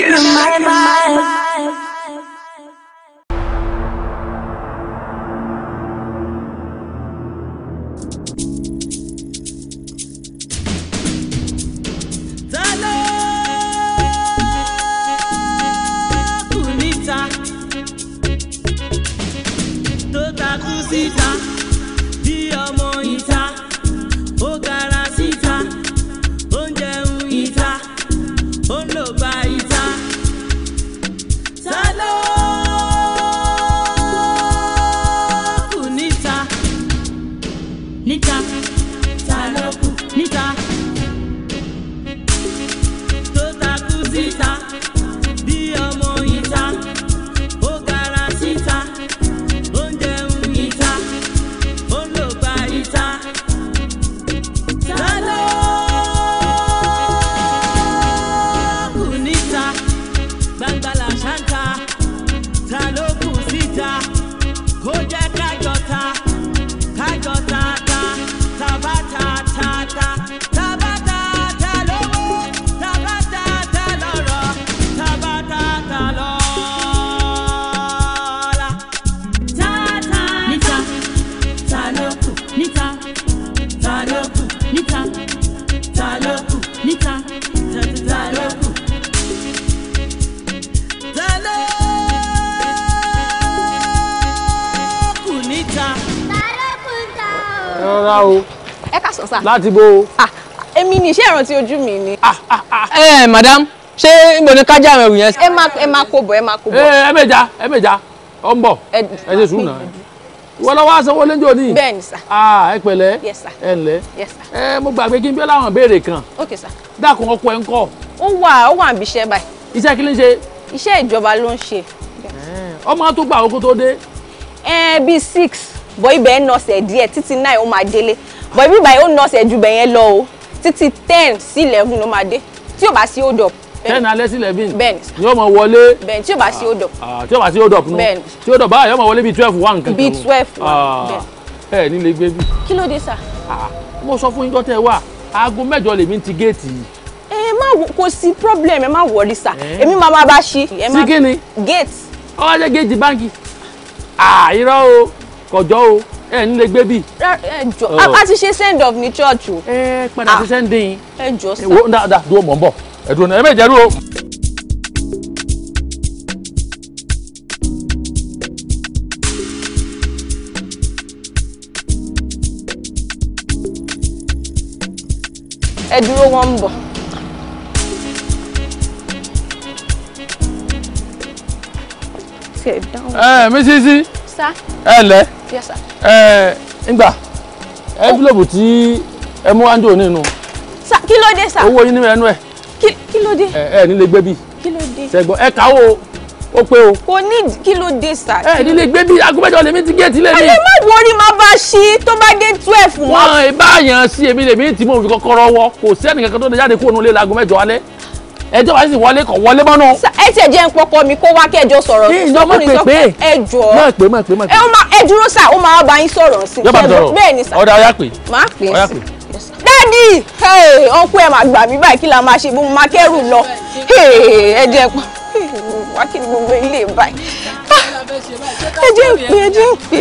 Yes. Ah. láti bo. Ah, èmi ni iṣẹ́ ìrántí ojú mi ni. ẹ ah, ẹ eh, eh, madam ṣé mo ní kájà àwọn ẹrù yẹn. ẹ máa ẹ máa kó bọ̀ ẹ máa kó bọ̀. Eh, ẹ méjà ẹ méjà ọ ń bọ̀ ẹ ṣe sùn náà wọ́n lọ́wọ́ aṣọ wọlé ní òní. bẹ́ẹ̀ni sà. aa ẹ pẹ̀lẹ́ ẹ ǹlẹ́ ẹ mo gbàgbé kí n bí ọláwọn béèrè kan. ok sà. dákun ọkọ ẹ ń kọ́. ó wà ó wà níbi iṣẹ́ báyìí. iṣẹ́ kí ló ń ṣe. iṣẹ́ ìjọba ló ń ṣe. ọmọ tó gbà owó kó tó dé. ẹ bíi six bọ́ ibẹ̀ ń nọ̀sẹ̀ díẹ̀ títí náà ó máa délé but ibi ìbàyẹ̀ ó nọ ọ̀sẹ̀ ju bẹ̀yẹn lọ o títí ten si eleven ló máa dé tí ò bá sí hold up. ten alẹ́ sí eleven ni yóò mọ wọlé bẹ́ẹ̀ni tí ò bá sí hold up. Ah, tí ò bá sí hold up nù tí hold up báyà mọ wọlé bíi twelve one kankan. bíi twelve one ah, bẹ́ẹ̀. ẹ ní lè gbé bí. kí ló dé sà. Ah, mo sọ fún yín tọ́tẹ̀ wà aago mẹ́jọ lèmi ti géètì yìí ẹ má kò sí problem ẹ má wọrí sà eh? èmi máa ma bá ṣí. sí kí ni gate. ọwọ́ jẹ́ géètì báńkì. àìrọ́ o kọjọ́ o ẹ ń lè gbé bí. ẹ jọ oh. a ti ṣe send off ní church o. ẹ padà sí ah. sending. ẹ jọ sọ. wo dáadáa dúró mọ̀ ń bọ̀ ẹ dúró náà ẹ méje dúró. ẹ dúró wọn ń bọ̀. ẹ mísísí. ẹ lẹ́. Yes sir. ẹ ngbà envelope tí ẹ mú wájú òní nù. kí ló dé sà. owó yín nínú ẹnu ẹ. kí ló dé. ẹ ẹ nílé gbé bí. kí ló dé. sẹgbọn ẹ kà ó pé o. kò ní kí ló dé sà. ẹ nílé gbé bí agbẹ́jọ́ lèmi ti géètì lẹ́mí. àlẹ́ má wọrí máa bá a ṣí tó bá dé twelve. wọn ì bá yàn sí èmi lèmi tí mo fi kọ́kọ́rọ́ wọ kò sẹ́nìkankan tó lè jáde kúrò nílé láago mẹ́jọ alẹ́ ẹjọ́ wa sì wọlé kọ̀ wọlé mọ́nú. ẹ tiẹ̀ jẹ́ npọkọ mi kó wá kẹjọ sọ̀rọ̀ sí ọkùnrin sọ pé ẹ jọ ọ ẹ dúró sà ó máa bá yín sọ̀rọ̀ sí i bẹ́ẹ̀ ni sà ọ̀dà ọ̀yà pé máa pè é sí i dádì ọkọ ẹ máa gbà mí báyìí kí la máa ṣe bó máa kẹ́rù lọ ẹ jẹ́ pọ́ wá kí ni gbogbo ilé báyìí ah, ẹ jẹ́ pé ẹ jẹ́ pé.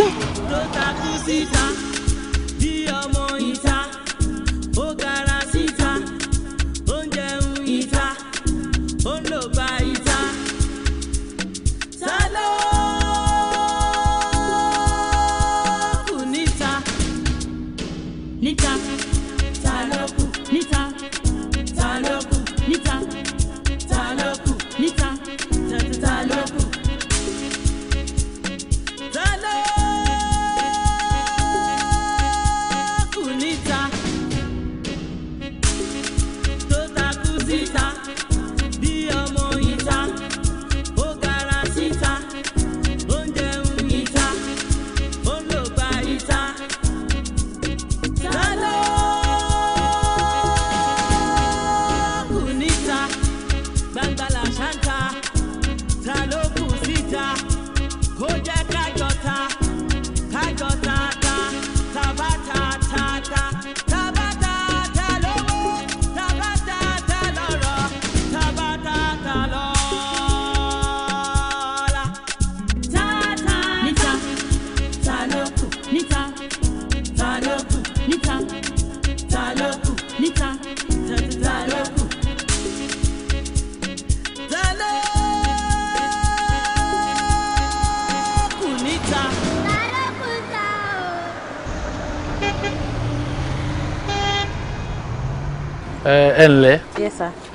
ẹ ǹlẹ́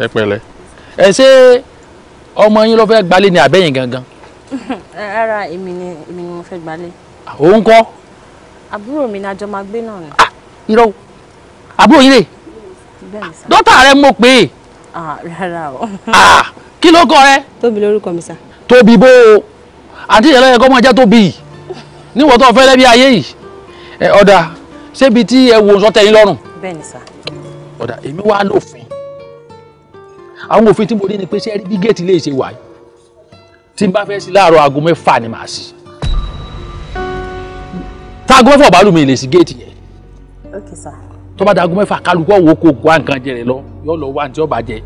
ẹ pẹ̀lẹ́ ẹ ṣé ọmọ yín ló fẹ́ gbalé ní abẹ́yìn gangan. rárá èmi ni èmi ni mo fẹ́ gbalé. òun kọ́. àbúrò mi ni àjọ máa gbé náà ni. Ah, irọ́ àbúrò yín rè dọ́tà rẹ mo pè é. Ah, rárá o. Ah, kí ló kọ rẹ. tóbi lórúkọ mi sá. tóbi bó o àti ìyẹn lọ́yẹ̀ kọ́ mọ́ jẹ́ tóbi yìí níwọ̀n tó fẹ́ lẹ́bi ayé yìí ọ̀dà ṣébi tí ẹ wò sọ́tẹ̀ lọ́rùn. bẹ́ẹ̀ sá ọ̀dà èmi wá lófin àwọn òfin tí mo ní ni pé ṣé ẹ rí bí géètì lè ṣe wà yìí tí n bá fẹ́ sí láàárọ̀ aago mẹ́fà ni màá sí táago mẹ́fà ọ̀bá lè sí géètì yẹn tó bá da aago mẹ́fà kálukú ọ̀wọ́ kó gbọ́ nǹkan jẹrẹ lọ yóò lọ wá ní tí ó jẹ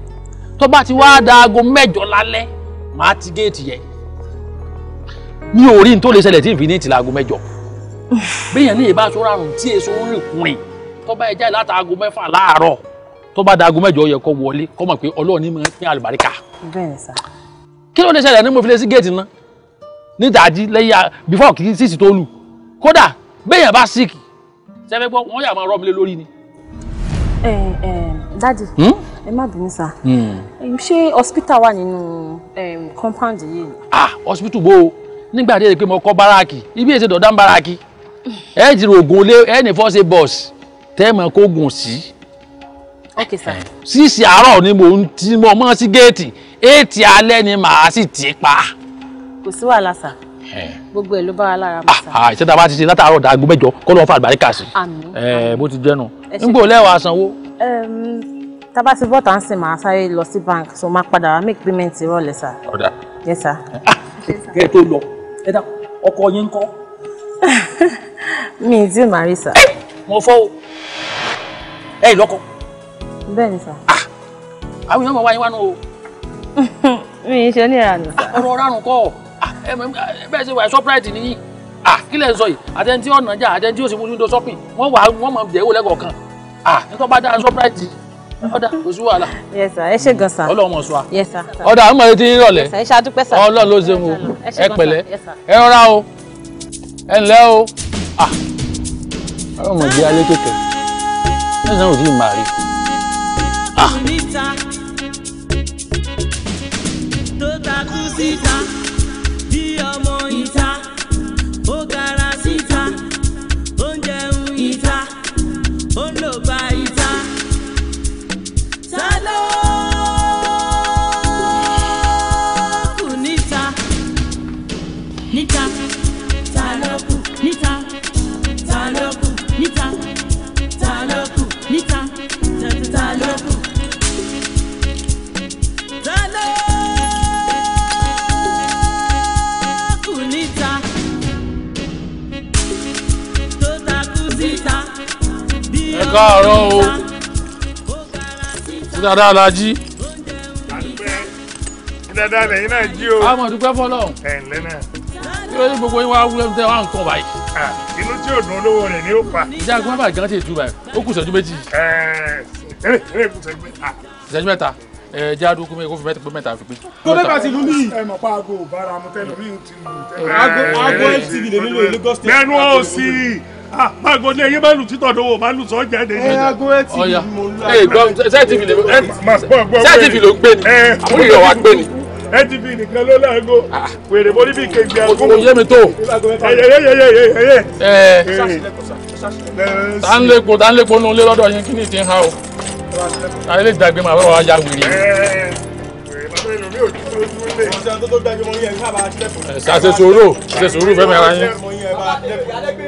tó bá ti wá da aago mẹ́jọ lálẹ́ màá ti géètì yẹn mi ò rí n tó lè ṣẹlẹ̀ tí n fi ní ti laago mẹ́jọ bẹ́ẹ̀ yẹn ní ìbáṣọ́ rárùn tí èso ń rìn kùnrin tó bá ẹ jáde látàago mẹ́fà láàárọ̀ tó bá dagun mẹ́jọ yẹ kó wọlé kó mọ̀ pé Ọlọ́run ní pín àlùbáríkà. bẹ́ẹ̀ sà. kí ló dé ṣẹlẹ̀ ní mo fi lé sí géètì náà nídàájí lẹ́yìn before kì í sísì tó lù kódà béèyàn bá sick sẹ́fẹ́ gbọ́ wọ́n yà máa rọ́ mi lé lórí ni. ẹ ẹ dadi hmm? ẹ má bínú sá hmm. ṣé hospital wà nínú compound yìí. ah hospital bó o nígbà tí ẹ rí i pé mo kọ́ báràkì ibi èsì dọ̀dá ń báràkì ẹ ti rògùn lé ẹ ní fọ́ọ̀sì bọ́ọ̀sì tẹ́ kó gùn sí okay sir. síìsì eh, àárọ̀ ni mò ń tí mo mọ́ sí géètì éètì alẹ́ ni màá sì tì í pa. kò sí wàhálà sà eh. gbogbo ẹ ló bá wa lára mọ ah, sà. Ah, ìṣẹ́ta bá ti ṣe látàárọ̀ dàgbọ́ mẹ́jọ kó lọ́ọ́ fà àlùbáríkà sí i eh, bó ti jẹ́nu nígbò lẹ́wàá sanwó. tábà ti bọ́ta ń sìn máa sáré lọ sí bank so máa padà wá make payment rọlẹ̀ sà. ọ̀dà yes sir. Ah, kẹ́ ẹ tó lọ ẹ dá ọkọ yín ń kọ́. mi ì tí ì máa rí sà. mo fọ́ ẹ ì lọ́kọ̀ọ́ bẹ́ẹ̀ sà. Ah! àwọn èèyàn mọ̀ wá nù o. mi ì ṣe oníranù sà. Ah, ọ̀rọ̀ ránù kọ́ ah, bẹ́ẹ̀ ṣe wà ṣọ́pìrìtì nìyí kí lẹ̀ ń sọ yìí àtẹ̀ntì ọ̀nà jà àtẹ̀ntì òsì wíńdò ṣọ́pìn wọ́n wà wọ́n mọ̀ jẹ́ ìwò lẹ́kọ̀ọ́ kan nítorí bá dáa ṣọ́pìrìtì ọ̀dà kò sí wàhálà. ẹ ṣe gan sir. ọlọ́run mọ̀ sọ wa. ọ̀dà àwọn ọmọdé ti ń rọ̀lẹ́. ẹ ṣe àdúpẹ́ ọlọ́run ló ṣe mu ẹ pẹ̀lẹ́ ẹ rọra o ẹ ǹlẹ́ o. visita. káàárọ̀ o ṣe dáadáa la jí. dáadáa lẹ́yìn náà jí o. a mọ̀ dúpẹ́ fọlọ́. ẹ̀ ǹlẹ́ náà. kí ló ní gbogbo yín wá wúlò tẹ wá nǹkan báyìí. inú tí ò dùn olówó rẹ̀ ni ó pa. ìjà agbọ́n bá gan tètú báyìí ó kù sẹ́jú méjì. ẹ̀ẹ́d ìṣẹ́jú mẹ́ta ẹ jẹ́ àdúgbò mi kó fi mẹ́ta pé mẹ́ta fi pé. tó dẹ́ka sí ìlú mi. ẹ mọ̀ pa aago bára mu tẹ́lẹ̀ mi ti lù aago aago ftv lè nílò lagos state. mẹ́nu ò Ah, Màgò ní eyín mẹ́lù títọ̀ dòwò màlù sọ jáde ní. Ẹ ago ẹ ti mọ lára. Ẹ gbọ́ sẹ́ẹ̀tìfì ló sẹ́ẹ̀tìfì ló gbé ni àmúlò ìyọ̀ wa gbé ni. ATV nìkan ló láago ah. wèrè mo ní bí kejì àgbo. O yé mi tó. Tánlékun tánlékun nínú ilé lọ́dọ̀ yín kí ni ti ń ha o. Ayé lè gbàgbé màá bẹ́ẹ̀ wá ya wèrè. Ṣàṣe sòrò ṣe sòrò fẹ́mi ara yín.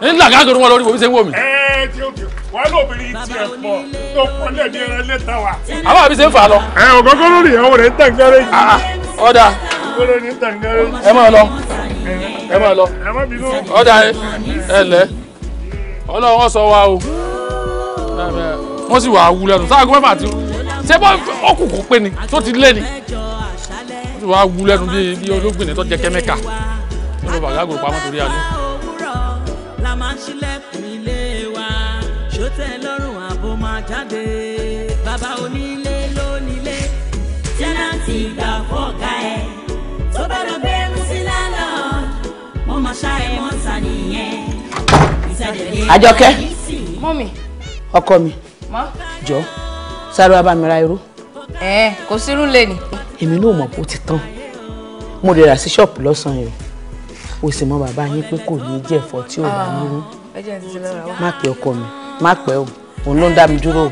ń là gáàgò wọn lórí wo bí ṣe ń wò mí. ẹ ti o ti wọn lóbìnrin ti ẹ pọ tó pọnlẹ ní ẹran lẹta wa. àbá mi ṣe ń fà á lọ. ẹ ògógóró rè é òun rè ń tàn gẹrẹ yìí. Ah, ah, ọ̀dà ẹ máa lọ ẹ máa lọ ọ̀dà ẹ lẹ ọlọ́wọ́ sọ wa o wọ́n sì wà á wú lẹ́nu sáà gbọ́dọ̀ bá ti ṣe bọ́ ọkùnkùn pé ni tó ti lé ni wọ́n sì wà á wú lẹ́nu bí olóògbé ni tó jẹ kẹ́míkà lọ bàgá gòrò pamọ́ torí alẹ́. òwúrọ̀ la máa ń ṣílẹ̀kùn ilé wa ṣótẹ́ lọ́rùn ààbò máa jáde bàbá onílé lónílé tẹ́nàntì ìgbà fọ́ọ̀gá ẹ̀ tó bá lọ gbé mùsí lálọ́ mo máa ṣá mọ́ ta nìyẹn. àjọkẹ́ mọ́mì ọkọ mi jọ sáré wa bá mi ra irú. ẹ kò sírú lè ní. èmi náà mọ̀ bó ti tán mo lè rà sí ṣọ́ọ̀pù lọ́sàn-án yìí o sì mọ bàbá yín pé kò ní jẹ́ ẹ̀fọ́ tí ò bá nírú má pẹ́ ọkọ mi má pẹ́ o òun ló ń dá mi dúró o.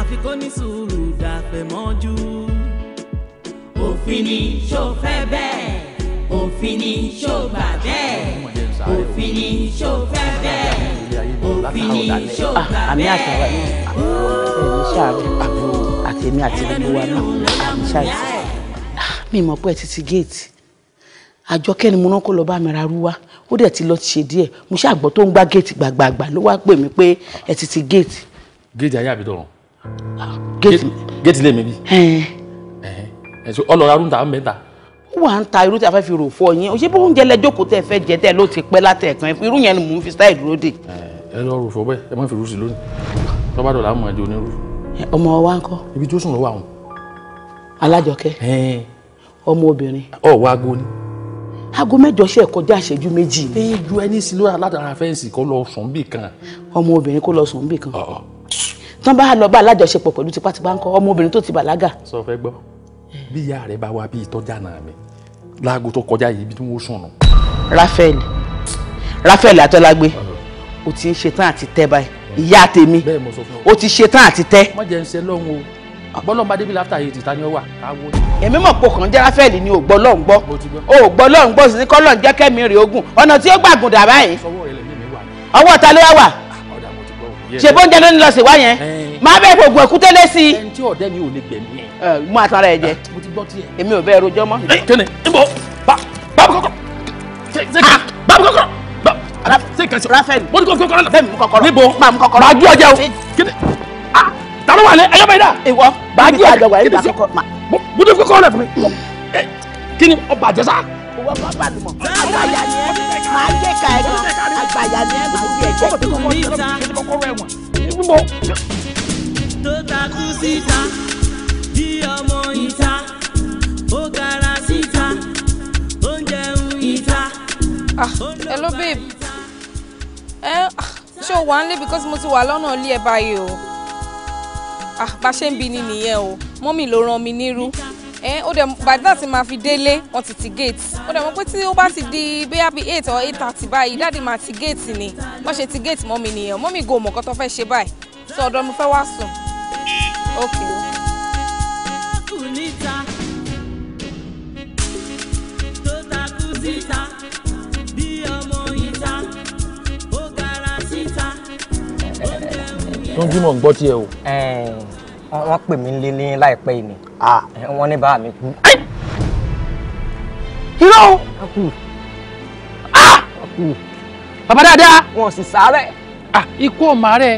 àfikún ní sùúrù dàpẹ̀ òfin ni ṣó fẹ́ bẹ́ẹ̀ òfin ni ṣó gbà bẹ́ẹ̀ òfin ni ṣó fẹ́ bẹ́ẹ̀ òfin ni ṣó gbà bẹ́ẹ̀. àmì àtàwọn ẹ̀mí ṣáà àtẹ̀mí àti gbogbo wa náà àmì mi mọ̀ pé ẹ ti ti géètì àjọkẹ́ ni mo rán kó lọ bá mi ra rúwá ó dẹ̀ ti lọ ti ṣe díẹ̀ mo ṣàgbọ́ tó ń gbá géètì gbàgbàgbà ló wá pè mí pé ẹ ti ti géètì. géètì ayé àbí dọ̀rùn. géètì lè mi bí. ẹ ṣe ọlọ́ra rúntà ń bẹ́ ta. ó wà ń ta irú tí a fẹ́ fi rò fọ yín o ṣé bó oúnjẹ lẹ jókòó tẹ fẹ́ jẹ tẹ ló ti pẹ́ látẹ̀kan irú yẹn ni mò ń fi style dúró dè. ẹ lọ rò fọ bẹ́ẹ̀ ẹ má fi rú sí lónìí ọmọbìnrin. ọ wá aago ni. aago mẹ́jọ ṣe kọjá àṣẹjú méjì ni. èyí ju ẹni sí lóra aládàra fẹ́ǹsì kó lọ sùn bì kan. ọmọbìnrin kó lọ sùn bì kan. tán bá lọ bá alájọṣepọ̀ pẹ̀lú tipátipá ńkọ́ ọmọbìnrin tó ti bàlágà. sọ fẹ́ gbọ́ bí ìyá rẹ bá wá bí ìtọ́jà náà mi láago tó kọjá yìí ibi tí wọ́n sùn nù. Rafael Rafael Atọ́lágbé o ti ń ṣetán àti tẹ́ báyìí ìyá tèmi o ti ṣetán àti tẹ́. mọ̀jẹ̀ àbọ́lọ́mbà débi láfta yìí tìta ni ó wà káwọ́. èmi mọ̀ pé ọkàn jẹ́ráfẹ́ẹ̀lì ni ògbọ́ lọ́n gbọ́ ògbọ́ lọ́n gbọ́ sí kọ́ lọ́n jẹ́ kẹ́mi rè ogun ọ̀nà tí ó gbàgùn dà báyìí. ọwọ́ ta ló wá wà ah, ṣe bóúnjẹ ló ń lọ sí wá yẹn eh. máa bẹ gbogbo ẹkútẹ lé sí i. ẹni tí ọ̀dẹ́ mi ò lè gbẹ̀mí ẹ. mú àtàrà ẹ jẹ ah, èmi ò bẹ́ẹ̀ rojọ́ mọ́. Eh, kéne ibo bábù kọ́kọ́ ah. bábù kọ́kọ́ bábù kọ́kọ́ rafael ta ló wà lẹ ẹyọ bẹ dà. ìwọ bàájì àjọwà yìí dàkọkọ ma. bùdó kókó rẹ fún mi. kí ni ọba àjẹsà. ìwọ bá balùmọ̀ àgbàyà ni ẹ máa jẹ ká ẹ gan àgbàyà ni ẹ máa jẹ jẹ. tó takú síta bí ọmọ ìta ó gara síta ó jẹun ìta. Ah, hello babe eh, ah, ṣé o wà ń lé because mo ti wà lọ́nà ilé ẹ báyìí o ah bá ṣe ń bi ni nìyẹn o mọ́mì ló rán mi nírú ẹ ó dẹ̀ by that máa fi délé wọ́n ti ti gate ó dẹ̀ mọ̀ pé tí ó bá ti di bóyá bíi eight or eight thirty báyìí dáàdì máa ti gate ni wọ́n ṣe ti gate mọ́mì nìyẹn mọ́mì go mọ̀ kọ́tọ́ fẹ́ ṣe báyìí sọ ọ̀dọ̀ mo fẹ́ wá sùn ok. kùnìta túnjí mọ̀ ń gbọ́ tiẹ̀ o. wọ́n pè mí lílé láìpẹ́ ìní wọ́n ní bá mi kú. irọ́ bàbá dáadáa. wọn ò sì sáré. ikú ò máa rẹ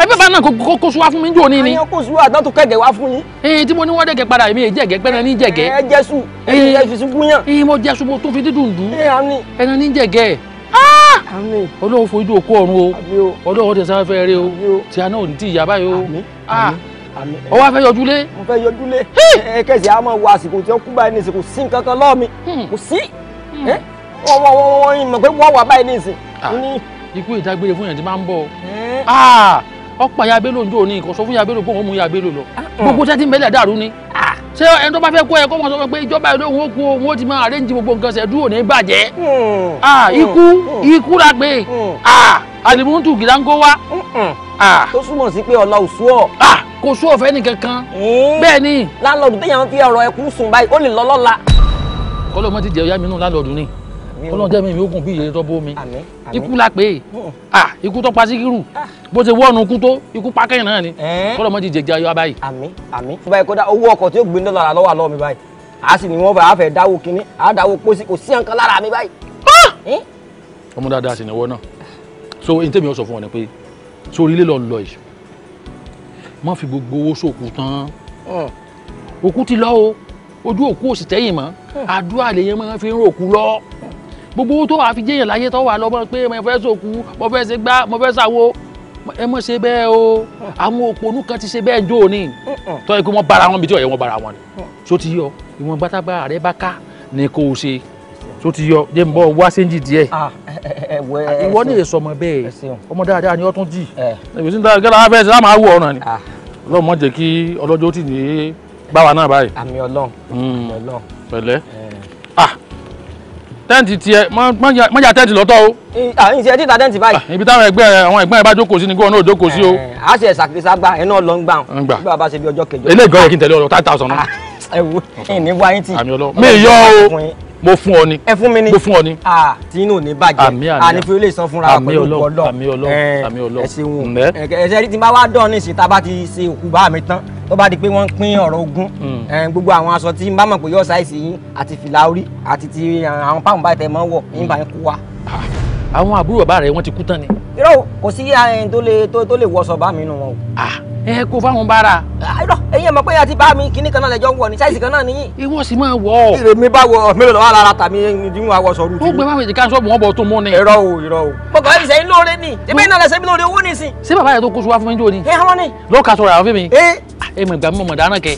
ẹ fẹ́ bá náà kó kó suwa fún mi jò ni. àyàn kó suwa àtàn tó kẹ̀gẹ̀ wá fún yín. ee tí mo ní wọ́n dẹ̀gẹ̀ padà èmi èjẹ̀ gẹ̀ pẹ́ẹ́nà ní jẹ̀gẹ̀. ẹ jẹ́sù ẹ jẹ́sù fún yàn. ee mo jẹ́sù mo tó fi dídùn dùn. ee àmì. ní jẹ̀gẹ̀. aa Ọlọ́run fojú òkú ọ̀run o Ọlọ́run tẹ̀sán fẹ́ rẹ o tí a náà ní tí ìyá báyìí o ọ ah. wá fẹ́ yọjú lé. mo fẹ́ yọjú lé kẹsì àmọ́ wo àsìkò tí ó kú báyìí nísìnyí kò sí nǹkan kan lọ́ọ̀ mi hmm. kò sí hmm. wọ́n wọ́n wọ́n wọ́n yín mọ̀ pé wọ́n wà báyìí nísìnyí. Ah. ikú ìdágbére fún yẹn ti máa ń bọ̀ ah. ọ̀pọ̀ yabelo ń jò ní ìkọ̀sọ́ fún yabelo pé òun mú yabelo lọ gbogbo tẹ́tí mẹ́lẹ̀ dàrú ni ṣé ẹni tó bá fẹ́ kó ẹ kó wọn sọ pé ìjọba ìlú òun ó kú òun ó máa arrange gbogbo nǹkan ṣe dúró ní bàjẹ́ hmm. ah, ikú hmm. ikú la pé hmm. ah, àlìmúntù gíláńgó wá. Ah. tó súnmọ̀ sí pé ọ̀la ò ọ̀. kò sú ọ̀fẹ́ nìkan kan bẹ́ẹ̀ ni. lálọ́ọ̀dù téèyàn fi ọ̀rọ̀ ẹkú sùn báyìí ó lè lọ kọ́lọ́ mọ́ ti jẹ́ ọ̀yá mi nù lálọ́ọ̀dù ni ọlọ́run jẹ́ mi mi ogun bí iye tó bómi ikú la pé oh. ikú tó pa síkírù ah. bó ṣe wọ́ọ̀nù ikú tó ikú pa kẹ́yìn náà ni kọ́lọ́ mọ́ ti jẹ̀jẹ̀ ayọ́ báyìí. àmín àmín fún báyìí kódà owó ọkọ̀ tí ó gbé dọ́là lọ́wọ́ àlọ́ mi báyìí a sì ní wọ́n bá a dáwó kínní a dáwó pósí kò sí nǹkan lára mi báyìí. Ah! ọmọ dáadáa sì ni ìwọ náà so n tẹ́mi sọ fún ọ ni pé sórí ilé lọ yìí má fi gbogbo gbogbo tó wàá fi jẹ́yàn láyé tó wà lọ́mọ pé mo fẹ́ sòkú mo fẹ́ ṣe gbá mo fẹ́ ṣàwo ẹ mọ̀ ṣe bẹ́ẹ̀ o àwọn òpònú kan ti ṣe bẹ́ẹ̀ jó ni tó yẹ kí wọ́n bára wọn bí tí ọ̀yẹ́ wọn bára wọn ni so ti yọ ìwọ̀n gbátágbá rẹ bá ká ni kò ṣe so ti yọ jẹ́ n bọ́ wá séńjì díẹ̀ ah, ìwọ ní èso ọmọ bẹ́ẹ̀ ọmọ dáadáa ni ó jì ẹ̀gbẹ́ gẹ́gẹ́ láfẹ́ ṣe láà máa wù ọ̀ràn ni ah. ọlọ́run jẹ́ kí ọlọ́jọ́ tì ní báwa náà báyìí àmì hmm. ọlọ́run pẹ̀lẹ́ tẹ́ǹtì tiẹ̀ mọ́jà tẹ́ǹtì lọ́tọ̀ o. àyìn tí ẹ ti ta tẹ́ǹtì báyìí. Ah, ibi táwọn ẹgbẹ́ àwọn ẹgbẹ́ bá jókòó sí ni kóun náà jókòó sí o. a ṣe ṣàkíyèsí agbá ẹ náà lọ ń gbà wọn bí bàbá ṣe bí ọjọ́ kẹjọ. eléyìí gan-an kí n tẹ̀lé ọ̀rọ̀ five thousand náà. Ah, ẹ wo ẹ ní wáyé tì. àmì ọlọ mi yọ o mo fún ọ ni. ẹ fún mi ni mo fún ọ ni. a tí inú ní bàjẹ́ àmì àmì àní fún ilé ìsan fúnra pẹ̀lú ọlọ́ àmì ọlọ́ àmì ọlọ́ ẹ ṣeun ẹ ṣe rí tí bá wá dán nísìnyí tá a bá ti ṣe òkú bá mi tán tó bá di pé wọ́n pín ọ̀rọ̀ ogún hmm. gbogbo àwọn aṣọ tí n bá mọ̀ pé yóò ṣàìsí yín àti fìlà orí àti ti eh, àwọn páwọn báyìí tẹ̀ mọ́ wọ̀ nígbà yẹn kú wa àwọn àbúrò bàbá rẹ wọ́n ti kú tán ni. irọ́ kò sí ẹni tó lè tó lè wọṣọ bá mi nù wọn o. ẹ kó fáwọn bára. irọ́ ẹ̀yin mọ̀ pé àti bá mi kíní kan náà lẹ́jọ́ ń wọ̀ ní sáìsì kan náà nìyí. ìwọ sì máa wọ̀. ire mi bá wọ mélòó lọ́wọ́ ara tàmí ni wọ́n wọ sọ̀rọ̀. ó gbé báwo ìdíkà sọ́ọ̀bù wọn bọ̀ tó mọ́ ni. irọ́ o irọ́ o. mo kàn ṣe ń lóore ni ìbí iná lẹ́sẹ̀ mi lóore owó ní ìsìn. ṣé bàbá rẹ tó kó sọ wá fún mi jò ni. ẹ hàn ni. lọ́ọ̀ka sọ̀rọ̀ àwọn fún ẹ ẹ ìgbà mi mọ̀ dáná kẹ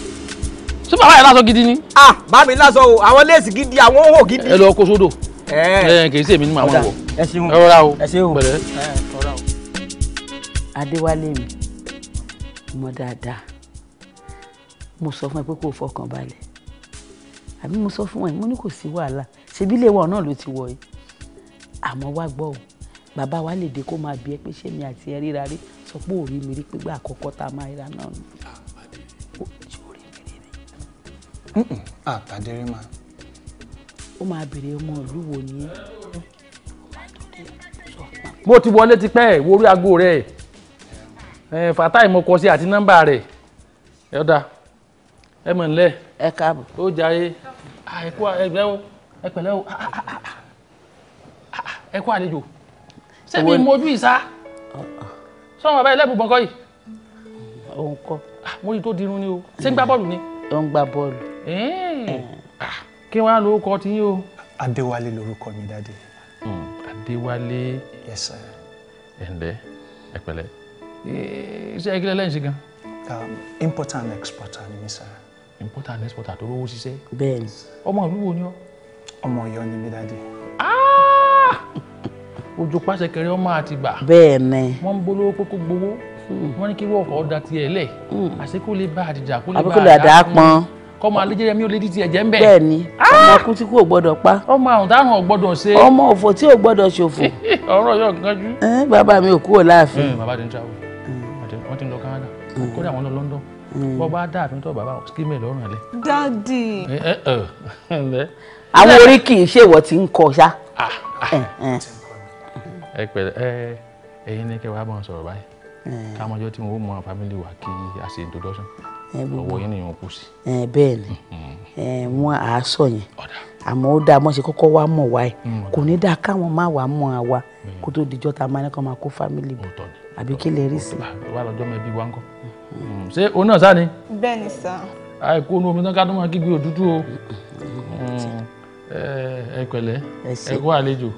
ṣé bàbá rẹ lásọ gidi ni. ah bá mi lásọ o àwọn léèsì gidi àwọn òhò gidi. ẹ lọ kó sódò ẹ eh. eh, kì í ṣèmi ní màmá wọ ẹ ọ̀rá o ẹ ṣeun eh, ọ̀rá o. adéwálé mi mo dáadáa mo sọ fún ẹ pé kó o fọkàn balẹ̀ àbí mo sọ fún ẹ mo ní kò sí wàhálà ṣebí ilé wa náà ló ti wọ̀ ẹ́ àmọ́ wá gbọ́ o bàbá wa lè dé kó máa bí ẹ pé ṣé mi àti ẹ ríra rí sọ pé òrí mi rí pégbà àkọ́kọ́ tá a máa ríra náà ni. àtàdérí ah, máa ó máa béèrè ọmọ ìlú wo ni ẹ́ bó ti wọlé ti pẹ́ wo orí aago rẹ̀ ẹ̀ Fatai mo kọ sí àti nọ́mbà rẹ̀ ẹ̀ ọ̀dà ẹ mọ̀ nílẹ̀ ẹ káàbọ̀ ó jayé ẹ kú ẹgbẹ́ o ẹ pẹ̀lẹ́ o ẹ kú àlejò sẹ́mi mojú ìsá sọ́wọ́n bàbá ẹlẹ́bùn bọ́ńkọ́ yìí. òun kọ́. mo rí tó dirun ni o ṣé ń gbá bọ́ọ̀lù ni. ó ń gbá bọ́ọ̀lù kí wọ́n á lo orúkọ tí yín o. adéwálé lorúkọ mi dáadé. Hmm, adéwálé. yes sir. ẹ ǹlẹ́ ẹ pẹ̀lẹ́ eh, iṣẹ́ ìkílẹ̀ lẹ́yìn ṣe gan. Um, importer and exporter ni mi sir. importer and exporter tó lówó ṣiṣẹ́. bẹ́ẹ̀ni. ọmọ ìlú wo ni ọ. ọmọ Ọ̀yọ́ ni mi dáadé. Ah! ojú pàṣẹ kẹrẹ ọmọ àti gbà. bẹ́ẹ̀ni. wọ́n ń bolówó kókó gbowó hmm. wọ́n ní kí wọ́ọ̀kọ́ da tiẹ̀ lẹ̀ hmm. àṣekúlẹ̀ bá àdìjà kúlẹ̀ bá àdá pọn kọ́ máa lé jẹ́rẹ́ mi ò lé di ti ẹ̀jẹ̀ ń bẹ̀. bẹ́ẹ̀ni ah! ọmọ kú tí kò gbọ́dọ̀ pa. ọmọ àrùn táwọn ò gbọ́dọ̀ ṣe. ọmọ òfò tí ò gbọ́dọ̀ ṣòfò. ọ̀rọ̀ yóò kánjú. bàbá mi ò kúrò láàfin. Hmm, bàbá ti ń travel hmm. wọ́n ti ń lọ Canada hmm. kódà wọ́n lọ London bọ́ bá dá àfin tó bàbá skimẹ̀ lọ́rùn alẹ́. dádì. àwọn orí kì í ṣèwọ tí ń kọ ṣá. Ah, ah. ẹ pẹ̀lẹ́ ẹ ẹ̀yin ni kẹwàá bọ̀ sọ̀rọ̀ báyìí káwọn ọjọ́ tí mo mọ fámìlì wa kí a ṣe introduction ọwọ́ yẹn nìyẹn kù sí. bẹ́ẹ̀ ni wọn à á sọ yẹn àmọ́ ó dáa mọ́ ṣe kọ́kọ́ wá mọ̀ wá ẹ̀ mm, kò ní dáa káwọn má wàá mọ̀ àwa mm. kó tó dijọ́ ta máa ní kó máa kó fámìlì bọ̀ àbí kí lè rí sí. wà á lọ́jọ́ mọ ẹbí wa ń kọ́. Mm. ṣé o náà sáà ni. bẹ́ẹ̀ ni sà. àìkú omi omi tán ká tó máa kígbe òtútù o ẹ pẹ̀lẹ́ ẹ kú àlejò.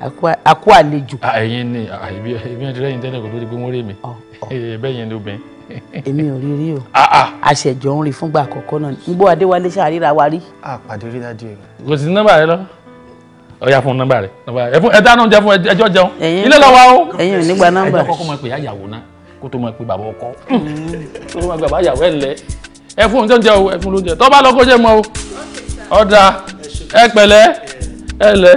a kú àlejò. ẹ̀yin ni ibi ẹ ti rẹ́yìn tẹ́lẹ̀ kó tó di pé wọ́n rí mi bẹ́ẹ̀ yẹn ni obìnrin èmi ò rí rí o àṣẹjọ ah, ah. ń rí fúngbà àkọ́kọ́ náà nígbó adéwálé ṣàríra wa rí. àpàdé rí dájú ẹ. kò sí nọ́mbà rẹ lọ ọyà fún nọ́mbà rẹ ẹ fún ẹdá náà jẹ fún ẹjọ jẹun ilé lọ wa o. ẹ̀yin ò ní gba nọ́mbà. ẹjọ kọ́kọ́ máa pè àyàwó náà kó tó máa pè bàbá ọkọ kó tó máa pè bàbá àyàwó ẹ ńlẹ ẹ fún oúnjẹ oúnjẹ o ẹ fún lóúnjẹ tó bá lọ kó jẹ mọ o ọ̀dà ẹ pẹ̀lẹ́ ẹ lẹ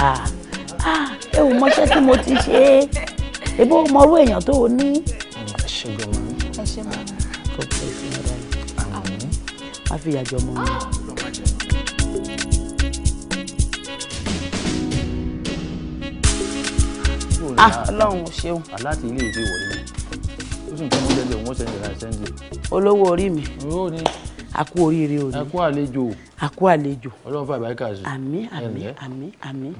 ah ẹ ò mọṣẹ́ tí mo ti ṣe é ebó mọrú èèyàn tó o ní. ṣùgbọ́n ẹ ṣe mọ́ kó pẹ́ sí ọ̀rọ̀ yìí. àmì má fi ìyàjọ mọ́ mi. Ah, ọlọ́run ṣeun. aláàtì ilé ìwé wọlé ni ó sì ń tún mú lẹ́lẹ̀ wọ́n ṣẹ̀ṣẹ̀ ra ṣẹ́ńdì. olówó orí mi àkú oríire òní àkú àlejò àkú àlejò ọlọ́run fà báyìí kàṣí. àmín àmín àmín àmín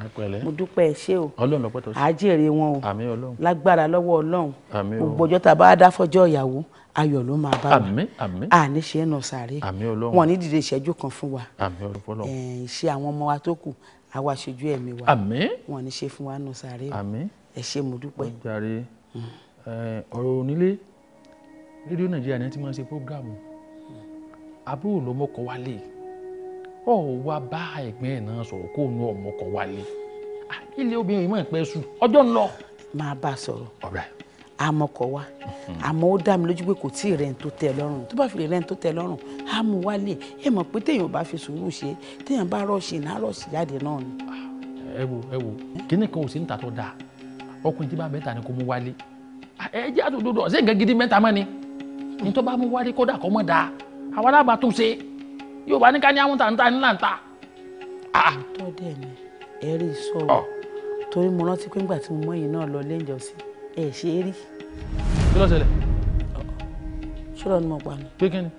mo dúpẹ́ ẹ ṣé o ọlọ́run lọ́pẹ́ tó ṣe àjèrè wọn o àmín ọlọ́run lágbára lọ́wọ́ ọlọ́run àmín o ògbọ́jọ́ tá a bá dá fọjọ́ ìyàwó ayọ̀ ló máa bá wa àmín àmín àní ṣe é nà sàré àmín ọlọ́run wọn ní dìde ìṣẹ́jú kan fún wa àmín ọlọ́run ṣe àwọn ọmọ wa tó kù àwa ṣojú ẹ̀mí wa àmín wọn ní ṣe fún wa nà sàré àmín ẹ ṣé mo dúpẹ́. Mm. ọ̀rọ̀ onílé rédíò nàìjíríà ni wọ́n ti máa ń ṣe fógráàmù àbúrò ló mọ́kọ wálé ọ̀ wá bá ẹ̀gbẹ́ ẹ̀ náà sọ̀rọ̀ kó nu ọmọkọ wálé ilé obìnrin mọ̀ pẹ́ sùn ọjọ́ ń lọ. máa bá a sọ̀rọ̀ àmọkọ wa àmọ́ ó dá mi lójú pé kò tí ì rẹ́ni tó tẹ́ lọ́rùn tó bá fi lè rẹ́ni tó tẹ́ lọ́rùn á mú wálé ẹ mọ̀ pé téèyàn bá fi sùúrù ṣe téèyàn bá rọ̀ṣì náà rọ̀ṣì jáde náà ni. ẹ wo ẹ wo kíní kan ò sí níta tó dáa ọkùnrin tí bá mẹ́ta ni kò mú wálé ẹ jẹ́ àtòdodo ọ̀sẹ̀ nǹkan gidi mẹ́ta mọ́ ni ní tó bá mú wálé kódà kọ́ mọ́ dáa àwọn alábàtúnṣe yóò bá ní ká ní àwọn tàǹtà ní làǹtà. tó ah. dẹ̀ ni ẹ rí i sọ̀rọ̀ oh. torí mo rántí pé ńgbà tí mo mọ yìí náà lọ lé ìjọsìn ẹ ṣe é rí. kí ló ṣẹlẹ̀. ṣúlọ ni mo pa ni. pé kí ni.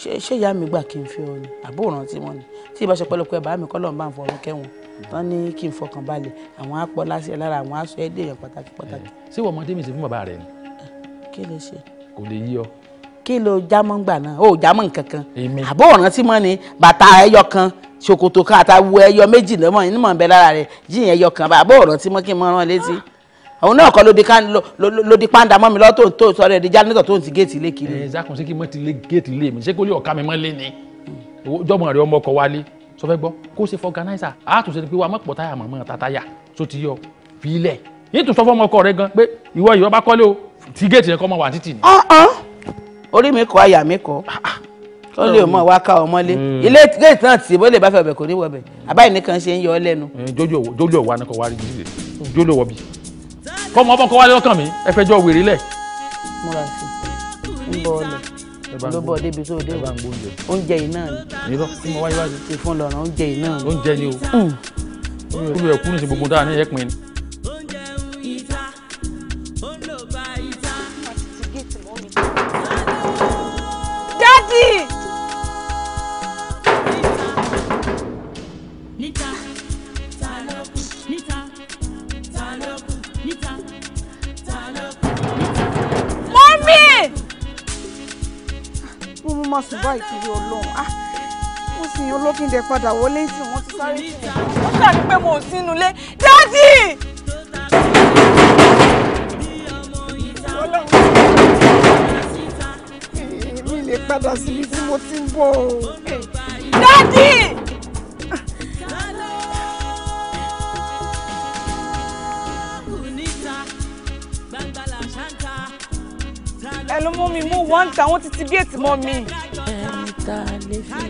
ṣé ìyá mi gbà kí n fi ọ ni àbó rántí wọn ni tí ìbáṣe pẹ́lẹ́pẹ́ bàá mi kọ́ lọ́n bá ń fọ̀rọ̀ kẹ́wọ̀n tán ní kí n fọkàn balẹ̀ àwọn apọ̀ láṣẹ lára àwọn aṣọ ẹ̀dẹ̀ yẹn pàtàkì pàtàkì. ṣé wọ́n mọ tèmi ṣe fún bàbá rẹ ni. kí ló ṣe. kò lè yí ọ kí ló jámọ́ gbà náà ó jámọ́ nǹkan kan àbó ọ̀ràn tí mọ́ ni bàtà ẹyọ kan ṣòkòtò kan àtàwọ ẹyọ méjì lọ́mọ inú mọ̀ ń bẹ lára rẹ̀ jíyìn ẹyọ kan àbó ọ̀ràn tí mọ́ kí n mọ́ rán létí òun náà kọ́ ló di pàǹdà mọ́ mi lọ́tò tó sọ rẹ̀ di jánítọ̀ tó ń ti géètì ilé kiri. ẹ zákun ṣé kí mọ́ ti lé géètì ilé mi ṣé kó lè ọ̀ka mi mọ́ lé ni jọ́mọ̀ rẹ̀ ọmọ ọkọ̀ wálé sọ fẹ́ gbọ́ kó ṣe fọganáìsà àtúnṣe pé wa mọ̀ pọ̀ táyà mọ̀ mọ́ tataya tó tún o ti géètì rẹ kọ́ mọ́ wà títì ni orí mi kọ́ àyà mi kọ́ ó lè mọ̀ wá ká ọmọlé hmm. ilé gate náà tì bó lè bá fẹ́ ọbẹ̀ kò ní wọbẹ̀ àbáyé nìkan ṣe ń yọ ọ lẹ́nu. Hmm, jójó wa ni kò wá rí jíjẹ jójó wọ bí kọ́mọ ọmọ kọ́ wá lọ́kàn mi ẹ fẹ́ jọ wèrè lẹ̀. múra sí i ń bọ ọlẹ ló bọ débi tó dé wa oúnjẹ yìí náà ni ìfúnlọ́run oúnjẹ yìí náà ni. oúnjẹ ni o hmm. olùyẹ̀kú ní ṣe gbogbo dáa ní ẹ̀pin ni. Daddy! Mommy! Mo mú máa sùn báyìí kiri ọlọ́run. Ah, mo sì yan olókìndẹ̀ padà wọlé tí wọ́n ti sáré sí. Ó dàbí pé mo ò sínú ilé. Daddy! lè padà síbi tí mo ti ń bọ̀ o. dádì. ẹ ló mú mi mú wọ́n ń ta wọ́n ti ti bí ètí mi. ẹni tá a lè fi.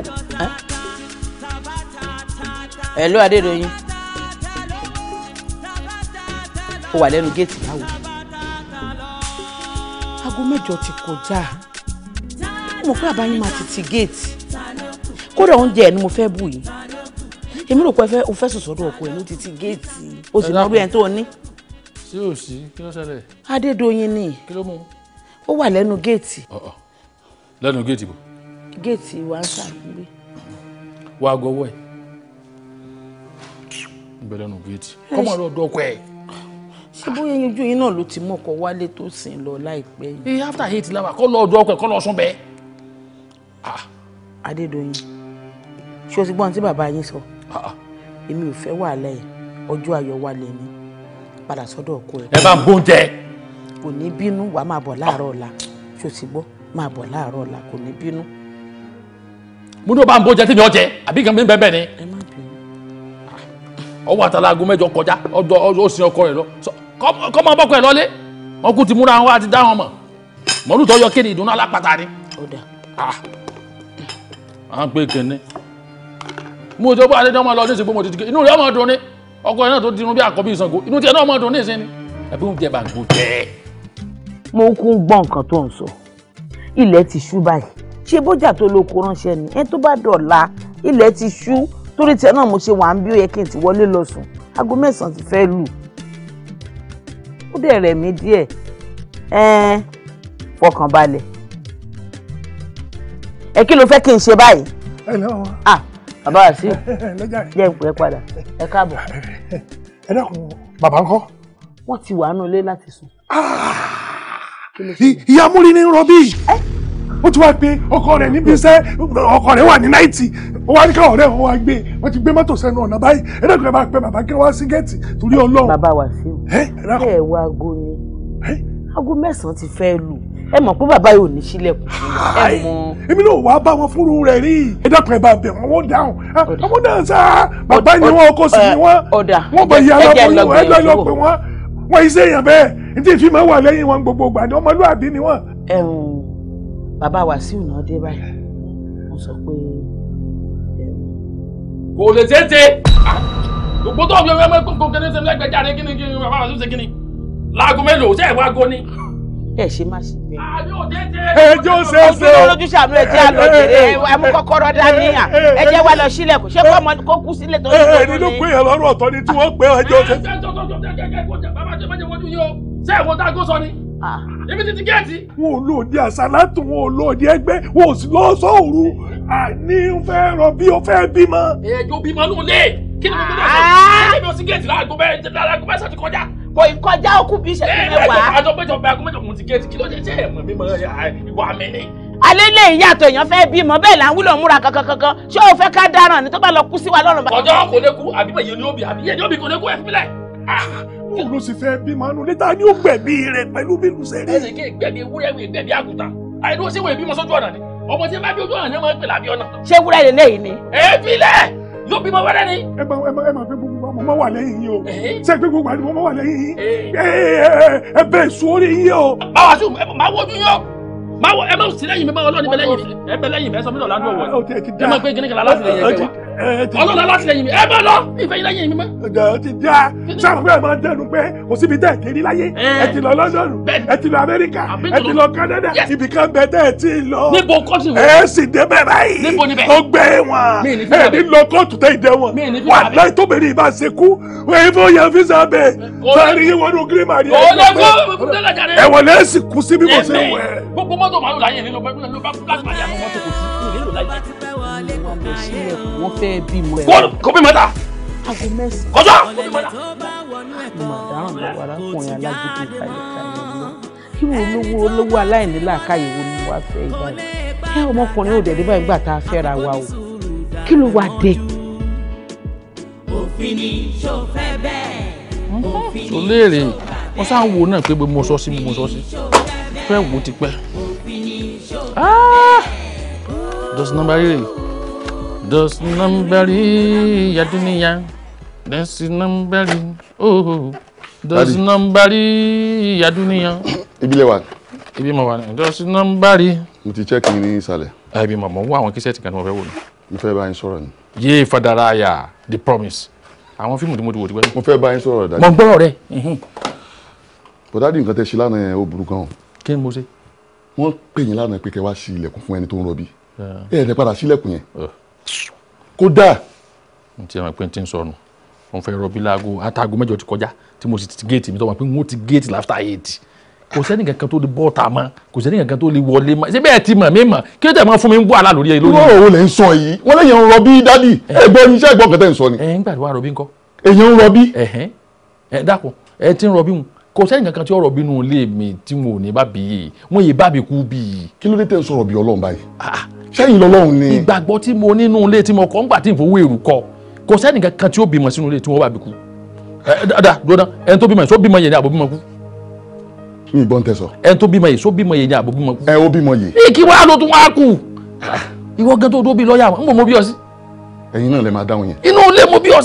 ó wà lẹ́nu géètì báwo aago mẹ́jọ ti kọjá mo fẹ́ àbáyín máa tètè géètì kódà oúnjẹ ẹ̀ ni mo fẹ́ bù yìí èmi rò pé o fẹ́ sọ̀sọ́dọ̀ ọkọ ẹ̀ ló ti ti géètì o sì mọ bí ẹni tó ní. sí ò sí kí ló ṣẹlẹ̀. Adédoyin ni ó wà lẹ́nu géètì. lẹ́nu géètì bò. géètì wà ń sàgbé. wàá gọwọ́ ẹ̀ gbẹ lẹ́nu géètì kọ́mọ lọ dọ́kọ̀ ẹ̀. ṣé bóyá ojú yín náà ló ti mú ọkọ̀ wálé tó sìn lọ láìpẹ́ yìí. Eh, after eight lára kọ́ lọ́ọ́ dọ́kọ̀ ẹ̀ kọ́ lọ́ọ́ sún bẹ́ẹ̀. Ah. Adédoyin ṣé o ti gbọ́n tí bàbá yín sọ ah, ah. èmi ò fẹ́ ọjọ́ ayọ̀ wà lẹ́ni padà sọ́dọ̀ ọkọ ẹ̀. ẹ bá ń gbóúnjẹ. kò ní bínú wàá máa bọ̀ láàárọ̀ ọ̀la ṣé o ti gbọ́ máa bọ̀ láàárọ̀ ọ̀la kò ní bínú. mo ní o bá ń tí mi jẹ àbí kan mi ni. ẹ má bínú. ọwọ́ àtàlà aago mọ wọn kú ti múra à ń pè kìnní mo jọ bá adédọ́mọ lọ níṣẹ́ pé mo ti di inú rẹ̀ ọmọ dùn ní ọkọ rẹ̀ náà tó dirun bí àkọ́bí Ṣàngó inú tiẹ̀ náà ọmọ dùn ní ìsinmi ẹ̀bí oúnjẹ bá ń gbó jẹ́. mo kún gbọ́ nǹkan tó ń sọ ilẹ̀ ti ṣú báyìí ṣe bójà tó lóko ránṣẹ́ ni ẹ tó bá dọ̀la ilẹ̀ ti ṣú torí tiẹ̀ náà mo ṣe wà ń bí ó yẹ kí n ti wọlé lọ sùn aago mẹ́sàn-án ti fẹ́ lù ó dẹ̀ rẹ̀ mí díẹ̀ ẹ́ẹ́ fọkànbalẹ̀ ẹ kí ló fẹ́ kí n ṣe báyìí. ẹ lọ. ah bàbá wa sí jẹ́ n pè é padà ẹ káàbọ̀. ẹ dákun bàbá ńkọ́. wọ́n ti wà nù ilé láti sùn. Ah, ìyá múri ní rọbí ó ti wá pé ọkọ rẹ̀ níbi iṣẹ́ ọkọ rẹ̀ wà ní náìtì ó wá ní káwọn ọ̀rẹ́ wọn wá gbé wọ́n ti gbé mọ́tò sẹ́nu ọ̀nà báyìí ẹ dákun ẹ bá pẹ bàbá kí wọ́n wá sí gẹ̀ẹ́tì torí Ọlọ́run. bàbá wa sí o ẹ wá aago ni aago mẹ́sàn-án ti fẹ́ lù ẹ mọ̀ pé bàbá yìí ò ní sílẹ̀kùn ẹ mọ̀. èmi náà wàá bá wọn fúru rẹ̀ rí ẹ dákun ẹ bá bẹ̀ wọ́n wọ́n dáhùn ah, àwọn náà sá bàbá ni wọn kò sí ni wọn wọn bẹ yí aláboyún ẹ lọ lọ pé wọn wọn iṣẹ́ èèyàn bẹ́ẹ̀ ní tí ìfimọ̀ wà lẹ́yìn wọn gbogbo gbà ni ọmọlúwàbí ni wọn. ẹ ǹ bàbá Wàsíù náà dé báyìí wọn sọ pé. kò lè tètè gbogbo tó o fi ọmọ ẹgbẹ́ kókó kẹ́ni sẹ́mi lẹ́gbẹ̀ẹ́ jáde kíni kíni bàbá Wàsíù ṣe kíni láago mélòó ṣe é wá go ni ẹ ṣe má ṣe bẹ́ẹ̀. ẹjọ́ ṣe é ṣe o. ojú sàmú ẹ jẹ́ àlọ́ jèrè ẹmú kọ́kọ́rọ́ dání à ẹ jẹ́ wá lọ sílẹ̀ kò ṣé kọ́ ọmọ kó kú sílẹ̀ tó ń bọ̀ lónìí. ẹni ló pé yẹn lọ́rùn ọ̀tọ̀ ni tí wọ́n pè ẹjọ́ ṣe. ṣé ìwọ tá a gbó sọ ni ibi títí gẹ́ẹ̀tì. wọn ò lòdì àṣàlátù wọn ò lòdì ẹgbẹ́ wọn ò sì lọ sóòru àní fẹ́ rọ bí o fẹ́ bímọ. ẹjọ́ bímọ nù lé kí ni mo gbọ́dọ̀ sọ kí ni mo sì gẹ́ẹ̀tì láàgó bẹ́ẹ̀ láàgó bẹ́ẹ̀ sàtìkọjá kò ì kọjá ó kù bí ìṣẹ́jú mẹ́wàá. àjọ péjọ bá aago mẹ́jọ kùn ti géètì kí ló dé tí ẹ̀mọ̀ mi máa wà mí ni. alẹ́ lè yàtọ̀ èèyàn fẹ́ bímọ bẹ́ẹ̀ là ń wúlò múra kankan kankan ṣé o fẹ́ ká dáràn ni tó bá lọ kú sí wa lọ́rùn bá. ọjọ́ kò lè kú àbí bẹ̀yẹ ni ó bì àbí yẹ ni ó bì kò lè kú ẹ̀ fi lẹ̀ òun ló sì fẹ́ bí màánù níta ni ó gbẹ̀bí rẹ̀ pẹ̀lú bí lùsẹ̀ rẹ̀. ẹsẹ̀ kí gbẹ̀bí ewúrẹ́ wẹ̀ gbẹ̀bí àgùntàn àìdúró sí wo ìbímọ sójú ọ̀nà ni ọmọ tí bá bí ojú ọ̀nà ni ọmọ ìpìlẹ̀ àbí ọ̀nà. ṣé ewúrẹ́ lè léyìí ni. èébí lẹ̀ yóò bímọ wẹ́rẹ́ ni. ẹ máa ẹ máa ẹ máa fẹ́ gbogbo mo máa wà lẹ́yìn yín o ṣe pé gbogbo àdìmọ́ máa wà lẹ́yìn yín ẹ bẹ́ẹ̀ sórí yín o. máa wà máa wọ́n yín o má wọ ẹ má sí lẹ́yìn mi má ọlọ́ọ̀ni bẹ́ẹ̀ lẹ́yìn mi ẹ bẹ́ẹ̀ lẹ́yìn mi ẹ sọ mí lọ́la ń dọ̀wọ́ ẹ má pé gíníkà látìlẹ́yìn ẹ wá ọlọ́ọ̀la látìlẹ́yìn mi ẹ bẹ́ẹ̀ lọ ìfẹ́ lẹ́yìn mi mọ́. ẹ ti dá sáfù ẹ máa ń dẹnu pé kò síbi tẹ́ ẹ ti rí láyé ẹ ti lọ London ẹ ti lọ Amẹ́ríkà ẹ ti lọ Canada ibìkan bẹ tẹ́ ẹ ti lọ ẹ sì débẹ̀ báyìí ó gbé e wọn ẹ ní lọ kóòtù tẹ́ ìdẹ wọn wà láì tó ìbá ṣe kú wẹ́n yẹn fi sàn bẹ́ẹ̀ sáré wọnú gírímà ni ẹ wọlé ẹ sì kú sí bí mo mọ́tò màálù láyé nílò pé ló bá láti mọ́ mọ́tò kò sí bí mọ́tà. kọjá kò bí mọ́tà. màdàrán lọ́wọ́ arákùnrin alágídí kàyẹ̀kàyẹ̀ náà kí wọ́n olówó olówó aláìní làákàyè wo ni wàá fẹ́ ìbáyìí. ẹ ọmọkùnrin ò dẹ̀dẹ̀ báyìí gbà tá a fẹ́ra wa o kí ló wàá dé. òfin ni ṣó fẹ́ bẹ́ẹ̀ òfin ni ṣó bá bẹ́ẹ̀. sáà wo náà pé mo sọ sí mo sọ sí fẹ́ wo ti pẹ́. Ah! Dos nambari. Dos nambari ya dunia. Dos nambari. Oh. Dos nambari ya dunia. Ibi lewa, Ibi mo Dos nambari. Mo ti check ní ìsàlẹ̀. Ah, ibi mama, mo wá àwọn kíṣẹ́ẹ̀tì kan tí mo fẹ́ wò ni. Mo fẹ́ bá yín sọ̀rọ̀ ni. Yé The Promise. Àwọn fíìmù tí mo ti wò ti pẹ́. Mo fẹ́ bá yín sọ̀rọ̀ dájú. Mo gbọ́rọ̀ rẹ̀. Bọ̀dá di nǹkan tẹ ṣe lánàá ó burú gan-an. Kí ni mo ṣe? wọ́n pè yín lánàá pé kẹ́ wá sí ilẹ̀kùn fún ẹni tó ń rọbí ẹ̀ ẹ̀ padà sílẹ̀kùn yẹn kódà. n ti ràn pé n ti ń sọnù wọn fẹ́ rọbí láago àtàgò mẹ́jọ ti kọjá tí mo sì ti géètì mi tó wọn pé n ó ti géètì láfta eight kò sẹ́ni kankan tó lè bọ́ ọ̀tà mọ́ kò sẹ́ni kankan tó lè wọlé mọ́ ṣé bẹ́ẹ̀ ti mọ̀ mí mọ̀ kí ló tẹ̀ mọ́ fún mi ń bọ́ àlá lórí ẹ lórí. wọ́n ò lè ń sọ yìí wọ́n lè yàn ń rọbí dádì eh. ẹ gbọ́ iṣẹ́ ìgbọ́n kẹtẹ́ ń sọ ni. Eh, eh, ẹ ń kò sẹ́yìn kankan tí ọ̀rọ̀ bínú ilé mi tí mo ò ní bá bí yìí wọ́n yé bá mi kú bí yìí. kí ló dé tẹ̀ ń sọ̀rọ̀ bí ọlọ́run báyìí. sẹ́yìn ah, ah. lọ́lọ́run ni. ìgbàgbọ́ tí mo nínú ilé tí mo kọ́ ńgbà tí ìfowó èrú kọ kò sẹ́yìn kankan tí ó bímọ sínú ilé tí wọ́n bá mi kú. dada dúró ẹni tó bímọ yìí só bímọ yìí ni àbò bímọ kú. mi ìbọn tẹ sọ. ẹni tó bímọ yìí só bímọ yìí ni àbò bímọ kú. ẹ ó bímọ yìí. Ah, mo bí ọ sí. ẹ̀yin náà lè máa dáhùn yẹn. mo bí ọ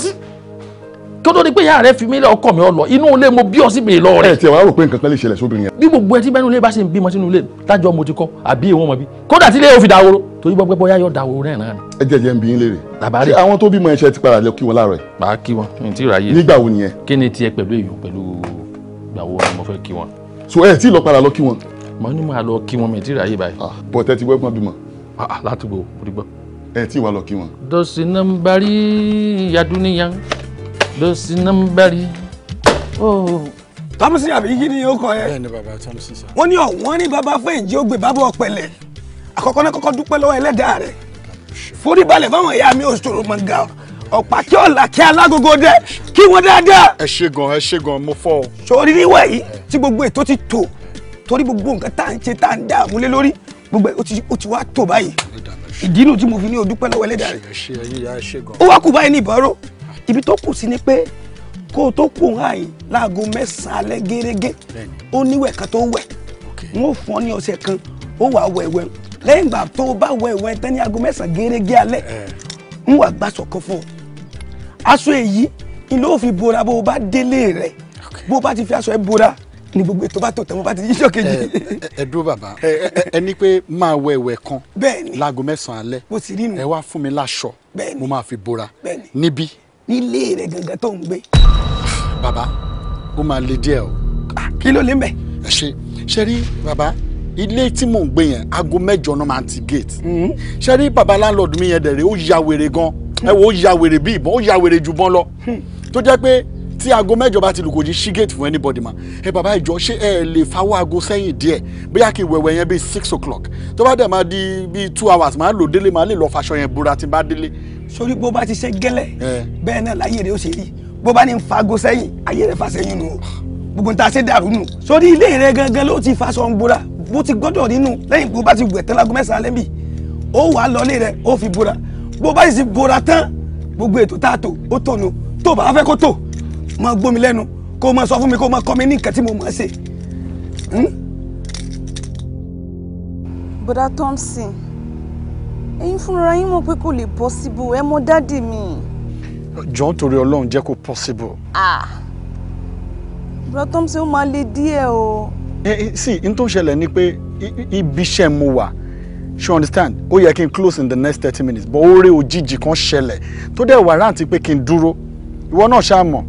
kí ó tó di pé ìyá rẹ fi mí lé ọkọ mi ọlọ inú ilé mo bí ọ sí bèrè lọ rẹ. ẹ tiẹ̀ wá rò pé nǹkan kan lè ṣẹlẹ̀ sóbìnrin yẹn. bí gbogbo ẹtí bẹ́nu ilé bá ṣe ń bímọ sínú ilé tájọ mo ti kọ́ àbí ìwọ̀n mọ̀ bí kódà tí ilé yóò fi dàwóró torí gbọ́ pé bóyá yóò dàwóró náà náà. ẹ jẹ́ jẹ́ ń bí yín léèrè. tàbárí ṣé àwọn tó bímọ ẹṣẹ ti padà lọ kí wọn láàárọ̀ ẹ̀. màá kí wọn n tí ráyè. nígbà wo nìyẹn. kí ni tiẹ̀ pẹ̀lú èyàn pẹ̀lú ìgbàwó mo fẹ́ kí so ẹ tí ì lọ padà lọ kí wọn. mo ní máa lọ kí wọn mi tí ì ráyè báyìí. Ah, bọ̀tẹ́ ti ah, ah, ti gbọ́. ẹ tí ì wá ló sì ń bẹ́rí. Thompson àbí yí ni ó kọ ẹ. bẹ́ẹ̀ni bàbá Thompson sá. wọ́n ní ọ̀wọ́n ní bàbá fẹ́yìntì ó gbé bàbá ọ̀pẹ̀lẹ̀ àkọ́kọ́ náà kọ́kọ́ dúpẹ́ lọ́wọ́ ẹlẹ́dàá rẹ̀ forí balẹ̀ fáwọn ìyá mi òṣòro mọ̀gà ọ̀pá kí ọ̀la kí alágogo dẹ kí wọ́n dáadáa. ẹ ṣe gan ẹ ṣe gan mo fọ. sori níwẹ̀ yìí tí gbogbo ètò ti tò torí gbogbo nǹkan tá à ń ṣe tá à ń dààmú lé lórí gbogbo ó ti wá tò báyìí ìdí inú tí mo fi ní o dúpẹ́ lọ́wọ́ ẹlẹ́dàá rẹ̀ ó wá kù báyìí ní ìbárò ibi tó kù sí ni pé kó o tó kù hàn yìí láago mẹ́sàn-án alẹ́ gẹ́gẹ́ ó níwẹ̀ kan tó wẹ̀ wọ́n fún ọ ní ọ̀sẹ̀ kan ó wà wẹ̀wẹ̀ lẹ́yìn ìgbà tó o bá wẹ̀wẹ̀ tán ní aago mẹ́sàn-án gẹ́gẹ́ alẹ́ ń wà gbàsọ̀ kan fún ọ aṣọ èyí ni ló fi bora bó o bá délé rẹ bó o bá ti fi aṣọ ẹ bora ni gbogbo ètò bá tò tán mo bá ti yíṣọ kejì. ẹ dúró bàbá ẹ ní pé máa wẹ ìwẹ̀ kan láago mẹ́sàn-án alẹ́ ẹ wá fún mi láṣọ mo máa fi bora níbí nílé rẹ̀ gangan tó ń gbé. bàbá ó máa le díẹ̀ o. kí ló lè ń bẹ̀. ẹ ṣe ṣe rí bàbá ilé tí mò ń gbé yẹn aago mẹ́jọ náà máa ti gate hmm. ṣe rí baba landlord mi yẹn dẹ̀rẹ̀ ó ya wèrè gan hmm. ẹ wo ó ya wèrè bí ìbọn ó ya wèrè jù bọ́n lọ hmm. tó jẹ́ pé tí aago mẹ́jọ bá ti lù kò jí ṣí gate fún anybody ma ẹ bàbá ìjọ ṣé ẹ lè fawọ́ aago sẹ́yìn díẹ̀ bóyá kí wẹ̀wẹ̀ yẹn bíi six o'clock tó bá dẹ̀ máa di bíi two hours máa lò délé máa lè lọ faṣọ yẹn búra tí n bá délé. sórí bó bá ti ṣe gẹ́lẹ́ bẹ́ẹ̀ náà láyé rẹ̀ ó ṣe rí bó bá ní fago sẹ́yìn ayé rẹ̀ fà sẹ́yìn nù gbogbo n ta ṣe dàrú nù sórí ilé rẹ̀ gangan ló ti faṣọ ń búra bó ti gbọ́dọ̀ nínú lẹ́yìn bó bá ti wẹ̀ tán lágo mẹ́sàn-án lẹ́mì ó wà lọlé rẹ̀ ó fi búra bó bá sì búra tán gbogbo ètò tá a tò ó tò tó bá fẹ́ kó tò máa gbómi lẹ́nu kó máa sọ fún mi kó máa kọ́ mi ní nǹkan tí mo máa ṣe. Hmm? bọ́dá Thompson ẹ̀yin fúnra yín mọ̀ pé kò lè possible ẹ mọ dáàdì mi. jọ̀ọ́ torí ọlọ́run jẹ́ kó possible. ah bọ́dá Thompson ó máa le díẹ̀ o. ẹ ẹ sì n tó ń ṣẹlẹ̀ ni pé ibi iṣẹ́ mo wà ṣe understand ó yẹ kí n close in the next thirty minutes but oore òjijì kan ṣẹlẹ̀ tó dẹ̀ wà rántí pé kí n dúró ìwọ náà ṣáà mọ̀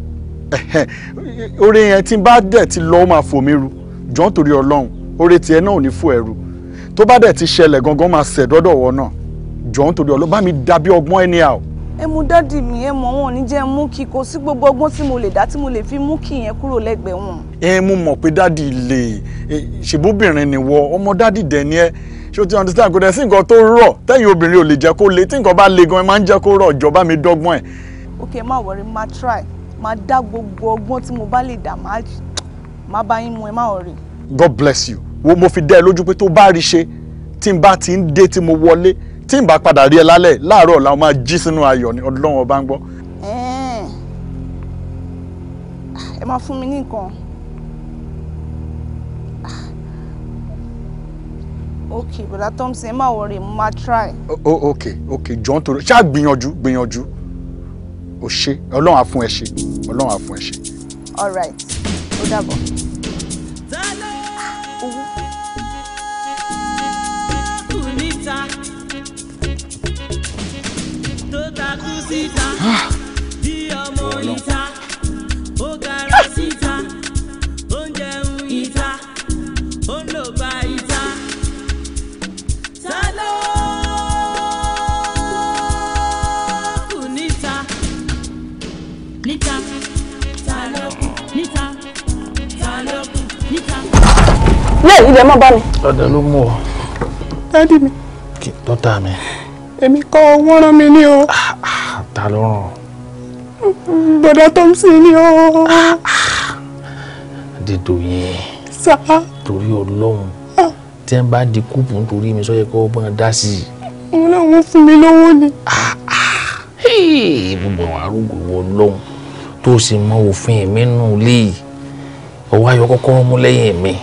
oore yẹn tí n bá dẹ̀ ti lọ ó máa fò ru jọ́n torí ọlọ́run oore tiẹ̀ náà ò ní fò ẹ̀rù tó bá dẹ̀ ti ṣẹlẹ̀ gangan máa ṣẹ̀ dọ́dọ̀ wọ náà jọ́n torí ọlọ́run bá mi dàbí ọgbọ́n ẹni à ẹ mú dádì mi ẹ mọ̀ wọn ò ní jẹ́ mú kí kò sí gbogbo ọgbọ́n tí mo lè dá tí mo lè fi mú kí yẹn kúrò lẹ́gbẹ̀ẹ́ wọn. ẹ mú mọ̀ pé dádì lè ṣèbóbìnrin ni wọ ọmọ dádì dẹ̀ ni ẹ ṣé o ti understand kò dẹ̀ sí nǹkan tó rọ̀ tẹ́yìn obìnrin ò lè jẹ́ kó le tí nǹkan bá le gan ẹ máa ń jẹ́ kó rọ̀ ìjọba mi dọ́gbọ́n ẹ̀. ok má wọrí má try máa dá gbogbo ọgbọ́n tí mo bá lè dá máa bá yín mu ẹ má ọ̀rẹ́. God bless you wo mo fi dẹ́ ẹ lójú pé tó bá rí ṣe tí n bá ti ń dé tí mo wọlé tí n bá padà rí ẹ lálẹ́ láàárọ̀ làwọn máa jí sínú ayọ̀ ni ọlọ́run ọba ń gbọ́. Ah, ẹ máa fún mi ní nǹkan. Ah. ok bọ̀dá Thompson ẹ má wọrí mo máa try. ok ok jọ̀ọ́ nítorí ṣáà gbìyànjú gbìyànjú o ṣe ọlọ́run á ẹ ṣe ọlọ́run á ẹ ṣe. all right ó dàbọ̀. Ah. bẹ́ẹ̀ ilẹ̀ mọ́ bá mi. ọ̀dọ̀ ló mú ọ. dádì mi. kì í tọ́ta mi. èmi kọ́ wọ́n rán me. ní o. ta ló ràn. bọ̀dá Thompson you o. Ah, ah. dídò yẹn. sá. torí ọlọ́run ah. tí wọ́n bá di kúùpù to mi sọ́yẹ́ kọ́ bọ́n dá sí i. òun náà wọ́n fún mi lówó hey, gbogbo àwọn arúgbó to go alone. sì mọ òfin mi nù lé ọwọ́ ayọ̀ kọ́kọ́rọ́ mú lẹ́yìn mi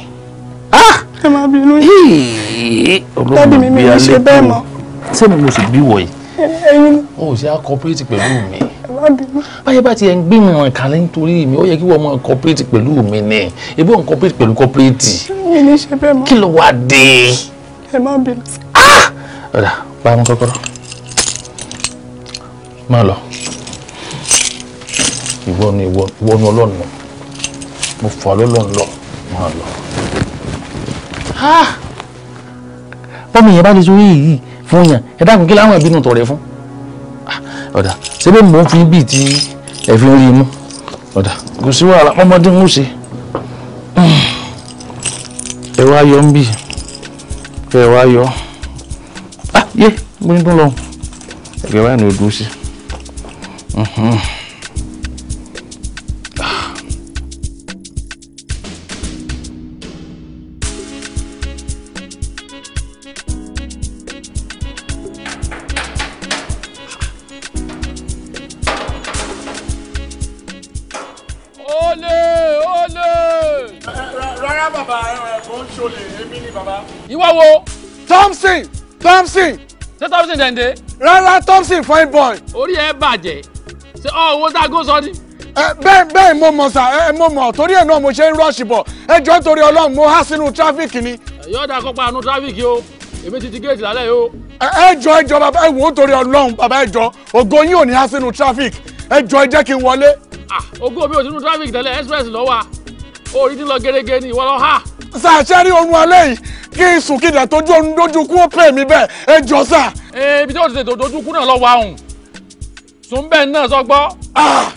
má bínú yìí dábì mi mi ò ṣe bẹ́ẹ̀ mọ́. sẹ́mi mo sì bí wọ̀ yìí o ò ṣe á cooperate pẹ̀lú mi báyẹ̀ bá ti ẹ̀ ń gbé mi ràn kálẹ̀ nítorí mi ó yẹ kí wọ́n máa cooperate pẹ̀lú mi ni ebi ò ń cooperate pẹ̀lú cooperate kí ló wá dé. ẹ má bínú. Ah! ọ̀dà bá a mú kọ́kọ́rọ́ máa lọ ìwọ ni ìwọ ni ọlọ́run mo fà lọ́lọ́run lọ máa lọ. Ah! bọ́mọ yẹn bá ti sórí yìí fún yàn ẹ dákun kí láwọn ìbínú tọrẹ fún ah, ọ̀dà ṣébí mò ń fi bíi ti ẹ̀ fi ń rí imú ọ̀dà kò sí wàhálà ọmọdé ń ṣe hmm. ẹ wá yọ ń bì fẹ ẹ wá yọ ah, yé mo ń dún lọ ẹ wá ní odò sí. Mm-hmm. Sunday. rárá Thompson fine boy. orí ẹ bàjẹ́ ṣé ọ owó tá a gó sọ ni. ẹ bẹ́ẹ̀ bẹ́ẹ̀ mo mọ̀ sà ẹ mo mọ̀ torí ẹ̀ náà mo ṣe ń rọ́ọ̀ṣì bọ̀ ẹ jọ nítorí Ọlọ́run mo há sínú tráfíkì ni. yọ̀ọ́dà kọ́pa àánú tráfíkì o èmi ti ti géètì lálẹ́ yìí o. ẹ jọ ẹ jọ bàbá ẹ wò ó torí Ọlọ́run bàbá ẹ jọ ògo yín ò ní há sínú tráfíkì ẹ jọ ẹ jẹ́ kí n wọlé. ògo mi ò sínú tráfíkì tẹ́lẹ̀ express lọ́wọ́ orí ti lọ gẹ́gẹ́ ni ìwọ lọ ha. sà ṣe rí oorun alẹ́ yìí kí n sùn kí n sà ibi tí o ti tètè dojú kú náà lọ wá òun sùnbẹ́ náà sọ gbọ́. Ah!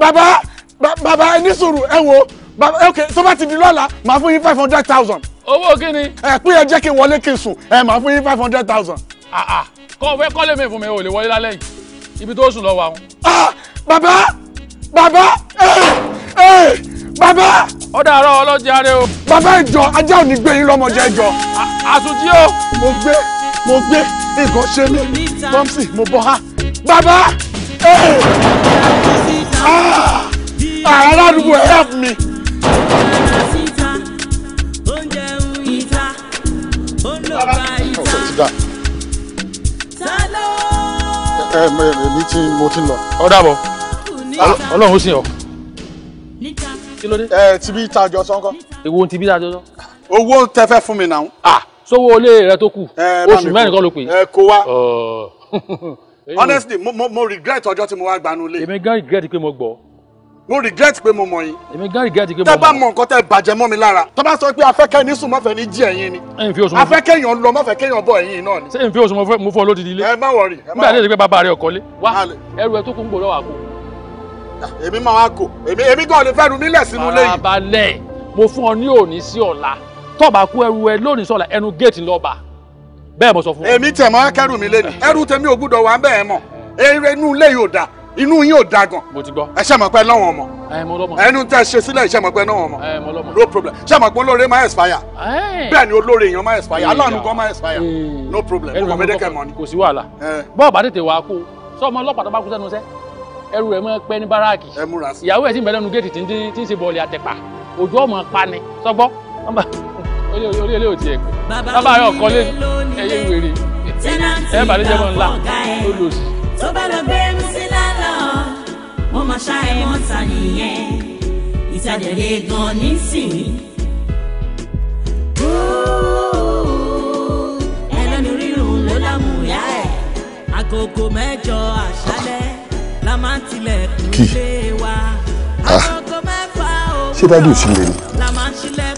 bàbá bàbá ẹ sùúrù ẹ wo bàbá ok tó bá ti di lọ́la màá fún yín five hundred thousand. owó kíni. ẹ pé ẹ jẹ́ kí n wọlé kí n sùn ẹ màá fún yín five hundred thousand. Ah, ah, kọ́ fẹ́ kọ́lé mi fún mi ò lè wọlé lálẹ́ yìí ibi tó sùn lọ wá òun. bàbá bàbá eh, eh, bàbá. ó dàárọ̀ ọlọ́jà rẹ o. bàbá ìjọ ajá ò ní gbé yín lọ́mọdé ìjọ. àsùnjí o. mo gbé mo gbé nǹkan ṣe mí pọ́ǹsì mo bọ́ ha bàbá ààrẹ àdúgbò ẹ̀ help me. èmi tí mo ti lọ ọ dàbọ̀ Ọlọ́run ó kí ló dé. ẹ tibí tajọ sọkọ. èwo tibí tajọ sọ. owó tẹ fẹ́ fún mi náà. Ah! sówó ilé rẹ tó kù oṣù mẹ́rin kọ́ ló pè. ẹ kó wa honestly mo mo mo regret ọjọ́ tí mo wá gbanú lé. èmi gan regret pé mo gbọ́. mo regret pé mo mọ̀ yín. èmi gan regret pé mo mọ̀. tẹ́ bá mọ nǹkan tẹ́ bàjẹ́ mọ́ mi lára tọ́ bá sọ pé afẹ́kẹ́ ní sùn mọ́fẹ́ ní jí ẹ̀yin ni afẹ́kẹ́ yàn lọ mọ́fẹ́ kéèyàn bọ̀ ẹ̀yin náà ni. ṣé n fi oṣù mo fọ́ lódìdí ilé. ẹ má wọrí ẹ má wọrí. nígbà tí ẹ ti pé bàbá rẹ ọkọ lé wá ẹrù ẹ tó kún gbòòrò wà kó. èmi máa wá kò èmi gan-an lè fẹ́ ru mílẹ̀ sínú mo fún ọ ní tọ́ba kú ẹrù ẹ lónìí sọ̀la ẹnu géètì lọ́ba bẹ́ẹ̀ mo sọ fún. èmi tẹ̀ mọ́ kẹ́rù mi lé ní ah. ẹrù tèmi ò gbúdọ̀ wà bẹ́ẹ̀ mọ̀ eré inú ilé yóò da inú yín ò da gan. mo ti gbọ́. ẹ ṣe mọ̀ pé lọ́wọ́n mọ̀. ẹ eh, mo lọ́mọ. ẹnu tẹ ṣe sílẹ̀ ṣe mọ̀ pé lọ́wọ́n mọ̀. ẹ eh, mo lọ́mọ. no problem ṣe mọ̀ pé olóore máa expire. Eh. bẹ́ẹ̀ ni olóore èèyàn máa expire aláàánú gan máa expire. no problem mo kàn fi dẹ́kẹ̀ mọ́ ni. kò sí wàhálà bọ́ọ̀ bá tètè wàá kó sọ́ọ̀mọ́ ọlọ́pàá tó bá kú sẹ́nu sẹ́ ẹrù rẹ̀ mọ́ pẹ́ ní báràkì. ìyàwó ẹ̀ sì ń bẹ lẹ́nu géètì tí ń ṣe bọ̀ọ̀lì àtẹ̀pà òjò ọmọ pa ni sọgbọ́ orí ilé ò tiẹ̀ pé bàbá yóò kọ́lé ẹyẹ wèrè ẹ bàdé jẹ́ wọn ńlá ó tó bá lọ gbé mc lálọ́ wọ́n máa ṣá ẹ̀ ta nìyẹn ìtajà lè gan nísìnyí. ẹlẹ́nu rírun ló lámùyá ẹ̀ agogo mẹ́jọ àṣálẹ́ la máa ń tilẹ̀kùn lé wa ah. agogo mẹ́fà òwúrọ̀ la máa ń tilẹ̀kùn.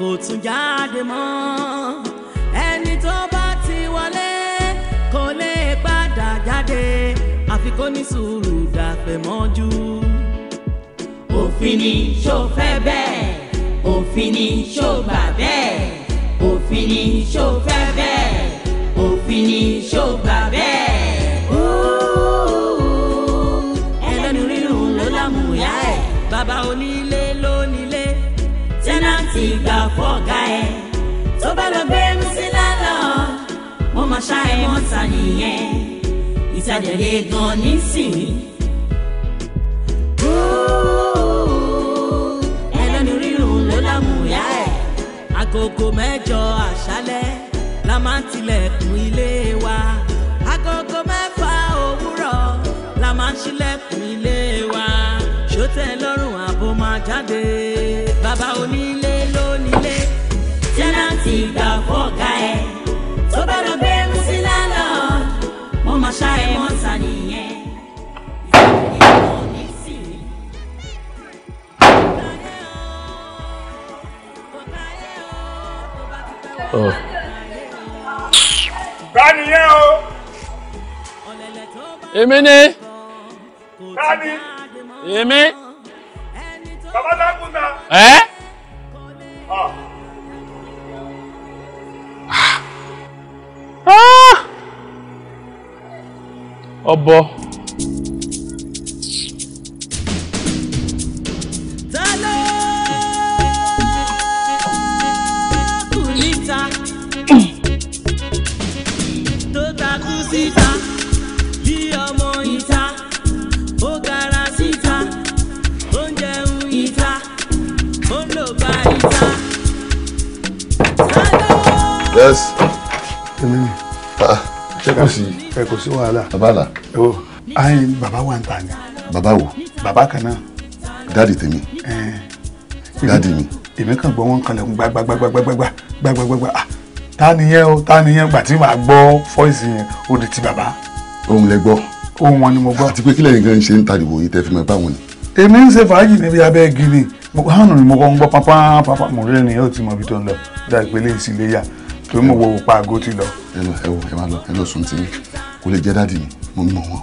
kò tún jáde mọ́ ẹni tó bá ti wọlé kò lè padà jáde àfi kó ní sùúrù dàfẹ́ mọ́jú. òfin ni ṣó fẹ́ bẹ́ẹ̀ òfin ni ṣó gbà bẹ́ẹ̀ òfin ni ṣó fẹ́ bẹ́ẹ̀ òfin ni ṣó gbà bẹ́ẹ̀. gbà fọ́gà ẹ̀ tó bá lọ gbé mùsí lálọ́ wọ́n máa ṣá ẹ̀ wọ́n ta nìyẹn ìtajẹ̀lẹ̀ gan nísìnyí. ẹlẹ́nu rírun ló lámùyá ẹ̀ agogo mẹ́jọ àṣálẹ́ la máa ń tilẹ̀kùn ilé wa agogo mẹ́fà òwúrọ̀ la máa ń ṣílẹ̀kùn ilé wa ṣó tẹ́ lọ́rùn àbò máa jáde. ìgbà fọ́ọ̀gá ẹ̀ tó bá lọ bẹ́ẹ̀ mú sí mo máa ṣá ẹ mọ́ oh. ta nìyẹn. o. Èmi ni. Bá Èmi. Bàbá Dákúndà. Ẹ́. ọbọ. yes. Ah, ẹ kò sí ẹ kò sí wàhálà. bàbá là wà ń ta ni. bàbá wo. bàbá kan náà. dáàdì tèmi. dáàdì mi. èmi kàn gbọ́ wọn kalẹ̀ ń gbàgbàgbàgbàgbàgbà gbàgbàgbàgbà ah ta nìyẹn o ta nìyẹn gbà tí màá gbọ́ fọ́ìsì yẹn ó di ti bàbá. òun lẹ gbọ́. òun wọn ni mo gbọ́. àti pé kílẹ̀ nǹkan ṣe ń ta ìbò yìí tẹ́ fi mọ báwọn ni. èmi ń ṣe fàájì níbi abẹ́ gini hàn ni ah, mo kọ́ ń gbọ́ pápá pápá mo rí ẹni yẹn ti mọ ibi tó ń lọ dáa ìpele ìsìlẹ̀ yà torí mo wo òpá àgó ti lọ. ẹ lọ ẹ wo ẹ máa lọ ẹ lọ sùn tì kò lè jẹ́ dáàdì mi mo mọ̀ wọn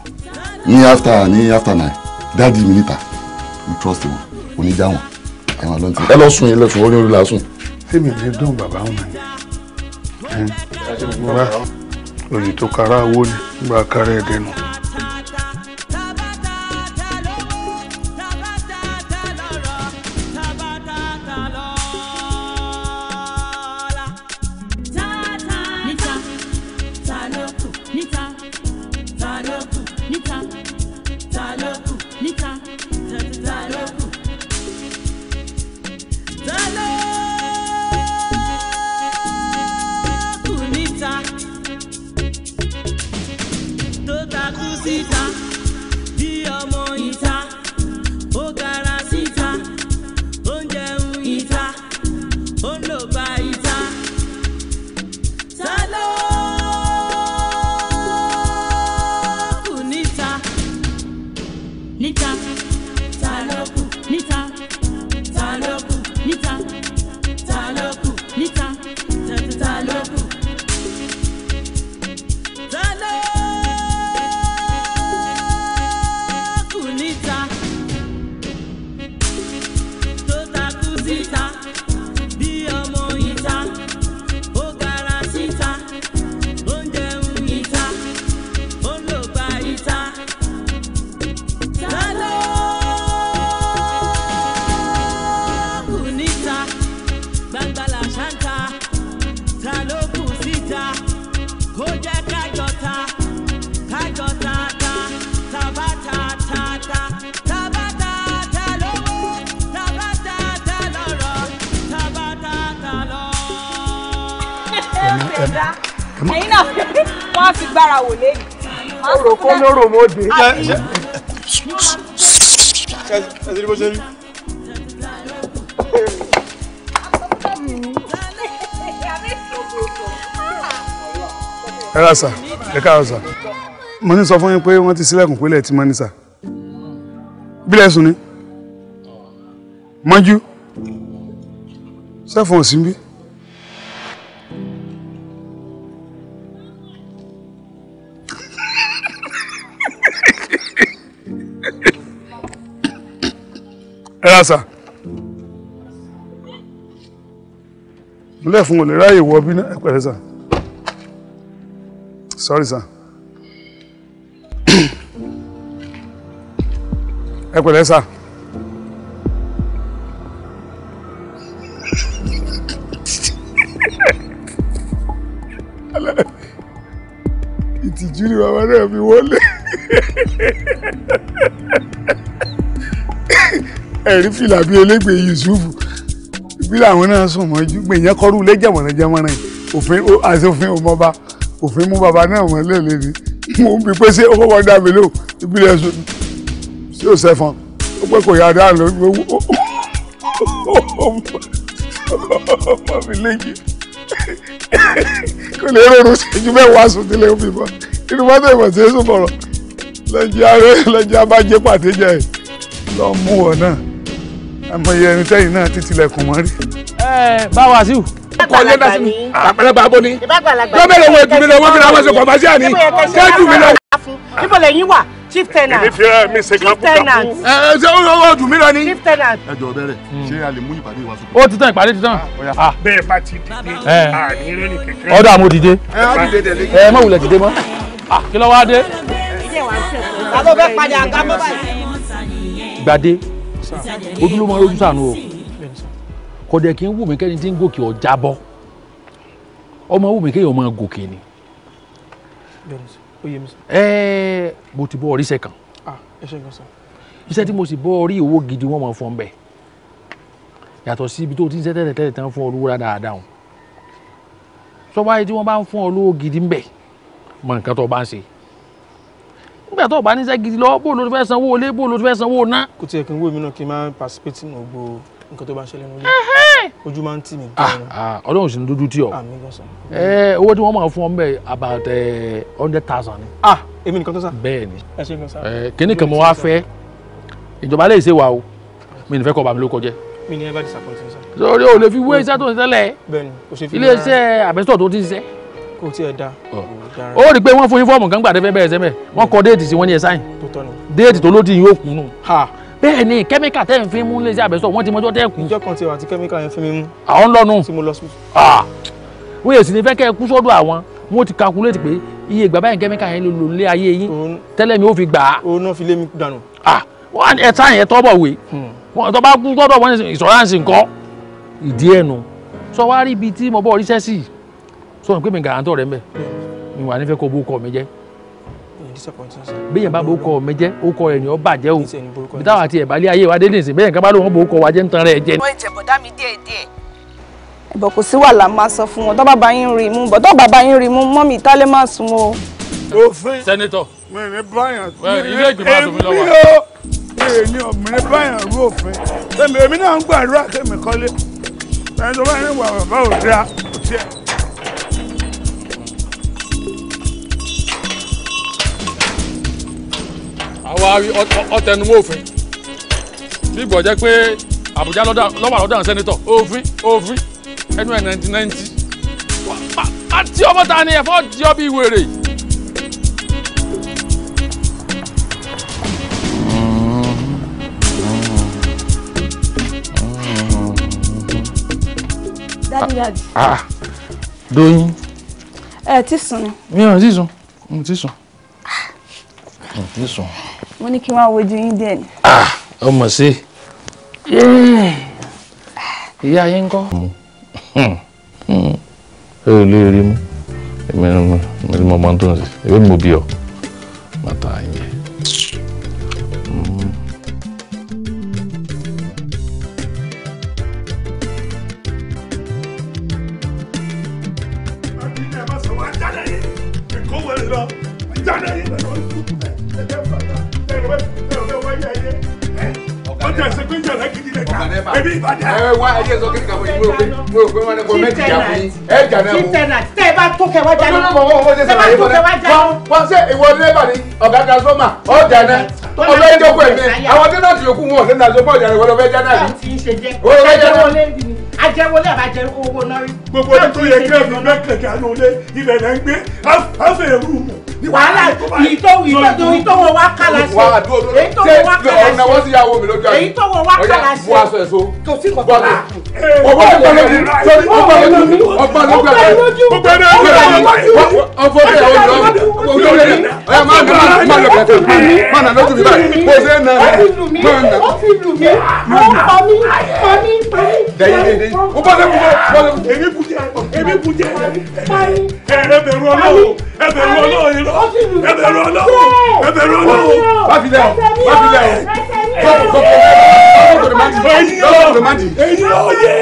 ní after ní after nine dáàdi mi níta you trust wọn oníjà wọn àwọn àlọ́ ti ẹ lọ sùn yín lẹ́sùn orí orí la sùn. tèmi lè dán bàbá wọn ni bàbá òyìn tó kára owó ni gba kára ẹ̀dẹ̀ nù. ẹ̀yin náà wọ́n á fi gbára wò lẹ́yìn. ọ̀rọ̀ kó lóró mo dé. ẹ ti rí bó ṣe rí. ẹ ra sà ẹ káàárọ̀ sà mo ní sọ fún yín pé wọ́n ti ṣílẹ̀kùn pélé tí mo ní sà bílẹ̀ sùn ni mọ́jú sẹ́fọ̀n sí bíi. àṣà lẹ́fun ò lè ráyè wọ bí náà ẹ̀pẹ̀rẹ̀ sà sorry sà ẹ̀pẹ̀rẹ̀ sà ìtìjú ni bàbá náà fi wọlé ẹ̀rí fìlà bíi elégbè Yusuf bí làwọn náà sùn mọ́jú gbèyàn kọ́rù lé jẹ̀mọ̀rẹ̀ jẹ̀mọ̀rẹ̀ òfin àti òfin ò mọba òfin mú baba náà wọ́n lè lè ní mo ń bi pé ṣé owó wọn dá mi lò ìbílẹ̀ sùn sí òsèfọn ó pẹ́ kò yára dáhùn lórí ọmọ mi léyìí kò lè rọrùn ṣẹ́jú mẹ́wàá sùn tilẹ̀ òfin mọ́ inú mọ́tò ìmọ̀ sí èso bọ̀rọ̀ lọ́jọ́ abájẹ́ pàtẹ́jẹ́ lọ́ọ́ mú ọ náà àmọye ẹni tẹ́yìn náà ti tilẹ̀kùn mọ́ rí. ẹ bá wa sí o. kọ́lé dá sí mi àgbàlagbà abo ni lọ́bẹ̀rẹ̀ wo ètùmí lọ́wọ́ mi làwọn ṣe kọ̀ máa ṣe àní kẹ́jù mi lọ. níbo lẹ́yìn wà chief tenant. èmi fi ẹ eh, mi ṣe kan kúkà. ẹ ṣe ó jù mí lọ ni. chief tenant. ẹ jọ bẹ̀rẹ̀ hmm. ṣé a lè mú ìpàdé wa sókè. ó ti tán ìpàdé ti tán. Ah, ah. bẹ́ẹ̀ bá ti dìde àní eh. rẹ ní kẹkẹ. ọ̀dọ̀ àmọ́ dìde. ẹ má dìde tẹ̀lé. ẹ má wulẹ̀ dìde mọ́. Ah, kí ló wá dé. ìdí ẹ̀ wá ń ṣe. ta ló fẹ́ padà àgbà mọ́ báyìí. gbadé ojú ló máa ń rojú sànú o kọ̀dẹ̀ kí n wù mí kẹ́ni tí ń gòkè ọ̀já bọ́ ọmọ wù mí kéèyàn máa gòkè ni ẹ mo ti bọ́ ọ̀ríṣẹ́ kan iṣẹ́ tí mo sì bọ́ orí owó gidi wọ́n máa fọ́n bẹ́ẹ̀ yàtọ̀ sí ibi tó ti ń ṣe tẹ́lẹ̀ tẹ́lẹ̀ tán fún ọ lówó dáadáa o sọ wáyé tí wọ́n bá ń fún ọ lówó gidi ń bẹ̀ mọ nǹkan tó bá ń ṣe nígbà tó bá níṣẹ́ gidi lọ bó ló fẹ́ sanwó ilé bó ló fẹ́ sanwó ná. kò tiẹ̀ kí n wó mi náà kí n máa participate nínú gbogbo nǹkan tó bá ń ṣẹlẹ̀ nílé ojú máa ń tì mí. Ah, ah, ọlọ́run sì ń dúdú tí ọ owó tí wọ́n máa fún ọ bẹ́ẹ̀ about hundred thousand ni. Ah, èmi nìkan tó sá. bẹ́ẹ̀ ni kíní kan mo wá fẹ́ ìjọba lè ṣe wa o mi nìfẹ́ kọ́ bàmí ló kọjẹ́. mi ni ẹ bá disappointing sá. sori o lè fi wé iṣẹ́ tó ń ṣẹlẹ̀ ilé iṣẹ́ àbẹ́sọ̀ tó ti ṣiṣẹ́ kò tiẹ̀ da. ó rí i pé wọ́n fún yín fọ́ọ̀mù kan gbàdé fẹ́ bẹ̀rẹ̀ sẹ́mẹ̀ wọ́n kọ déètì sí wọ́n ní ẹ̀ sáyìn déètì tó lódì yóò kùnú bẹ́ẹ̀ ni kẹ́míkà tẹ́ ń fi mú léṣe àbẹ̀sọ̀ wọ́n ti mọ́jọ́ tẹ́ kù. ìjọ kan ti wà tí kẹ́míkà yẹn fi mi mú. àwọn lọ́nu tí mo lọ sùn. wọ́n yẹ sí ni fẹ́ kẹ́ ẹ kú sọ́dọ̀ àwọn wọ́n ti calculate pé iye ìgbà báyìí kẹ́míkà yẹn ló lò lé ayé yín tẹ́lẹ̀ mi ò fi gbà á. òun náà fi lé mi dànù. wọ́n ẹ táyà yẹn tọ́ bọ̀ wé hmm. tó bá kú sọ́dọ̀ wọn ìsọ̀ránsì nǹkan ìdí ẹ̀nu sọ wá rí ibi tí mo bọ́ sọ pé mi gàrántọ̀ rẹ̀ mbẹ̀ mi wà nífẹ̀ẹ́ kó bó kọ́ mi jẹ́ bíyẹn bá bó kọ́ mi jẹ́ ó kọ́ ẹ̀yìn ọba jẹ́ o bí táwọn àti ẹ̀bálẹ̀ ayé wa dé nìsín bẹ́ẹ̀ nǹkan bá lóun bó kọ́ wa jẹ́ ń tan rẹ̀ jẹ́. ẹ̀bọ̀ kò sí wàhálà máa sọ fún wọn tó bá yín rí mú bọ́ tó bá yín rí mú mọ́ mi máa sùn o. òfin sẹ́nitọ̀ mi ní báyàn ilé ìgbìmọ̀ àtòmí lọ́wọ́ pé ní ọmọdé báyàn rú òfin èmi náà ń gbàdúrà kémi kọ́lé ẹ̀. àwa ọtẹnumọ́ òfin bí ìgbọ̀ jẹ́ pé àbújá lọ́wọ́ àlọ́dà sẹ́nitọ̀ òfin òfin ẹnu ẹ̀ nàìjíríà nàìjíríà àti ọmọ ta ni ẹ̀fọ́ di ọ bí wèrè. dádìdádì. Ah, ah. Doyin. ẹ ti sùn ni. mi ò ti sùn ah. mi ò ti sùn mi ò ti sùn mo ní kí wọ́n wojú yín dẹ̀ ni. ọmọ ah, sí ìyá yín ń kọ́. ẹ ò lè rí mú èmi ni mo máa ń tó ń sè é èmi ni mo bí ọ màtá yín jẹ. bíbí ìbàdàn. ẹ wá ẹyẹ sọ kí ni kàwé mo rò pé mo rò pé wọn kọ mẹ́tì jà fún yín ẹ jà náà o. títẹ̀nà tẹ́ ẹ bá tó kẹ wá jà ní. tẹ́ ẹ bá tó kẹ wá jà ní. wọ́n ṣe ìwọ dẹ́rẹ́bà ni ọ̀gá transformer ọ̀ jà náà ọ̀gá ìjọba ẹ̀mí àwọn tẹ́nàtì yòókù wọn ọ̀sẹ̀ náà ṣe bọ́ọ̀ jà ní wọ́n lọ fẹ́ jà náà ni. àjẹwọlé àbájẹ owó náà rí gbogbo ní tó yẹ kí ẹ fi mẹ́kẹ̀kẹ́ àná lé ibẹ̀ lẹ́ ń gbé áfẹ́ rúùmù. wàhálà ìtọ́ ìtọ́ wọn wá kálá sí èyí tó wọn wá kálá sí èyí tó wọn wá kálá sí kò sí kọ̀ọ̀kan bá. ọgbà ló gbà lójú ọgbà ló gbà lójú ọgbà ló gbà lójú ọgbà ló gbà lójú ọfọ bẹẹ ọwọ lọ ọjọ rẹ ọyà máa nà máa nà bàtà máa nà lójú mi báyìí kò sí ẹ nà máa nà. ó fi lù mí ó pa mí pa mí pa mí. dẹ́yìn dẹ́yìn ó bá lẹ́kùn bọ́ bọ́ lẹ́kùn jẹ èmi bù jẹ ẹ bẹ̀rù Ọlọ́run ẹ bẹ̀rù Ọlọ́run irọ́ ẹ bẹ̀rù Ọlọ́run ẹ bẹ̀rù Ọlọ́run. má fi lẹ o má fi lẹ o sọpọ sọpọ sọpọ tó dèmá di sọpọ tó dèmá di. èyí ò yẹ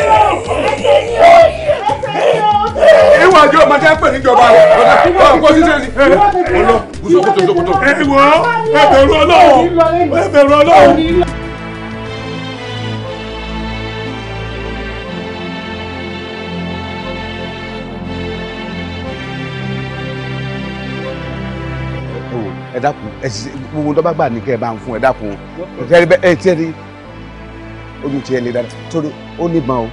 ìwà àjọ ọmọdé pè níjọba rẹ ọ̀dà púpọ̀ ọ̀pọ̀ ni. ọlọ gúsọ ẹ wọ ẹ bẹ̀rù Ọlọ́run ẹ bẹ̀rù Ọlọ́run. ẹsì gbogbo tó bá gbà ní kẹ ẹ bá ń fún ẹ dákun ìtẹ́rí bẹ́ẹ̀ ẹ tiẹ́ ojú tiẹ̀ lè dára torí ó ní ìbọn o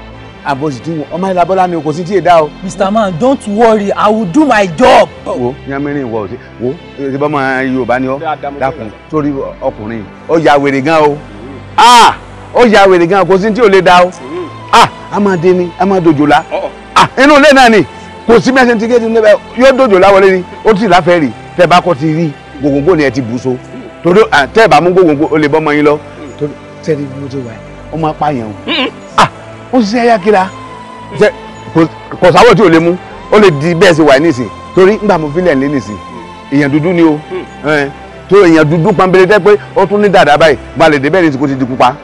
àbòsí tí wọn ọmọ ìlà bọ́lá ni kò sí tí ì dá o. Mr. Man don't worry I will do my job. wo yamirin wọ ọsẹ wo ṣe bọ́ Yorùbá ni ọ dákun torí ọkùnrin ó ya wèrè gan o ó ya wèrè gan kò sí tí ò lè dá o a máa ni a máa inú ilé náà ni kò sí mẹsẹ̀ tí kéde yóò dojo wọlé ni ó ti láfẹ́ rí tẹ bá kọ́ ti rí gbogbogbò ni ẹ ti bù so torí tẹ́ ẹ bá mú gbogbogbò o lè bọ́ ọmọ yín lọ hmm. torí tẹ́ ti bù so wáyé ọmọ apáyàn o hmm, hmm. ah o ṣiṣẹ́ yákìlá kò sáwọ́ tí o lè mú ó lè di bẹ́ẹ̀ ṣe wà nísìn torí nígbà mo fílẹ̀ lé nísìn èèyàn dúdú ni o tó èèyàn dúdú pambele tẹ́ pé ó tún ní dàda báyìí balẹ̀ débẹ̀ ní kò ti di pupa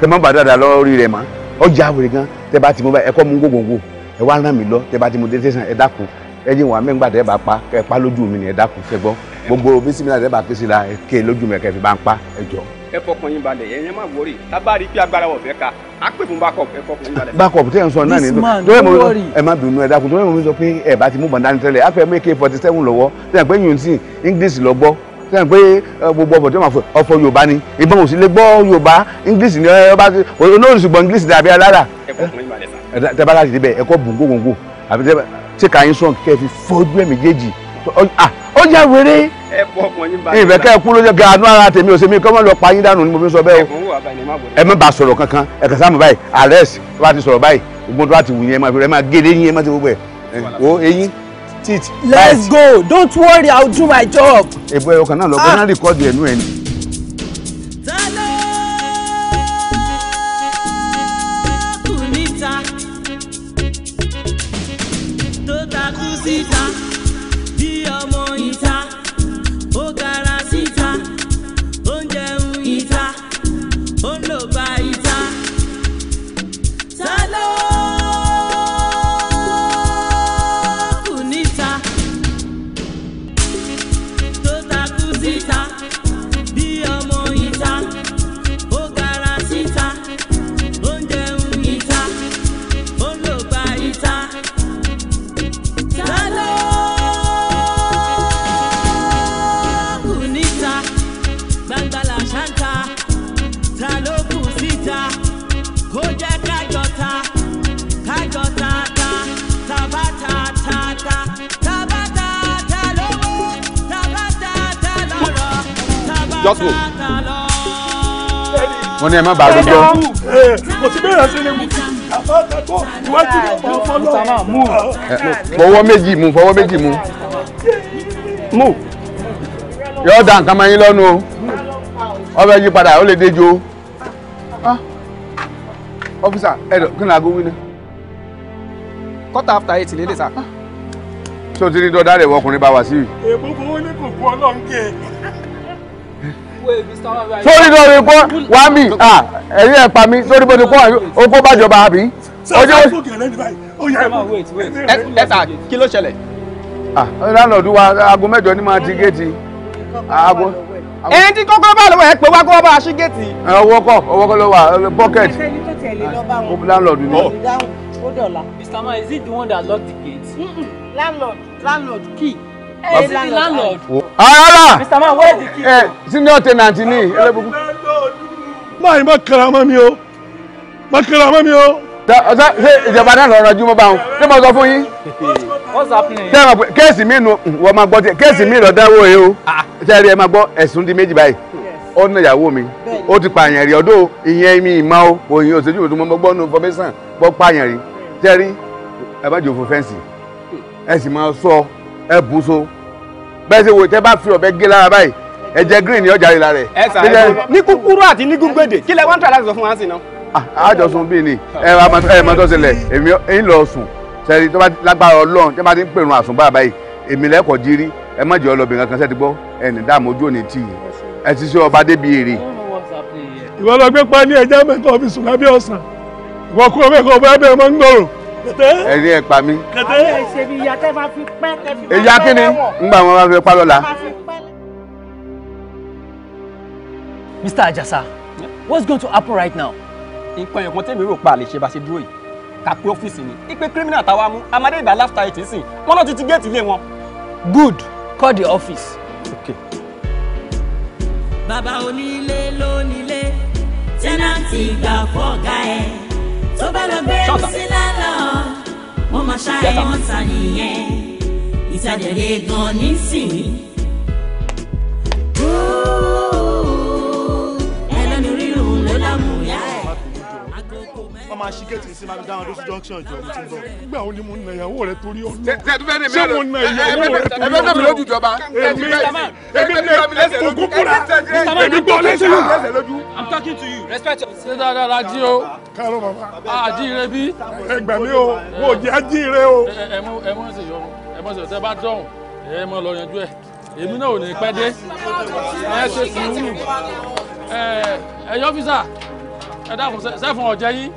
kẹ́ mọ́ bá dàda lórí rẹ̀ mọ́ ọjà àwòrán gan tẹ́ bá ti mú báyìí ẹ̀kọ́ mú gbogbogbò ẹ wá ràn mí lọ tẹ́ bá ti mú dé tẹ̀sán ẹ dákun ẹ jẹ́ wàá mẹ́ngbàdẹ́ bá pa ẹ pa lójú mi ni ẹ dákun fẹ́ gbọ́ gbogbo bísímìlà tẹ́ bá ké sí la ké lójú mẹ́kẹ́ fi bá ń pa ẹjọ́. ẹ fọkàn yín balẹ̀ ẹ̀yẹ́ má wọrí tábàárí pé agbára ọ̀fẹ́ ká á pè fún backup ẹ fọkàn yín balẹ̀. backup tẹ́ ẹ̀ ń sọ náà nínú tó yẹ mo ẹ má bínú ẹ dákun tó yẹ mo sọ pé ẹ bá ti mú bọ̀ǹda ní tẹ́lẹ̀ á fẹ́ mú ak forty seven lọ́wọ́ tẹ́ ẹ pé yóò ti english lọ gbọ́ tẹ́ ẹ pé gbogbo ọbọ̀ tí wọ́n ọfọ yorùbá ni ìbọn ò sì lè gbọ́ yorùbá english ni ọba olóòsì gbọ́ english dàbí alára tẹ́ bá láti débẹ̀ ẹ̀kọ́ bùn gógóńgó àbí tẹ́ ká yín sọ̀n kẹ́ fi fojú ẹ̀ méjèèjì ah já wéré ìbẹ̀ kẹ́ ẹ kú ló jẹ́ gaanu ara tèmi ò sèmi kọ́mọ́ lọ pa yín dànù ni mo fi sọ bẹ́ẹ̀ o ẹ má bàa sọ̀rọ̀ kankan ẹ kà sáàmù báyìí àrẹ́s tó ti sọ̀rọ̀ báyìí gbogbo tó bá ti wù yẹn ẹ fi rẹ máa gé eyín ẹ máa ti gbogbo ẹ o eyín let's go don't worry I'll do my job. èbó ẹ̀ ọkàn náà lọ bọ́ná rìkọ́dì just go. wọ́n ní ẹ má bàa gbogbo. kò sí bẹ́ẹ̀ ṣe lè mú àbátàkọ́ ìwájú rẹ̀ kọ́ fọlọ́. fọwọ́ méjì mú fọwọ́ méjì mú. mú. yọ̀ọ́ da nǹkan máa yín lọ́nu o ọbẹ̀ yí padà ó lè dejo o. Ah. ọ́fíìsà ẹ̀dọ̀ kí ni aago wí ni. quarter after eight lélẹ̀ sá. ṣé o ti ní dọ́dá rẹ̀ wọkùnrin bá wá sí i. èèmọ̀ fowó ní kò kú ọlọ́run kẹ́ ẹ̀ sórí lórí pọ́ wá mi ẹ̀yìn ẹ̀ pa mi sórí bó ti pọ́ okó bàjọba àbí. ojú ẹ̀ta kí ló ṣẹlẹ̀. láńlọ́ọ̀dù wa aago mẹ́jọ ni máa ti géètì aago. ẹni tí kọ́kọ́ bá lọ́wọ́ ẹ pé wá kó bá a ṣí géètì. ọwọ́ kọ́ ọwọ́ kọ́ ló wà pocket. láńlọ́ọ̀dù náà. Mr. Ma, is it the one that locked the gate? landlord landlord key. Hey, the landlord. Ara! Ah, Mr. Man, where is the key? Eh, senior tenant ni. Ah, Elebuku. Máa ní má kara mọ́ mi o. Má kara mọ́ mi o. Ṣé ìjọba náà lọ rọjú mọ́ bá wọn? Ṣé mo sọ fún yín? What's happening? Ṣé ẹ máa pẹ́ kéèsì mi nu wọ́n máa gbọ́ tiẹ̀ kéèsì mi lọ dáwọ́ yìí o. Ah. Ṣé ẹ rí ẹ máa gbọ́ ẹ̀sùn di méjì báyìí? Ó ná ìyàwó mi. Ó ti pààyàn rí ọdún ìyẹn mi ìmọ̀ o. Òyìn òṣèjú òṣèjú mo gbọ́ nu information gbọ́ pààyàn rí. Ṣé rí ẹ bá jòfó fẹ́ǹsì? Ẹ sì máa so. ẹ bùn so bẹ́ẹ̀ ṣe wò tẹ́ bá fi ọ̀bẹ gé lára báyìí ẹ̀jẹ̀ green ni ọjà ìlà rẹ̀. ẹ sà ní kúkúrú àti ní gúngbèdè kí lẹ wá ń tà láti sọ fún wa sí náà. àjọsùn ah, bíi ni ẹ máa tọ́ sílẹ̀ èmi ń lọ sùn sẹ́ni tó bá lágbára ọlọ́run tó bá ti ń pèrún àsùnbà báyìí èmi lẹ́kọ̀ọ́ jírí ẹ má jẹ́ ọlọ́bìnrin kankan sẹ́ni gbọ́ ẹni dáàmú ojú òní tì í ẹ ti ṣe ọba débi èrè. ìwọ lọ gbé pa ní ẹja mẹ́ta ọfíìsì lábẹ́ ọ̀sán ìwọ kúrò mẹ́kọ̀ọ́ bá bẹ́ẹ̀ mọ́ ń gbòòrò ẹ̀rí ẹ̀ pa mí. ìyá kí ngbà wọn bá fi pa lọ́la. Mr. Ajasa what's going to happen right now. nǹkan ẹ̀yọ̀kan tẹ́mi rò pa àlè ṣe bá ṣe dúró yìí ká pé ọ́fíìsì ni ipe criminal táwa mú amadé ìgbà láfta ẹ̀ tí ń sìn wọn náà ti ti géètì ilé wọn. good call the office. Okay. bàbá onílé lónílé tẹ́nàntì gbà fọ́ọ̀gá ẹ̀ tó bá lọ gbé sílẹ̀ máa ṣá ẹ̀ wọ́n ta nìyẹn ìtajà lè gan nísìnyí. kan máa ṣí sí máa dáhùn lóṣù junction jọ mo ti ń bọ̀. nígbà wo ni mo na ìyàwó rẹ torí ọlọ́run ṣé mo na ìyàwó rẹ torí ọlọ́run. ẹgbẹ́ mi lójú ìjọba. èmi èmi lè fògùn kúra èmi gbọ́ lẹ́sẹ̀ lójú. I'm talking to you. respect ẹ gbà mí o mo ẹ mọ ẹ mọ ṣe ẹ mọ ṣe ọ̀sẹ̀ bá ẹ mọ lọ yanjú ẹ èmi náà ò ní pẹ́ dé ẹ ṣe sùúrù ẹ ẹ ẹ dákun sẹ́fún ọ̀jẹ̀ yín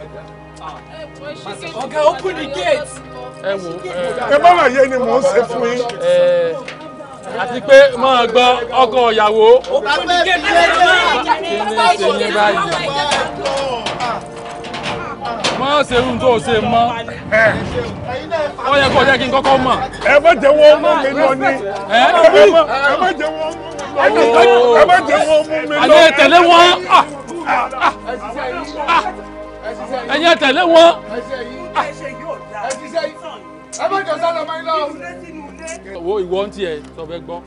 ọ̀gá open the gate. ẹ wo ẹ bá wà yé ni mò ń ṣe fún yín. àti pé máa gbọ́ ọkọ ìyàwó. open the gate kí ni ṣe ní báyìí. má ṣe irun tó ṣe mọ́ ó yẹ kó jẹ́ kí n kọ́kọ́ mọ̀. ẹ má jẹ́ wọ́n mú mi lọ ní. ẹ má jẹ́ wọ́n mú mi lọ ní. ẹ má jẹ́ wọ́n mú mi lọ àlẹ́ tẹ̀lé wọn ẹ̀yin ẹ tẹ̀lé wọn. ẹ má jọ sálọ máa ń lọ. owó ìwọ ń tiẹ̀ sọ fẹ́ gbọ́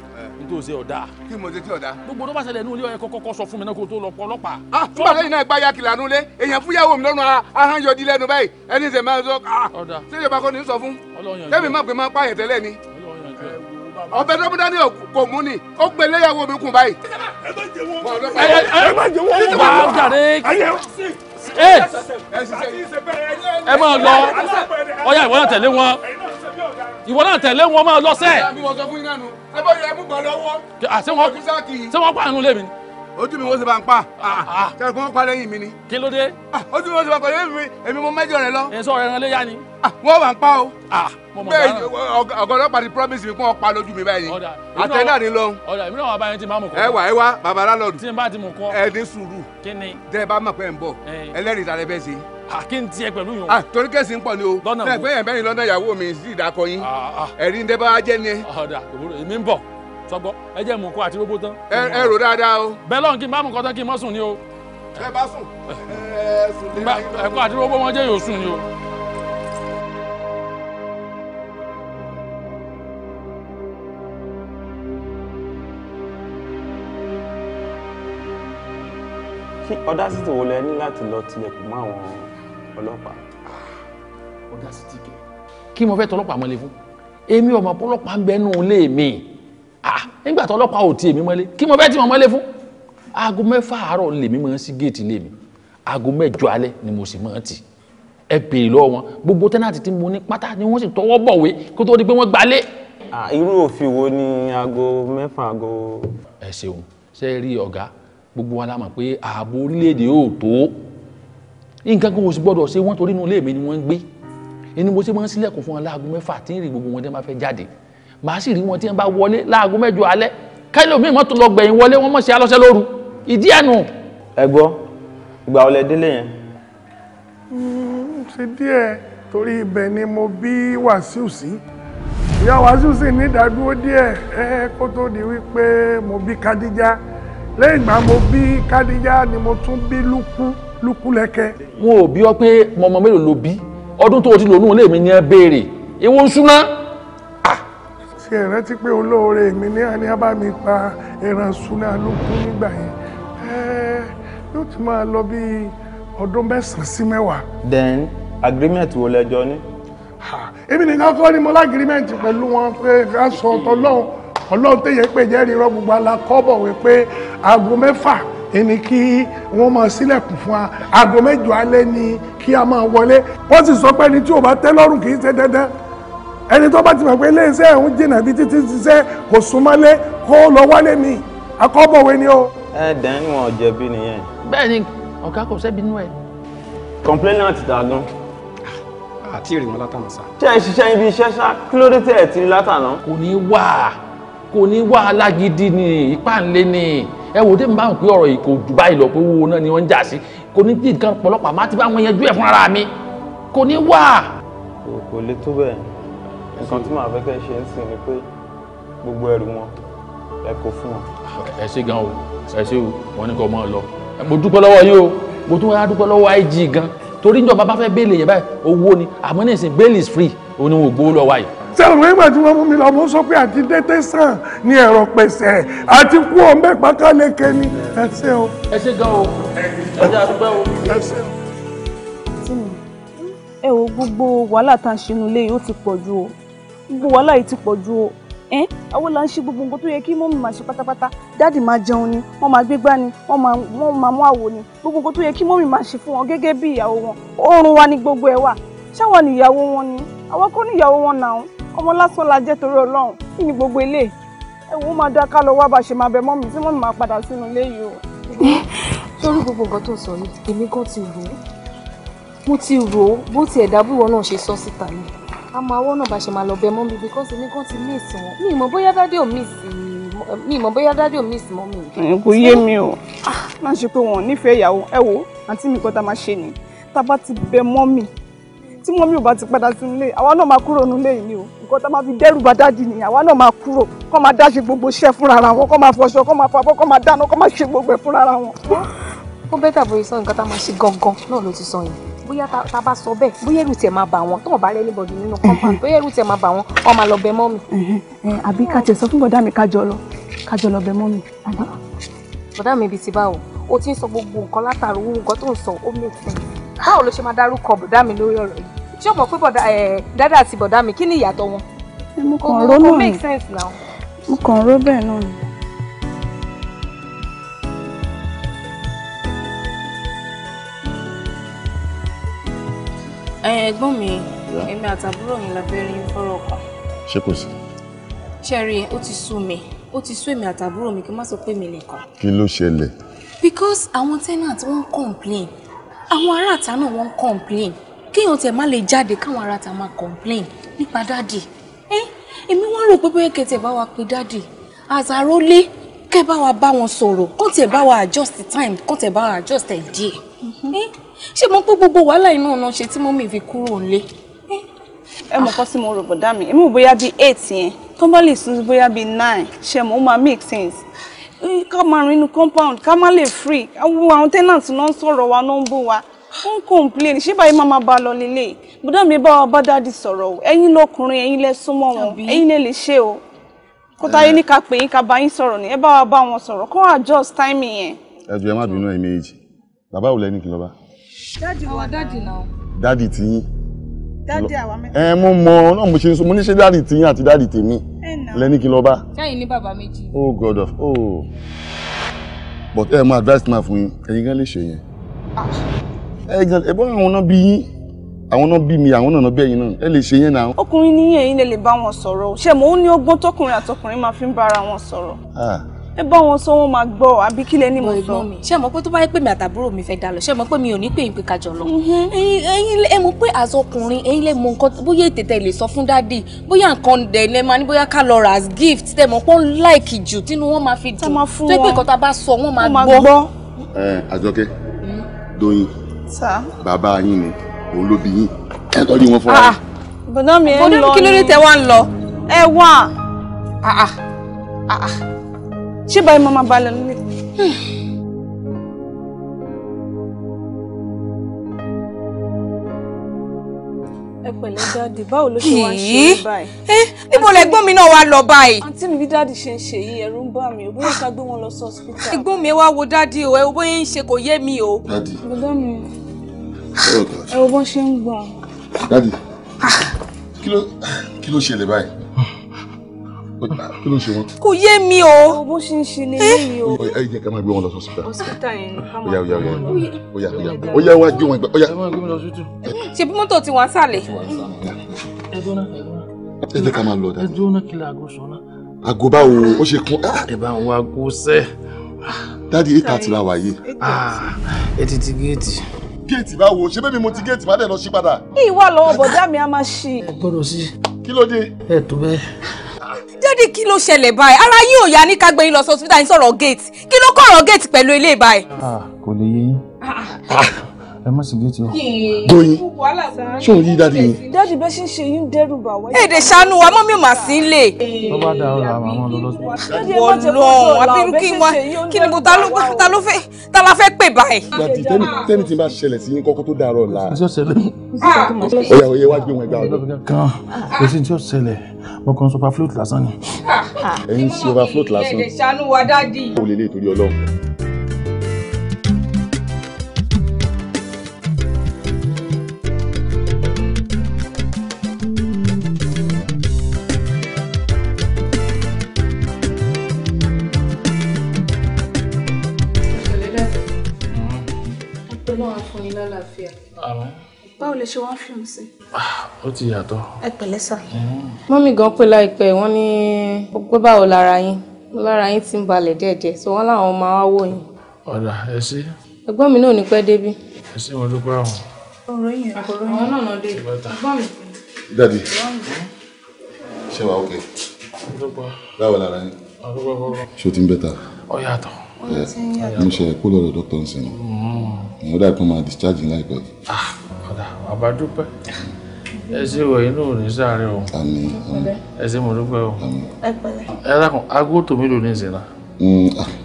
n tó ṣe ọ̀dà. kí mo ṣe tí ọ̀dà. gbogbo tó bá ṣẹlẹ̀ nínú ilé ọ̀yẹ́ kọ́kọ́ sọ fún mi náà kó tó lọ pọ̀ ọlọ́pàá. Ah, a fún àlẹ́ yìí náà gba yakìlá nulẹ̀ èèyàn fúyàwó mi lọ́nu ara ahọ́n yọdí lẹ́nu báyìí ẹni ṣe máa ń sọ ah, ọ̀dà ṣé ìjọba kò ní sọ fún. tẹ́mi má pè má pààyàn tẹ́lẹ̀ ni. ọbẹ̀ tó múdání kò mú ni ó gbé léyàwó mi kù báyìí. ẹ má jẹ wọn. ẹ má jẹ wọn eight ẹ máa lọ ọyá ìwọ náà tẹ̀lé wọn ìwọ náà tẹ̀lé wọn máa lọ sẹ́ẹ̀. àti wọn pa àánú lé mi ni ojú mi wọ́n ṣe bá ń pa kẹ́rù kí wọ́n pa lẹ́yìn mi ni. kí ló dé. Ah, ojú mi wọ́n ṣe bá ń pa lẹ́yìn mi èmi mo mẹ́jọ rẹ lọ. èso ọ̀rẹ́ rán léyà ni. Ah, wọ́n bá ń pa o. Ah, bẹ́ẹ̀ ọ̀gá ọlọ́pàá ti promise mi kí wọ́n pa lójú mi báyìí. àtẹ̀dá ni lọ. ọ̀dà èmi náà wà báyìí tí n bá mú kọ́. ẹ wà ẹ wá bàbá lálọ́ọ̀dù. tí n bá ti mú kọ́. ẹ ní sùúrù. kí ni. dẹ́ ẹ bá mọ̀ pé ń bọ̀ ẹlẹ́rìí ta lẹ fẹ́ ṣe. kí n tiẹ̀ pẹ̀lú yòó. torí kẹ́sì ń pọ̀ ni o. lọ́nà wo bẹ́ẹ̀ bẹ́ẹ̀ ni lọ́nà ìyàwó mi sì dákọ yín. ẹ̀rí ń dẹ́ bá jẹ́ ni. ọ̀dà èmi ń bọ̀ sọgbọ ẹ jẹ mú kó àti rógbó tán. ẹ ẹ rò dáadáa o. bẹ́ẹ̀ lọ́run kí n bá mú nǹkan tán kí n mọ́ sùn ni o. ẹ bá sùn ẹ sùn lé. ẹ kó àti rógbó wọn jẹ́ yóò sùn ni o. kí ọdásítì wo lẹ ní láti lọ tilẹ̀kùn mọ́ àwọn ọlọ́pàá. ọdásítì kẹ. kí mo fẹ́ tọlọ́pàá mọ́lẹ̀ fún èmi ọmọ ọlọ́pàá ń bẹ́ẹ̀ nù lé mi. Ah, nígbà tó ọlọ́pàá ò tí èmi mọ́lé kí mo fẹ́ tí mo mọ́lé fún aago mẹ́fà àárọ̀ lèmi máa ń sí géètì lèmi aago mẹ́jọ alẹ́ ni mo sì máa ń tì ẹ béèrè lọ́wọ́ wọn gbogbo tẹ́nàtì tí mo ní pátá ni wọ́n sì tọwọ́ bọ̀wé kó tó di pé wọ́n gbalé. irú òfin wo ni aago mẹ́fà aago. ẹ ṣeun ṣe rí ọ̀gá gbogbo wa la mọ̀ pé ààbò orílẹ̀-èdè yóò tó nǹkan kan kò sì gbọ́dọ̀ ṣe wọ́n torí inú ilé mi ni wọ́n gbé ẹni mo ṣe máa ń ṣílẹ̀kùn fún wọn mẹ́fà tí ń rí gbogbo wọn dé máa fẹ́ jáde màá sì rí wọn tí wọ́n bá wọlé láago mẹ́jọ alẹ́ kẹ́lẹ́ omi mọ́tò lọ gbẹ̀yìn wọlé wọ́n mọ̀ sí alọ́sẹ́ lóru ìdí ẹnu. ẹ gbọ́ ìgbà ọlẹ délé yẹn. Hmm, ṣe díẹ̀ torí ibẹ̀ ni mo bí Wàsíù sí ìyá Wàsíù sì ní ìdádúró díẹ̀ ẹ kó tó di wípé mo bí Kádíjà lẹ́yìn ìgbà mo bí Kádíjà ni mo tún bí Lúkú Lúkú lẹ́kẹ́. wọn ò bí ọ pé mọmọ mélòó ló bí ọdún tó o ti lò nù lèmi ni ẹ béèrè ìwọ ń súná ti ẹ̀ rántí pé olóore mi ní àní á bá mi pa ẹran súná lókun nígbà yẹn yóò ti máa lọ bí ọdún mẹ́sàn-án sí mẹ́wàá. then agreement wo lẹjọ ní. èmi nìkan kọ́ ni mo lá agreement pẹ̀lú wọn pé ká sọ ọ̀tọ̀ lọ́hùn ọlọ́run tẹ̀yẹ pé jẹ́rìí irọ́ gbogbo alákọ́bọ̀ wí pé aago mẹ́fà ẹni kí wọ́n máa sílẹ̀kùn fún wa aago mẹ́jọ alẹ́ ni kí a máa wọlé wọ́n sì sọ pé ẹni tí ò bá tẹ́ lọ́rùn kì í ṣe dandan ẹni tó bá ti mọ̀ pé iléeṣẹ́ òun jìnnà bí títí ṣiṣẹ́ kò súnmọ́lé kó lọ wálé mi akọ́bọ̀wé ni o. ẹ dẹ́n wọn jẹ̀bi nìyẹn. bẹ́ẹ̀ni ọ̀gá kò sẹ́bi nú ẹ. complainant dàgán. àti ìrìn wọn látàná sá. ṣé ẹ ṣiṣẹ́ ibi iṣẹ́ ṣá kí ló dé tẹ̀ ẹ̀ ti rí látàná. kò ní wà kò ní wà alágídí ni ìpàǹlẹ̀ ni ẹ wò dé mi báwọn pé ọ̀rọ̀ yìí kò jù báyìí lọ pé owó náà ni wọ́n ń jà sí kò ní tí nǹkan pọ̀lọpàá má ti bá wọn yanjú ẹ̀ nǹkan tí màá fẹ́ kẹ́ ṣe ń sìn ni pé gbogbo ẹrù wọn ẹ kó fún wọn. ẹ ṣe gan o ẹ ṣe o wọn ní kò mọ ọ lọ mo dúpẹ́ lọ́wọ́ yín o mo tún wá dúpẹ́ lọ́wọ́ IG gan torí ìjọba bá fẹ́ béèlì yẹn báyìí owó ni àmọ́ ní ìsìn bail is free òun ni wọn ò gbowó lọ́wọ́ yìí. ṣé àwọn ẹgbẹ́ tí wọ́n mú mi lọ mo sọ pé àti dété sàn ní ẹ̀rọ pẹ̀sẹ̀ àti kú ọ̀nbẹ́ pákáleke ni ẹ ṣe o. ẹ ṣe gan o ẹ jẹ́ àdúgbò o. ẹ ṣe o. ẹ wo gbogbo wàhálà tá a ṣe nílé yìí ó ti pọ̀ ju o gbogbo wàhálà yìí ti pọ̀ ju o ẹ́n àwọn ń ṣe gbogbo nǹkan tó yẹ kí mọ́mí máa ṣe pátápátá dáàdì máa jẹun ni wọ́n máa gbégbá ni wọ́n máa mú àwo ni gbogbo nǹkan tó yẹ kí mọ́mí máa ṣe fún wọn gẹ́gẹ́ bí ìyàwó wọn oorun wa ni gbogbo ẹ̀ wà ṣáwọn ni ìyàwó wọn ni àwọn kọ́ ni ìyàwó wọn náà ọmọ lásán la jẹ́ torí ọlọ́run kí ni gbogbo eléyìí ẹ̀wọ̀n máa dá ká lọ wá bá ṣe máa bẹ mọ́mí tí mọ́mí máa padà sínú ilé yìí a máa wọ́n náà bá ṣe máa lọ bẹ mọ́mí because èmi kan ti miss wọn mi ìmọ̀ bóyá dádì ò miss mi ìmọ̀ bóyá dádì ò miss mọ́mí. kò yé mi o ah, má ṣe pé wọn ò nífẹ̀ẹ́ ìyàwó ẹ wo àǹtí mi kan tá a máa ṣe ni tá a bá ti bẹ mọ́mí tí mọ́mí ò bá ti padà sí ilé àwa náà máa kúrò nílé yìí ni o nǹkan tá máa fi dẹ́rù bá dádì nìyẹn àwa náà máa kúrò kọ́ máa dá ṣe gbogbo iṣẹ́ fúnra wọn kọ́ máa fọṣọ kọ́ máa fabọ́ kọ́ máa dáná kọ́ máa ṣe gbogbo ẹ̀ fúnra wọn. ó bẹ́tà bóyá sọ nǹkan tá máa ṣe gangan náà ló ti sọ yìí bóyá tá bá sọ bẹ́ẹ̀ bóyá ẹrù tiẹ̀ máa bà wọ́n tó ọ̀bá rẹ níbọ̀dì nínú compound bóyá ẹrù tiẹ̀ máa bà wọ́n wọ́n máa lọ bẹ mọ́ mi. àbí ká tiẹ̀ fún bọ̀dá mi kájọ lọ kájọ lọ bẹ mọ́ mi. bọ̀dá mi ibi ti bá o o ti ń sọ gbogbo nǹkan látàrí owó nǹkan tó ń sọ ó make sense báwo ló ṣe máa dárúkọ bọ̀dá mi lórí ọ̀rọ̀ yìí ṣé o mọ̀ pé bọ̀dá àti bọ̀dá mi kí ni ìyàtọ̀ wọn. mo kàn ró náà bẹ́ẹ̀ náà ni. ẹ̀gbọ́n mi èmi àtàbúrò yìí la fẹ́ẹ́ rí fọ́rọ̀ kan. ṣé kò sí. ṣẹ́rí ó ti sú mi ó ti sú èmi àtàbúrò mi kí n má sọ pé mi nìkan. kí ló ṣẹlẹ̀. because àwọn tenant wọ́n ń complain àwọn aráàta náà wọ́n ń complain kéèyàn tiẹ̀ má lè jáde káwọn aráàta máa complain nípa dáàdì. èmi wọ́n rò pé bóyá kẹtẹ̀ bá wa pe dáàdì àzàrò lé kẹ́ bá wa bá wọn sọ̀rọ̀ kọ́tẹ̀ bá wa adjust time kọ́tẹ̀ bá wa adjust ẹ̀ díẹ̀. Mm-hmm ṣé mo pé gbogbo wàhálà iná ọ̀nà ṣe tí mọ́mì fi kúrò nílé. Eh, ẹ mọ̀ kọ́ sí mo rò bọ̀dá mi èmi ò bóyá bíi eight yẹn tó bá lè sún bóyá bíi nine ṣe mo máa make sense eh, ká máa rìn inú compound ká má lè free àwọn àwọn tenant náà ń sọ̀rọ̀ wa náà ń bó wa ń complain ṣé báyìí máa máa bá a lọ lélẹ̀ bọ̀dá mi bá wa bá dáàdi sọ̀rọ̀ o ẹ̀yin lọkùnrin ẹ̀yin lẹ súnmọ́ wọn ẹ̀yin lè lè ṣe o kó táyé ní ká pè yín ká bá yín sọ̀rọ̀ ni ẹ bá wa bá wọn sọ̀rọ̀ kó adjust timing yẹn. ẹ jọ̀ọ́ ẹ má bínú ẹ̀yin méjì bàbá ò lẹ́ni kí n lọ bá dáàdì wa dáàdì náà. dáàdì tí yín. dáàdì àwa mẹ́ta. ẹ mo mọ náà mo ṣe ń sọ mo ní ṣe dáàdì tí yín àti dáàdì tèmi lẹ́ni kí n lọ bá. sẹ́yìn ní bàbá méjì. oh god of oh but ẹ mo advice máa fún yín ẹ̀yin gan lè ṣe yẹn. Ah. ẹ gan ẹ bọ́ àwọn náà bí yín àwọn náà bí mi àwọn náà bí ẹ̀yin náà ẹ lè ṣe yẹn náà. ọkùnrin ní ẹ̀yin lè bá wọn sọ̀rọ̀ ṣé mò ń ní ọgbọ́n tọkùnrin àtọkùnrin máa fi ń bára wọn sọ̀rọ̀. Ah ẹ bá wọn sọ wọn máa gbọ́ àbí kílẹ̀ ni mo sọ. ṣé mo pé tó bá yẹ pé mi àtàbúrò mi fẹ́ dá lọ ṣé mo pé mi ò ní pè é pé kájọ lọ. Mhm. ẹ̀yin ẹ mọ̀ pé àṣọ ọkùnrin ẹ̀yin lẹ mọ̀ nǹkan bóyá tètè lè sọ fún dáàdì bóyá nǹkan dẹ̀ lẹ máa ní bóyá ká lọ rà as gift tẹ mọ̀ pé ó ń láìkì jù tínú wọn máa fi dùn tó pé nǹkan tá a bá sọ wọn máa gbọ́. ẹ àjọkẹ́ hmm? Dóyin bàbá yín ni òun ló bí yín ẹ tọ́jú wọn fún wa. bọ̀dọ̀ ṣé báyìí mo máa balẹ̀ nílé. ẹ pẹ̀lẹ́ dáàdì báwo ló ṣe wá ṣe báyìí. níbo lẹ̀gbọ́n mi náà wá lọ báyìí. àǹtí mi bí dáàdì ṣe ń ṣe yìí ẹ̀rù ń bà mí ò bóyá ká gbé wọn lọ sí hospital. ẹ̀gbọ́n mi wá wo dáàdì o ẹ wo bóyá ń ṣe kò yé mi o. dáàdì oh, ẹ wo bó ṣe ń gbọ̀n. dáàdì ah. kí ló ṣẹlẹ̀ báyìí. Ah, kí ló ṣe wọn. kò yé mi o. bó ṣe ń ṣe lélẹ́yìí eh? o. ẹ jẹ́ ká máa gbé wọn lọ hospital. hospital yẹn ká máa gbé wọn lọ. ó yá ó yá ó yá wá gbé wọn gbé ó yá. ṣe bí mọ́tò ti wà sálẹ̀. ẹ jẹ́ ká máa lọ dáadáa. ẹ jóná kí la aago sọ náà. aago báwo ó ṣe kún. Ah! ẹ bá wọn aago sẹ. dáàdi eight thirty la wà yìí. Ah, ẹ ti ti géètì géètì bá wo ṣe bẹ́ẹ̀ mi mo ti géètì má dẹ̀ lọ sí padà. ìwà lọ́wọ́ bọ̀dá mi a máa ṣí. ẹ gbọ́dọ̀ sí. kí ló dé. ẹ tó bẹ́ẹ̀ dáàdi kí ló ṣẹlẹ̀ báyìí ara yín ò yá ní ká gbé yín lọ sí hospital yín sọ̀rọ̀ gate kí ló kọ̀rọ̀ gate pẹ̀lú ilé báyìí. Ah, kò lè yé yín. Ah, ah ẹ má sì géètì o. Doyin ṣé òun yí dáàdi yìí. dáàdi bẹ́ẹ̀ ṣe ń ṣe yín dẹ́rù bà wá. èdè ṣàánú wa mọ́ mi mà sí lè. tó bá da ọ̀rọ̀ àwọn ọmọ lọ́lọ́. wọ́lọ́n abirú kí wọ́n kí ni mo ta ló ta ló fẹ́ ta la fẹ́ pè báyìí. dadi tẹ́ni tẹ́ni tí n bá ṣẹlẹ̀ sí yín kọ́kọ́ tó dàrọ̀ la. kò sí ọ̀sẹ̀lẹ̀. ọ̀yà òye wá gbé wọn ẹgbàá ọ̀dọ́. kan kò sí ti ọ̀sẹ̀lẹ̀ mo kàn sọ pa float lásán ni. ẹ̀yin sí over float lásán. èdè ṣàánú wa dáàdi. kò lè lè torí Ọlọ́run. lè ṣe wọ́n fíìmù sí. Ah, ó ti yàtọ̀. ẹ pẹ̀lẹ́ sà. mọ́mí gan pé láìpẹ́ wọ́n ní pé báwo lára yín lára yín ti ń balẹ̀ díẹ̀díẹ̀ so wọ́n láwọn máa wá wò yín. ọ̀dà ẹ sí. ẹ̀gbọ́n mi náà ní pẹ́ débí. ẹ sí wọn dúpẹ́ àwọn. ọ̀rọ̀ yẹn ọ̀rọ̀ yẹn náà náà dé ẹ̀gbọ́n mi. dadi ṣé wàá òkè. báwo lára yín. ṣé o ti ń bẹ́ta. ó yàtọ̀ mo ṣe kó lọ́dọ̀ dọ́kítọ̀ nsìn ní ọ̀dà kan máa discharge láìpẹ́. Ah ọ̀dà bàbá dúpẹ́ ẹ ṣe wọ inú òní sáré o ẹ ṣe mo dúpẹ́ o ẹ dákun aago tó mélòó ní ìsìn náà.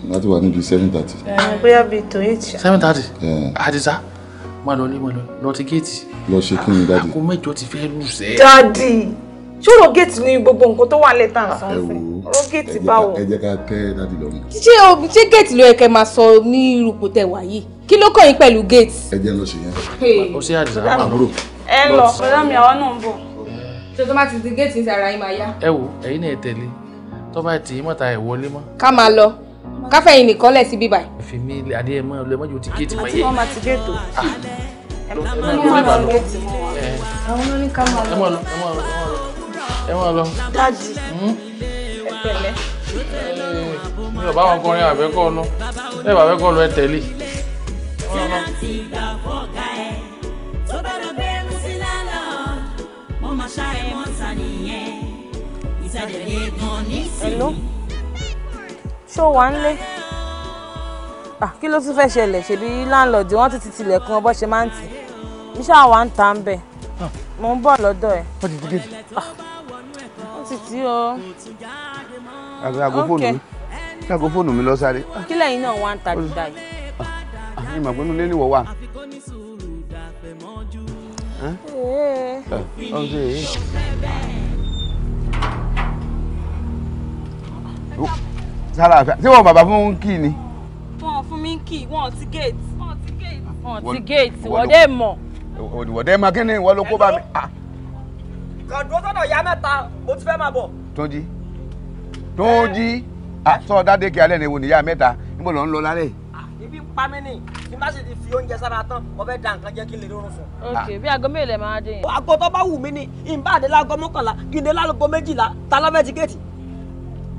láti mm, ah, wà níbi seven thirty. bóyá bíi tó eight. seven thirty àdìsá máa lọ lé máa lọ lọ ti géètì. lọ ṣe kí ni ah, dáàdi. aago mẹ́jọ ti fẹ́ lù sẹ́. dáàdi ṣòro géètì ni gbogbo nǹkan tó wà lẹ́tà ń sánsẹ́ ah, ọ̀rọ̀ géètì báwo. ẹ jẹ́ ká tẹ́ dáàdi lọ́rùn. ṣé géètì ló yẹ kẹ́ máa sọ ní irú ipò tẹ̀ wá kí ló kàn yín pẹ̀lú gate. ẹ jẹ́ lọ ṣe yẹn. ó ṣe àdìsá àbúrò. ẹ lọ bọ́dá mi àwọn náà ń bọ̀. ṣé tó bá ti di gate ní ara yín máa yá. ẹ wo ẹ̀yin náà ẹ tẹ̀lé tó bá ti mọ̀ta ẹ̀ wọlé mọ́. ká máa lọ káfẹ́ yìí nìkan lẹ̀ sí bíbá. fi mi adé ẹ mọ́ ọ lẹ́ mọ́jú ti gate mọ́ yẹ. àti wọ́n máa ti gate o. ẹ máa lọ ẹ máa lọ. dájú ẹ tẹ̀lé. mi ò bá wọn kọrin àbẹ́kọ̀ ọ̀nà ẹ bàbẹ́kọ̀ ọ̀nà ẹ tẹ̀lé. Hello. gbà fọ́ọ̀gá ẹ̀ tó bá lọ bẹ́ẹ̀ mú sí lálọ́ mo máa ṣá ẹ mọ́ ta nìyẹn ìtajà lè gan nísìnyí. ṣó wà ń lé ah, kí ló tún fẹ́ ṣẹlẹ̀ ṣèbí láńlọ́ọ̀dì wọ́n ti ti tilẹ̀kùn ọbọ̀ ṣe máa ń tì í ṣáà wà ń ta ń bẹ̀ ah. mo ń bọ̀ lọ́dọ̀ ẹ̀. ó ti dìde. Ah. tí o. àgọ́ fóònù mi lọ sáré. kí lẹ́yìn náà wá ń ta dídá yìí ní ah, ìmọ̀ pé inú ilé ni wọ́n wà. sára àfẹ́ ṣé wọn bàbá fún kí ni. wọn fún mi kí wọn wọn ti gate wọn ti gate wọdẹ mọ. wọdẹ mọ kí ni wọn ló kó bá mi. Ah. kàdúró sọ̀dọ̀ ìyá mẹ́ta o ti fẹ́ máa bọ̀. Túnjí Túnjí ah, sọ̀dá dé kí alẹ́ ni wo ni ìyá mẹ́ta níbo ló ń lọ lálẹ́ yìí ibi pa mí ni tí n bá sì ti fi oúnjẹ sára tán mo fẹ́ da nǹkan jẹ́ kí n lè rọrùn sùn. ok bí aago mélòó lẹ máa dé yẹn. aago tó bá wù mí ni ìbá àdé láago mọ́kànlá kí n dé láago méjìlá ta lọ́fẹ́ ti géètì.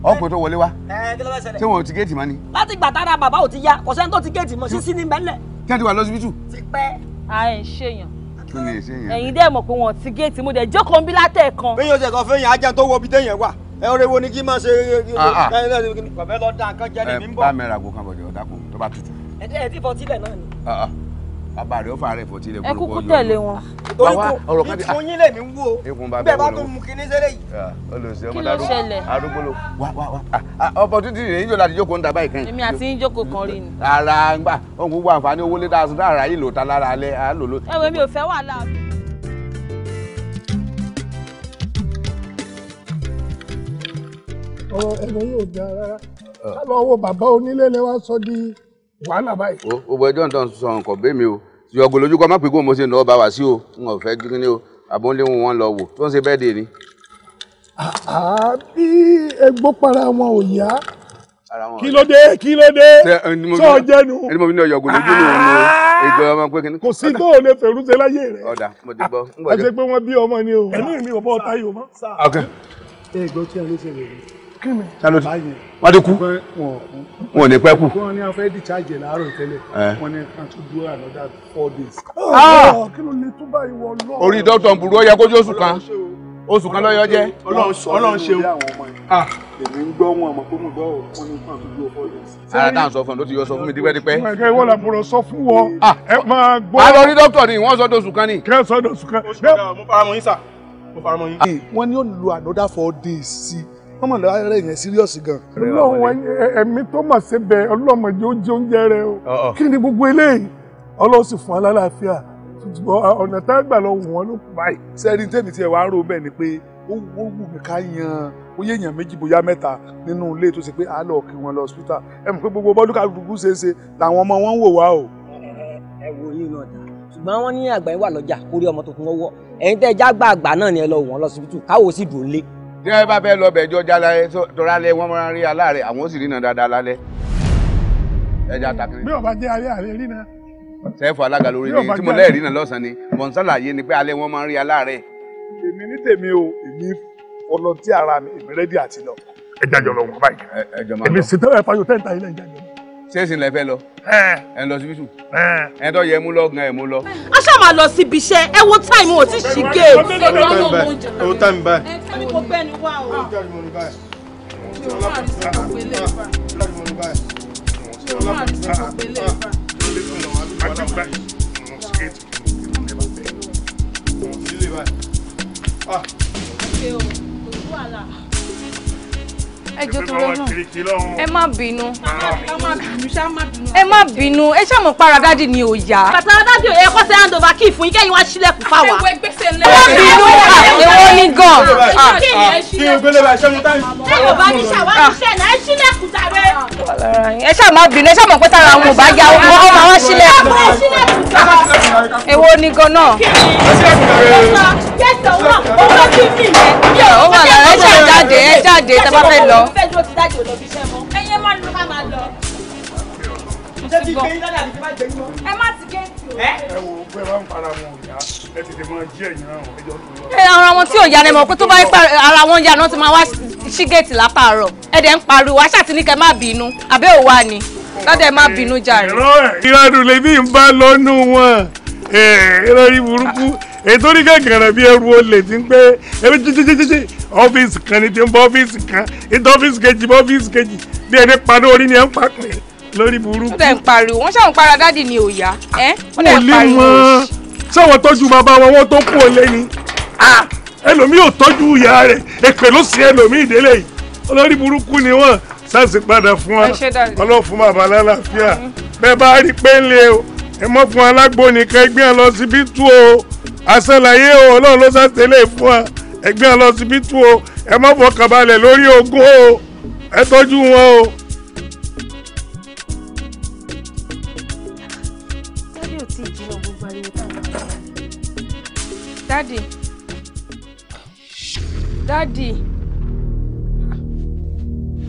ọkùnrin tó wọlé wa ṣé wọn ò ti géètì mọ́ ni. láti gbà tára bàbá ò ti ya kò sẹ́ni tó ti géètì mọ́ sísí ní mẹ́lẹ̀. kí wọ́n ti wà lọ́sibítù. ti pẹ́. a ẹ̀ ń ṣèyàn ẹ̀yin dẹ́ mọ̀ pé wọ́n ti géètì mo dẹ̀ jókòó ń bí látẹ̀ kan. bí yóò ṣe kàn fẹ́yìn ajá tó wọ bí téèyàn wà ẹ orewo ni kí n máa ṣe. bàbá ló bá tutù. ẹ ti fọtí lẹ náà ni. Ah, ah. bàbá rẹ ó fà rẹ fọtí lẹ. ẹ kúkú tẹ̀lé wọn. bàbá ọ̀rọ̀ kan ti à ìtún yín lèmi ń wo bẹ́ẹ̀ bá tún mú kinní sẹ́lẹ̀ yìí. olùsí ah, ọmọ dàrú arúgbóló wá wá wá opportunity rẹ̀ yín jọ láti jókòó ń dabá ìkan yìí. èmi àti yín jókòó kan rí ni. ara ń gbà ohun gbogbo àǹfààní owó lé dáhùn dáhùn ayé ọ̀rọ̀ ẹ̀rọ yóò dára ká lọ bàbá onílé lè sọ di wàhálà báyìí. o o bọ ẹjọ́ nǹkan sọ nǹkan bẹ́ẹ̀ mi o yọgò lójú kọ́ má pè kó mo ṣe nà ọ́ bá wá sí o n ò fẹ́ gírí ni o àbúlé wọn wọn lọ wò tó ń ṣe bẹ́ẹ̀ dè ni. àbí egbò para wọn ò yá kí ló dé kí ló dé sọ jẹnu. ẹni mo fi ní ọyọgò lójú ni òun o ìgbẹ́ ọmọ pé kí ni. kò sí tó o lè fẹ̀rù ṣe láyé rẹ̀. ọ̀dà mo ti gbọ́. àti pé wọ́n bí ọmọ ni o ẹ̀mí mi ò bọ́ ọ sálọ tí wọ́n ti kú wọn ò ní pẹ́ kú. wọ́n ní a fẹ́ discharge láàárọ̀ tẹ́lẹ̀ wọ́n ní kan tún dúró another four days. Ah! Ah! Ah! kí ló lè tún báyìí wọ lọ. orí dọ́tọ̀ nburu ó yẹ kó jẹ́ oṣù kan oṣù kan lọ́yọ́ jẹ́. ọlọ́run ṣeun èmi ń gbọ́ wọn àmọ́ pé mo gbọ́ ò wọ́n ní fún àdúgbò four days. ara tá à ń sọ fún un ló ti yọ sọ fún mi dípẹ́dípẹ́. ẹ̀ka ìwọ la bọ̀rọ̀ sọ fún wọn. ẹ máa gbọ́. a lọ rí dókítà ni wọ́n sọ dóṣù kan ni. kẹ́ ẹ sọ dóṣù kan. mo faramọ́ yín sà mo faramọ́ yín. wọ́n ní ó lu another four days sí i wọ́n mọ̀ lọ́wọ́ rẹ̀ yẹn síríọ̀sì gan. ọlọ́run ẹ̀mí tó mà ṣe bẹ ọlọ́mọ yóò jẹ oúnjẹ rẹ o kí ni gbogbo eléyìí ọlọ́run sì fún alálàáfíà ọ̀nà tá a gbà lọ wọ̀n ló kù báyìí. sẹ́ni tèmi tiẹ̀ wá rò bẹ́ẹ̀ ni pé ó wù mí ká yan oyè èèyàn méjì bóyá mẹ́ta nínú ilé tó ṣe pé a kí wọn lọ hospital ẹ mọ̀ pé gbogbo bọ́dún kálukú ṣe é ṣe làwọn ọmọ wọn ń wò wá o. ẹ wo yín náà dá ṣùgbọ́n wọ́n ní àgbà yín wà lọ́jà kórí ọmọ tuntun wọ́wọ́ ẹ̀yin tẹ́ ẹ já gbàgbà náà ni ẹ lọ wọ̀n lọ síbítù káwọ́ sì dùn lé tí wọ́n bá fẹ́ lọ bẹ̀ jọjà lálẹ́ tọ́ra lẹ́ wọ́n máa rí aláàrẹ̀ àwọn ó sì rìnà dáadáa lálẹ́ ẹja takiri. bí ọba jẹ́ alẹ́ àlẹ́ rìnà. sẹ́ẹ̀fù alága lórí ni tí mo lẹ́ẹ̀ rìnà lọ́sàn ni mò ń ṣàlàyé ni pé alẹ́ wọ́n máa rí aláàrẹ̀. èmi ní tèmi o èmi ọlọ́tí ara mi èmi rẹ́dí àti lọ. ẹ jàjọ lọ wọn báyìí. ẹ jọ máa lọ èmi sì tẹ́lẹ̀ fayọ tẹ́ǹtà ilé ìjàjọ ṣéèṣì lẹ fẹ́ lọ ẹ lọ síbí sùn ẹ tó yẹ mú lọ gan ẹ mú lọ. a ṣáà máa lọ síbi iṣẹ́ ẹ wo táìmù ò tí ṣì gé. ẹ wo táìmù báyìí. ẹ táìmù kò bẹ́ẹ̀ ni wá o. Ah. Okay, oh ẹjọ́ tó rẹ̀ náà ẹ má bínú ẹ má bínú ẹ ṣàmọ̀ paradádì ni ò yá. paradádì ò yẹ kó ṣe hand over key fún yín kẹ́yìn wá sílẹ̀kùn fáwa. ẹ má bínú èwo ni gan. ẹ yóò ah, ah. ah. bá ní ẹ sílẹ̀kùn sáré. pé tára àwọn ò bá yá ọmọ àwọn sílẹ̀kùn. èwo ni gan náà ẹsẹ̀ wà owó tí mi yẹ. ó wà lára ẹ ṣàjáde ẹ jáde tá a bá fẹ́ lọ. fẹ́ dúró ti dájú ò lọ fi ṣẹ́ mọ́ ẹyẹ má ló ká máa lọ. ẹ má ti géètì o. ẹ wo bẹ́ẹ̀ bá ń para wọn ò yá ẹ tètè máa jí ẹ̀yìn náà ẹjọ́ tó lọ. ẹ ara wọn tí ò yá ni mọ̀ pé tó bá ń pa ara wọn yá náà ti máa wá sí géètì lápàárọ̀ ẹ dẹ̀ ń pariwo aṣàtìníkẹ́ má bínú àbẹ́ òwa ètò orí gàgàrà bí ẹrù olè ti ń pé ebi títítítí ọ́fíìsì kan ni ti ń bọ́ ọ́fíìsì kan ètò ọ́fíìsì kejì bọ́ ọ́fíìsì kejì bí ẹni padà orí ni ẹ ń papẹ̀ lórí burúkú. ó dẹ̀ ń pariwo wọ́n ṣàwọn para dáàdì ni ò yá ẹ́ ó dẹ̀ ń pariwo. ṣáwọn tọ́jú bàbá wọn wọ́n tó kú olé ni ẹlòmíì ò tọ́jú ìyá rẹ̀ èpè ló sí ẹlòmíì délé yìí olórí burúkú ni wọ́n sásì padà fún wa ọlọ́run fún bàbá lálàáfíà mm-hmm. bẹ́ẹ̀ bá rí pé ń lé o ẹ mọ́ fún alágbóni kẹgbẹ́ lọ síbí tú o àṣàlàyé o ọlọ́run ló ṣàtẹ̀lé fún wa ẹgbẹ́ ọlọ́sibítù o ẹ má fọkàn balẹ̀ lórí ogún o ẹ tọ́jú wọn o. dádì dádì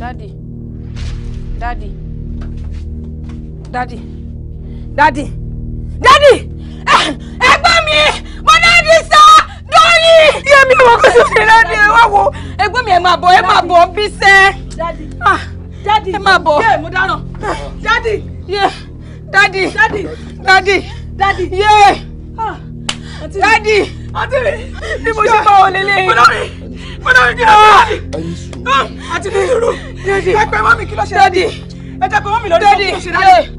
dádì dádì dádì dádì dádì ẹ̀gbọ́n mi dọ́ọ̀nì sá dọ́ọ̀nì. yé mi wọ́n kò sí fi dáàdì ẹ wá wo ẹgbẹ́ mi ẹ máa bọ̀ ẹ máa bọ̀ bí sẹ́. dadi ah, dadi ẹ máa bọ̀. yé mo dáná ah. dadi. yé dadi dadi dadi dadi yé dadi. Ah. àti mi ni mo ṣe bá wọn lélẹ̀. olórí olórí kí ló dé dadi. àti mi dúró. dadi ẹ pẹ́ mọ́ mi kí ló ṣe dadi. ẹ jẹ́ pé mọ́ mi lọ́dún tó ṣe dadi.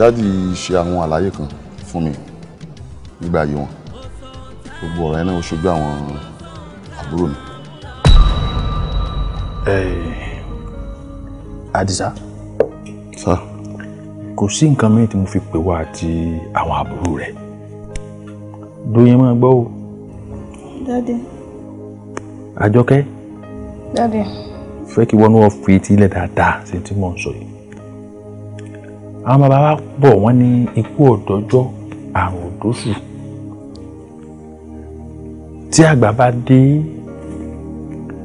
dádì ṣe àwọn àlàyé kan fún mi nígbà ayé wọn gbogbo ọ̀rọ̀ yẹn náà ó ṣojú àwọn àbúrò mi. Àdìsá sá kò sí nǹkan mìíràn tí mo fi pè wá àti àwọn àbúrò rẹ̀ Dóyin máa gbọ́ o. dádì. Àjọkẹ́. dádì. fẹ́ kí wọ́n náà fi etí ilẹ̀ dáadáa sí tí mò ń sọ yìí àwọn bàbá wa bọ̀ wọ́n ní ikú ọ̀dọ́jọ́ àrùn òdóṣù tí àgbà bá dé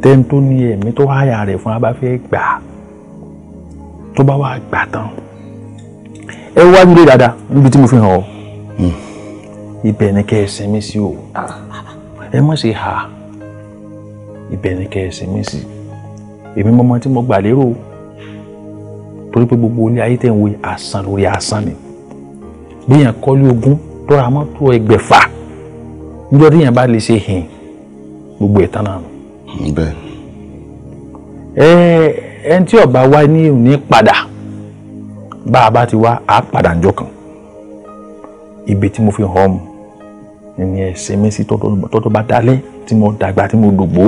tẹ́ni tó ní ẹ̀mí tó háyà rẹ̀ fún abáfẹ́ gbà tó bá wà gbà tán ẹ wá dúró dáadáa níbi tí mo fi hàn ọ́ hmm. ibẹ̀ ni kẹ́ ẹ sinmi sí o ẹ má ṣe hà ibẹ̀ ni kẹ́ ẹ sinmi sí èmi mọ́mọ́ tí mo gbà lérò o torí pé gbogbo ilé ayé tẹ̀ ń wo asán lórí asán ni bíyàn kọ́lé ogún tọ́ra mọ́tò ẹgbẹ̀fà níjọ́ tíyàn bá lè ṣe hìn gbogbo ẹ̀ tán náà nù. Hmm, bẹ́ẹ̀. ẹ ẹn tí ọba wa ní òní padà bá a bá ti wá a padà ńjọ́ kan ibi tí mo fi hàn mu ẹni ẹsẹ̀ mẹsì tọdọ bá dalẹ̀ tí mo dàgbà tí mo dògbò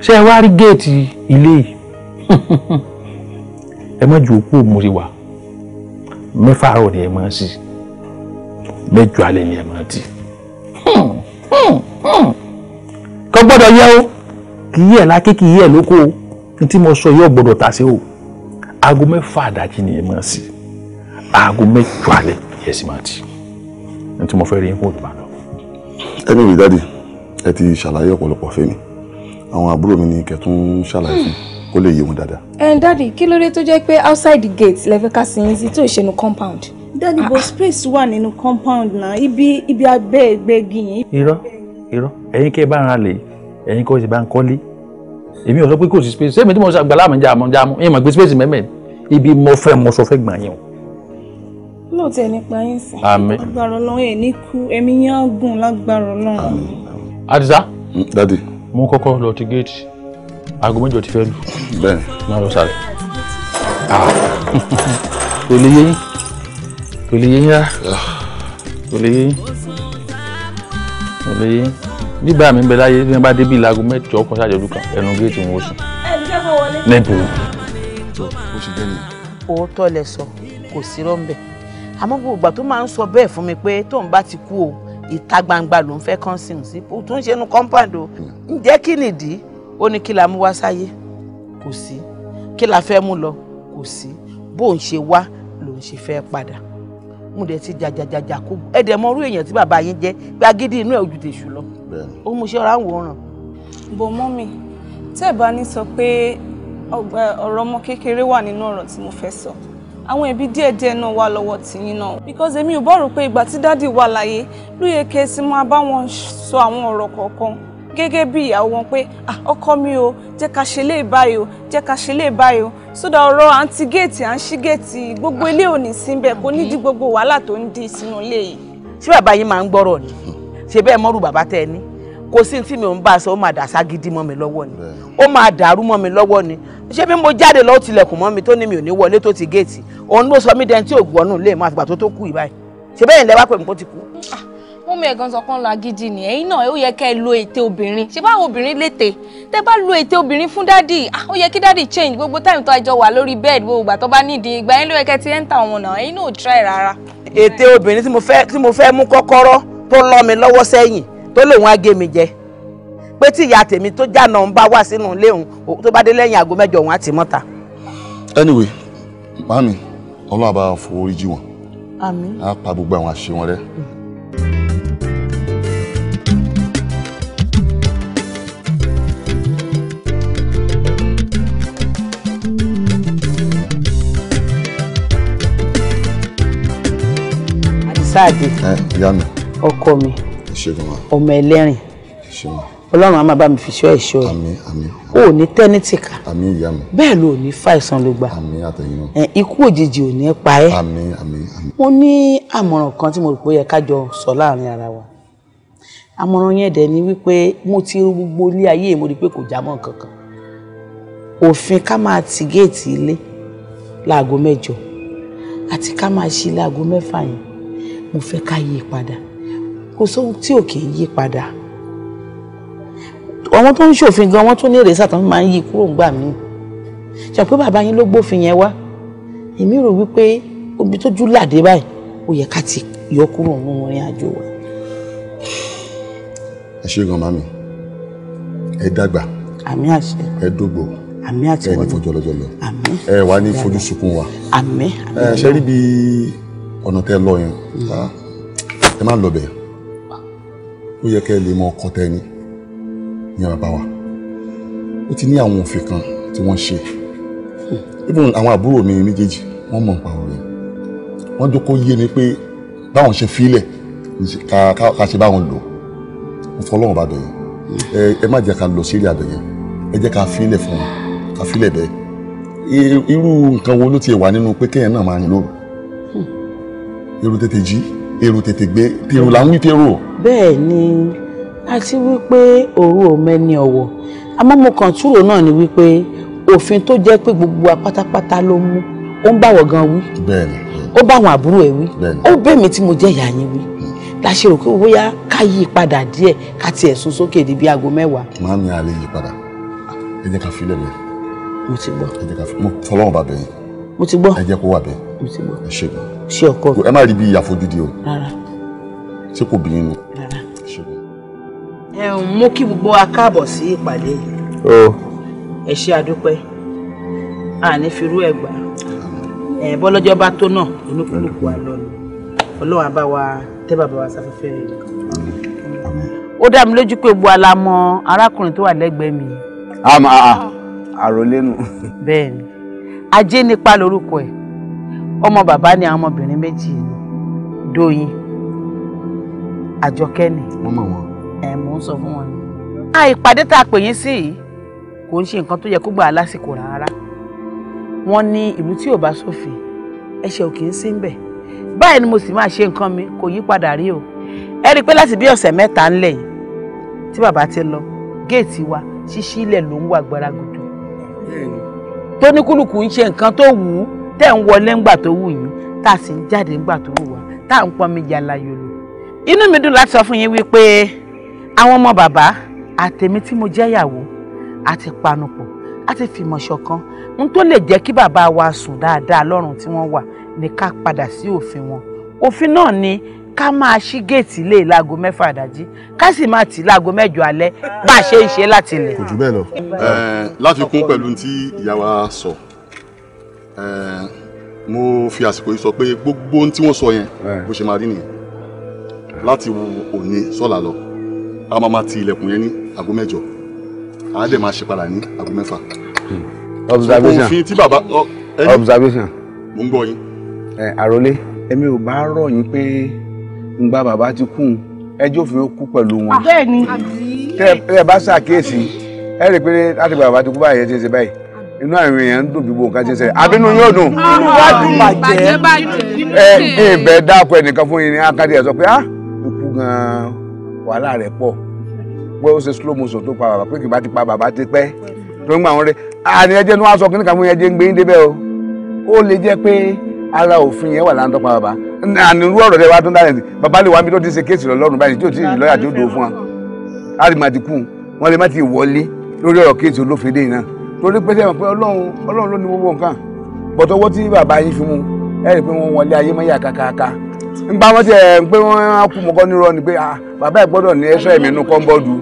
ṣé ẹ wá rí géètì ilé yìí. ẹ má ju òkú òmùrí wa mẹ́fà àárọ̀ ni ẹ máa sí mẹ́jọ alẹ́ ni ẹ máa tì. Hmm, hmm, hmm. kò gbọ́dọ̀ yẹ o kì í yẹ lákè kì í yẹ lóko o ní tí mo sọ yóò gbọ́dọ̀ tà sí o aago mẹ́fà àdájí ni ẹ máa sí aago mẹ́jọ alẹ́ ni ẹ sì máa tì ní tí mo fẹ́ rí fún olùbàdàn. ẹni ìwé dáàdì ẹ ti ṣàlàyé ọ̀pọ̀lọpọ̀ fẹ́mi àwọn àbúrò mi ni kẹ́tún ṣàlàyé fún mi kó lè yé wọn dáadáa. ẹ eh, dáàdi kí ló dé tó jẹ́ pé outside the gate lẹ́fẹ́ ká sin yín sí ṣe nu compound. dáàdi bo ah, ah. space wà nínú compound náà ibi ibi abẹ́ ẹgbẹ́gi yẹn. irọ́ irọ́ ẹ̀yin kẹ́ ẹ bá ń ra lè ẹ̀yin kọ́ ẹ bá ń kọ́lé èmi ò sọ pé kò sí space sẹ́mi tí mo sọ àgbàlá mi jàmú jàmú ìyẹn mà gbé space mẹ́mẹ́ ibi mo fẹ́ mo sọ fẹ́ gbà yẹn o. lóòótọ́ ẹni pa yín sí. àmín lágbára Ọlọ́run ẹ̀ ní kú ẹ̀mí yín á gùn lágbára Ọlọ́run aago mẹ́jọ ti fẹ́ lù. bẹ́ẹ̀ni máa lọ sáré. Ah. kò lè yé yín kò lè yé yín rárá ah. kò lè yé yín kò lè yé yín bíbá mi bẹ láyé bí wọn bá débi ìlàgò mẹ́jọ ọkọ ṣàjọdù kan ẹnu géètì wọn ó sùn. nẹ́ẹ̀bùrù. ó ṣe bẹ́ẹ̀ ni. òótọ́ lẹ sọ kò sí rọ́ńbẹ́ àmọ́ gbogbo tó máa ń sọ bẹ́ẹ̀ fún mi pé tóun bá ti kú o ìta gbangba ló ń fẹ́ kán sí òun sí tó ń ṣe inú compound o hmm. ǹjẹ́ kí nìdí ó ní kí la mú wá sáyé kò sí kí la fẹ́ mú lọ kò sí bó ń ṣe wá ló ń ṣe fẹ́ padà mo dẹ̀ ti jàjàjàjà kó ẹ dẹ̀ mọ́rú èèyàn tí bàbá yín jẹ́ pé agídí inú ẹ̀ ojú tèṣù lọ ó mú iṣẹ́ ọ̀rá ń wòran. bò mọ́ mi tẹ́ bá ní sọ pé ọ̀rọ̀ ọmọ kékeré wà nínú ọ̀rọ̀ tí mo fẹ́ sọ àwọn ẹbí díẹ̀díẹ̀ náà wà lọ́wọ́ tìyín náà because èmi ò bá rò pé ìgbà tí dádì wà láyé ló yẹ máa bá wọn sọ àwọn ọ̀rọ̀ kọ̀ọ̀kan gẹ́gẹ́ bí ìyàwó wọn pé ọkọ mi o jẹ́ ká ṣe lè báyìí o jẹ́ ká ṣe lè báyìí o sódà ọ̀rọ̀ à ń ti géètì à ń ṣí géètì gbogbo ilé ò ní sí bẹ́ẹ̀ kò ní di gbogbo wàhálà tó ń di sínú ilé yìí. ṣé bàbá yín máa ń gbọ́rọ̀ ni ṣe bẹ́ẹ̀ mọ́rù bàbá tẹ́ ẹ ní kò sí tí mi ò ń bá a sọ ó máa dà ságídí mọ́ mi lọ́wọ́ ni ó máa dàrú mọ́ mi lọ́wọ́ ni ṣé bí mo jáde lọ́wọ́ tilẹ̀kùn mọ́ mi tó ní mi ò ní wọlé tó ti géètì òun ló sọ mí dẹni tí ò gbọ́nù lè má àfìgbà tó tó kú ìbáyìí ṣe bẹ́ẹ̀ ni lẹ́wà pé mi kò ti kú mú mi ẹ̀gán sọ pọ́n ni ẹ̀yin náà ó yẹ kẹ́ ẹ lo ète obìnrin ṣé báwo obìnrin létè tẹ́ bá lo ète obìnrin fún dádì ah, ó yẹ kí dádì change gbogbo táyìm tó àjọ wà lórí bẹ́ẹ̀dì gbogbo ìgbà tó bá nídìí ìgbà yẹn ló yẹ kẹ́ ti ẹ́ńtà wọn náà ẹ̀yin náà ò try rárá. ète obìnrin tí mo fẹ́ mú kọ́kọ́rọ́ tó lọ́ mi lọ́wọ́ sẹ́yìn tó lè á gé mi jẹ pé tí ìyá tèmi tó jáná ń bá wà sínú anyway mami ọlọ́run àbá forí jí wọn. àmín. á pa gbogbo àwọn àṣẹ sáàdì ọkọ mi ọmọ ẹlẹ́rìn ọlọ́run á máa bá mi fi ṣọ́ ẹ̀ṣọ́ ẹ̀ o ní tẹ́ni tìka bẹ́ẹ̀ ló ní fàìsàn ló gbà ikú òjijì ò ní pa ẹ́ mo ní àmọ̀ràn kan tí mo rò pé ó yẹ ká jọ sọ láàrin ara wa àmọ̀ràn yẹn dẹ̀ ni wípé mo ti rú gbogbo ilé ayé mo rí pé kò já mọ́ kankan òfin ká máa ti géètì ilé láago mẹ́jọ àti ká máa ṣí láago mẹ́fà yẹn mo fẹ́ ká yí padà kò sóhun tí ò kì í yí padà àwọn tó ń ṣòfin gan wọn tó ní èrèsà tó máa ń yí kúrò ńgbà míì ṣe pé bàbá yín ló gbófin yẹn wá èmi rò wípé omi tójú làdé báyìí ó yẹ ká ti yọ kúrò nínú ìrìn àjò wa. ẹ gan mami ẹ dàgbà àmì àṣẹ ẹ dógbò àmì àti wọlé ẹ ní fojọlọjọlọ àmì ẹ wà ní fojú sunkún wa ẹ ṣe rí bíi ọ̀nà tẹ́ lọ yẹn mm. ah. ẹ má lọ bẹ̀ ó yẹ kẹ́ ẹ lè mọ ọkọ tẹ́ ni ní bàbá wa ó ti ní àwọn òfin kan tí wọ́n ṣe even àwọn àbúrò mi méjèèjì wọ́n mọ̀ nípa ọ̀rọ̀ yẹn wọ́n jókòó yé ni pé báwọn ṣe fílẹ̀ ká ṣe báwọn lò ó fọlọ́run bá dọ̀ yẹn ẹ má jẹ́ ká lọ sí ilé àdọ̀ yẹn ẹ jẹ́ ká fílẹ̀ fún wọn ká fílẹ̀ bẹ́ẹ̀ irú nǹkan wo ló ti wà nínú pé kéèyàn náà máa ń lò èrò tètè jí èrò tètè gbé tèrò là ń wí tèrò. bẹ́ẹ̀ ni a ti wí pé òru ò mẹ́ni ọ̀wọ̀ àmọ́ mo kàn túrò náà ni wípé òfin tó jẹ́ pé gbogbo wa pátápátá ló mú ó ń báwọ̀ gan wí ó báwọn àbúrò ẹ̀ wí ó bẹ́ẹ̀ mi tí mo jẹ́ ìyá yín wí la ṣe rò pé bóyá ká yí padà díẹ̀ ká tiẹ̀ sún sókè di bí aago mẹ́wàá. màá mi àlè yí padà ẹ jẹ́ ká filẹ̀ lẹ́yìn. mo ti gbọ́. ẹ jẹ́ ká filẹ̀ mo fọlọ́wọ́n bá bẹ̀ yín. mo ti gbọ́. ẹ jẹ́ kó wà bẹ́ẹ̀. mo ti gbọ́. ẹ ṣe gan sí ọkọ mi. ẹ má rí bí àfojúdi o. rárá. ṣé kò bí inú. rárá. ẹ ń mú kí gbogbo wa káàbọ̀ sí ìpàdé yìí. o. ẹ ṣe àdúpẹ́ àní firú ẹ̀ gbà ẹ bọ́lọ́jọ́ bá tó náà olúkúlùkù wa lọ ni ọlọ́run á bá wa tẹ́ bàbá wa sáfẹ́fẹ́ rẹ̀ ó dá mi lójú pé gbogbo ala mọ arákùnrin tó wà lẹ́gbẹ̀ẹ́ mi. àmọ́ ah, ah, ah. àròlé nù. bẹ́ẹ̀ni ajé nípa lórúkọ ẹ̀ ọmọ bàbá ni àwọn ọmọbìnrin méjì yìí Dóyin Àjọkẹ́ ni. wọ́n mọ̀ wọ́n. ẹ̀ mò ń sọ fún wọn ni. a ìpàdé tá a pè yín sí kò ń ṣe nǹkan tó yẹ kó gbà á lásìkò rárá wọ́n ní ìlú tí ò bá sófin ẹ̀ṣẹ̀ ò kì í sí ńbẹ̀ báyìí ni mo sì máa ṣe nǹkan mi kò yí padà rí o ẹ rí i pé láti bí ọ̀sẹ̀ mẹ́ta ńlẹ̀ yìí tí bàbá ti lọ géètì wa ṣíṣí ilẹ̀ ló ń wà gbára gùdù tó ní kúlùkù ń ṣe nǹkan tó wù ú tẹ́ ń wọlé ńgbà tó wù yín tá a sì ń jáde ńgbà tó wù wá tá à ń pọnmi jàlá yòlò. inú mi dùn láti sọ fún yín wípé àwọn ọmọ bàbá àtèmi tí mo jẹ́yàwó àti panupọ̀ àti fìmọ̀ ṣọ̀kan n tó lè jẹ́ kí bàbá wa sùn dáadáa lọ́rùn tí wọ́n wà ní ká padà sí òfin wọn òfin náà ni ká máa ṣí géètì ilé láago mẹ́fà àdájí ká sì máa tì láago mẹ́jọ alẹ́ bá a ṣe ń ṣe láti ilẹ̀. kò jù bẹ́ẹ̀ lọ láfikún pẹ̀lú tí ìyá wa sọ. So mo fi àsìkò yìí sọ pé gbogbo ohun tí wọ́n sọ yẹn bó ṣe máa rí nìyẹn láti òní sọ́la lọ a máa ma ti ilẹ̀kùn yẹn ní aago mẹ́jọ a dẹ̀ máa ṣe padà ní aago mẹ́fà. Hmm. observation òfin tí bàbá observation mo ń gbọ́ yín. àròlé èmi ò bá rọ̀ yín pé ngbà bàbá ti kú ẹjọ́ òfin ó kú pẹ̀lú wọn. bẹ́ẹ̀ ni tẹ́ ẹ bá ṣàkíyèsí ẹ rí i pé láti gbà bàbá ti kú báyìí ẹ ti ṣe báyìí inú àwọn èèyàn ń dùn bí gbogbo nǹkan ti ń ṣẹlẹ̀ àbínú yóò dùn. inú wa dùn bàjẹ́ ẹ ìbẹ̀ dáko ẹnìkan fún yín ní akadé ẹ̀ sọ pé ah ikú gan-an wàhálà rẹ̀ pọ̀ pé ó ṣe slow motion tó pa bàbá pé kì bá ti pa bàbá ti pẹ́ tó ń gbà wọn rẹ àní ẹjẹ ni wọn sọ kíníkà fún yẹn jẹ ń gbé yín débẹ̀ o ó lè jẹ́ pé ara òfin yẹn wà láńtọ́ pa bàbá àní irú ọ̀rọ̀ rẹ̀ wá tó ń dáhùn bàbá lè wá mi tó ti ṣe kéèsì lọ́rùn báyìí tí ò tí ì lọ́yà tí ó dòó fún wa á rí màdìkù wọn lè má ti wọlé lórí ọ̀rọ̀ kéèsì olófin dé yìí torí pé sẹ́wọ̀n pé ọlọ́run ọlọ́run ló ní gbogbo nǹkan bọ̀tọ̀ owó tí bàbá yín fi mu ẹ rí i pé wọ́n wọlé ayé mọ́yà kàkàkà ń bá wọ́n tiẹ̀ ń pé wọ́n á kú mọ́kọ́ nírọ́ ni pé ah, bàbá ẹ̀ gbọ́dọ̀ ní ẹ̀ṣọ́ ẹ̀mí inú kọ́ńbọ́ọ̀dù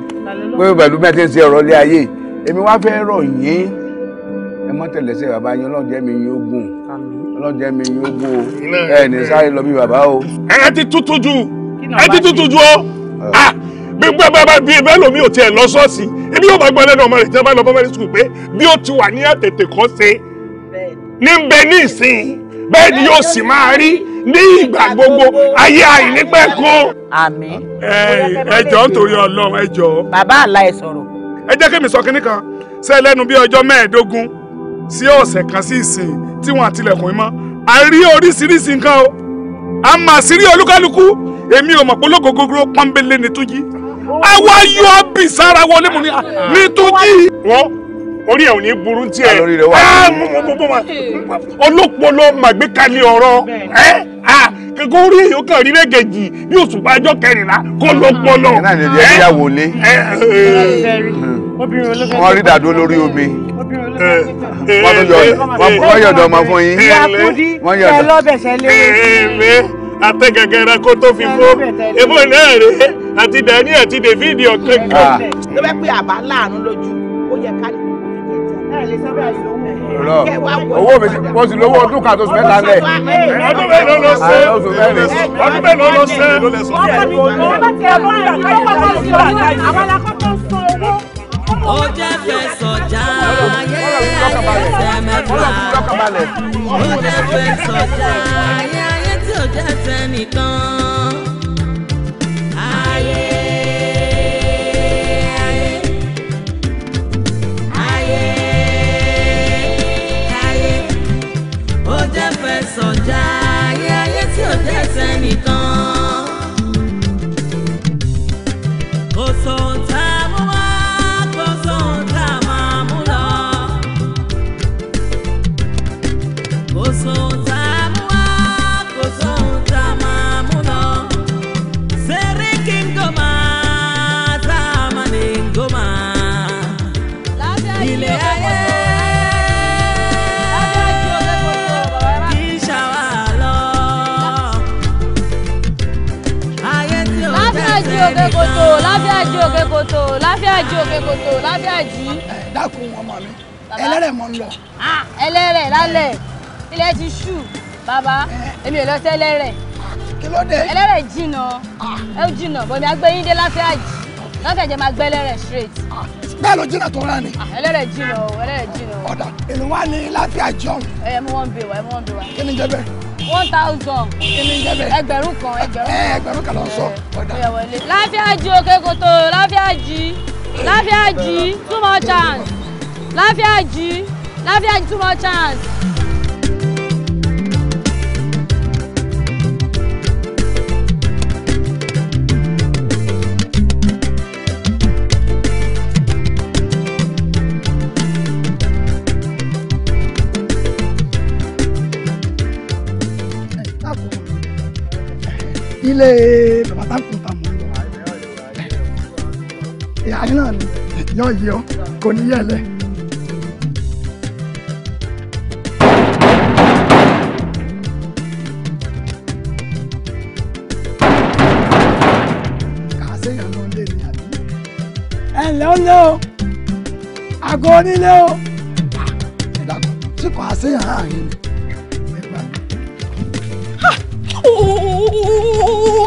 pé pẹ̀lú mẹ́tẹ́ ń ṣe ọ̀rọ̀ lé ayé èmi wá fẹ́ rọ̀ yín ẹ mọ́ tẹ̀lẹ́sẹ̀ bàbá yín ọlọ́run jẹ́ mi yín ogun ọlọ́run jẹ́ mi yín ogun ẹ ní sáré lọ bí bàbá o. ẹ ti tútù ju ẹ ti tútù ju o gbígbẹ́ bá bá bí ibẹ̀ lómi ò tiẹ̀ lọ ṣọ́ọ̀ṣì ebi yóò bá gbọ́ lẹ́nu ọmọ rẹ̀ tí wọ́n bá lọ primary school pé bí ó ti wà ní àtètè kọ́ ṣe ní ń bẹ ní ìsìn bẹ́ẹ̀ ni yóò sì máa rí ní ìgbà gbogbo ayé àìnípẹ́ kó. àmín. ẹjọ nítorí Ọlọ́run ẹjọ. bàbá àlá ẹ sọ̀rọ̀. ẹ jẹ́ kí mi sọ kínní kan ṣe lẹ́nu bí ọjọ́ mẹ́ẹ̀ẹ́dógún sí ọ̀sẹ̀ kan sí ìsìn tí wọ́n àtìlẹ̀kùn mọ́ a rí oríṣiríṣi nǹkan o a máa sì rí olúkálukú èmi ò mọ̀ pé olókogogoro pọ́nbélé ni tó yí àwa yọ bì sára wọlé mu ni mi tó jí. wọ́n orí ẹ̀ ò ní burú tí ẹ olópolo màgbékalẹ̀ ọ̀rọ̀ ẹ́ kò rí èyàn kan rí lẹ́gẹ̀jì bí òṣùpá ọjọ́ kẹrìnlá kó lọ́pọlọ. ẹ náà lè jẹ́ ìyàwó lé wọ́n rí dàdó lórí omi wọ́n yọ̀dọ̀ ọmọ fún yín wọ́n yọ̀dọ̀ àtẹ̀gàgàrà kó tó fi fó èbó náà rèé àti dani àti david ọ̀kan kan. ló bẹ́ pé àbá láàánú lójú ó yẹ ká lè owó mi ti pọ̀ sí lówó ọdún kan tó sùn mẹ́ta lẹ̀. ọdún mélòó ló ṣe ọdún mélòó ló ṣe. ó jẹ́ fẹsọ̀ já ayé ayé tẹ̀mẹ́fà ó jẹ́ fẹsọ̀ já ayé dẹ́ṣẹ̀ nìkan. Ayé. Ayé. Ayé. Ayé. Ó jẹ́ fẹ́ òkè kòtò láfíàjì òkè kòtò láfíàjì. ẹ dákun ọmọ mi ẹlẹ́rẹ̀ mọ́ ń lọ. ẹlẹ́rẹ̀ lálẹ́ ilẹ̀ ti ṣú bàbá èmi ò lọ sí ẹlẹ́rẹ̀. kí ló dé. ẹlẹ́rẹ̀ jìnnà ẹ ó jìnnà bọ̀dọ̀ agbẹ́yìn dé láfíàjì lọ́kẹ̀jẹ̀ máa gbẹ́ ẹlẹ́rẹ̀ straight. bẹ́ẹ̀ ló jìnnà tó rán ni. ẹlẹ́rẹ̀ jìnnà o ẹlẹ́rẹ̀ jìnnà o. ọ̀dà èlò wa ni láfíàjì ọ̀hún. ẹ mú wọn bè wá ẹ mú wọn bè wá. kí one thousand ẹgbẹ̀rún kan ẹgbẹ̀rún kan ẹgbẹ̀rún kan lọ sọ ọ̀dà. láfíà jí òkè kòtò láfíà jí láfíà jí too much chance láfíà jí láfíà jí too much chance. ilé bàbá tá kù tà mọ́ lọ. ìyá yín náà ni yọ yìí ọ kò ní yẹlẹ. ẹ̀lẹ́ ó lé o àgọ́ onílé o ṣùkọ́ àṣeyàn àárín ni.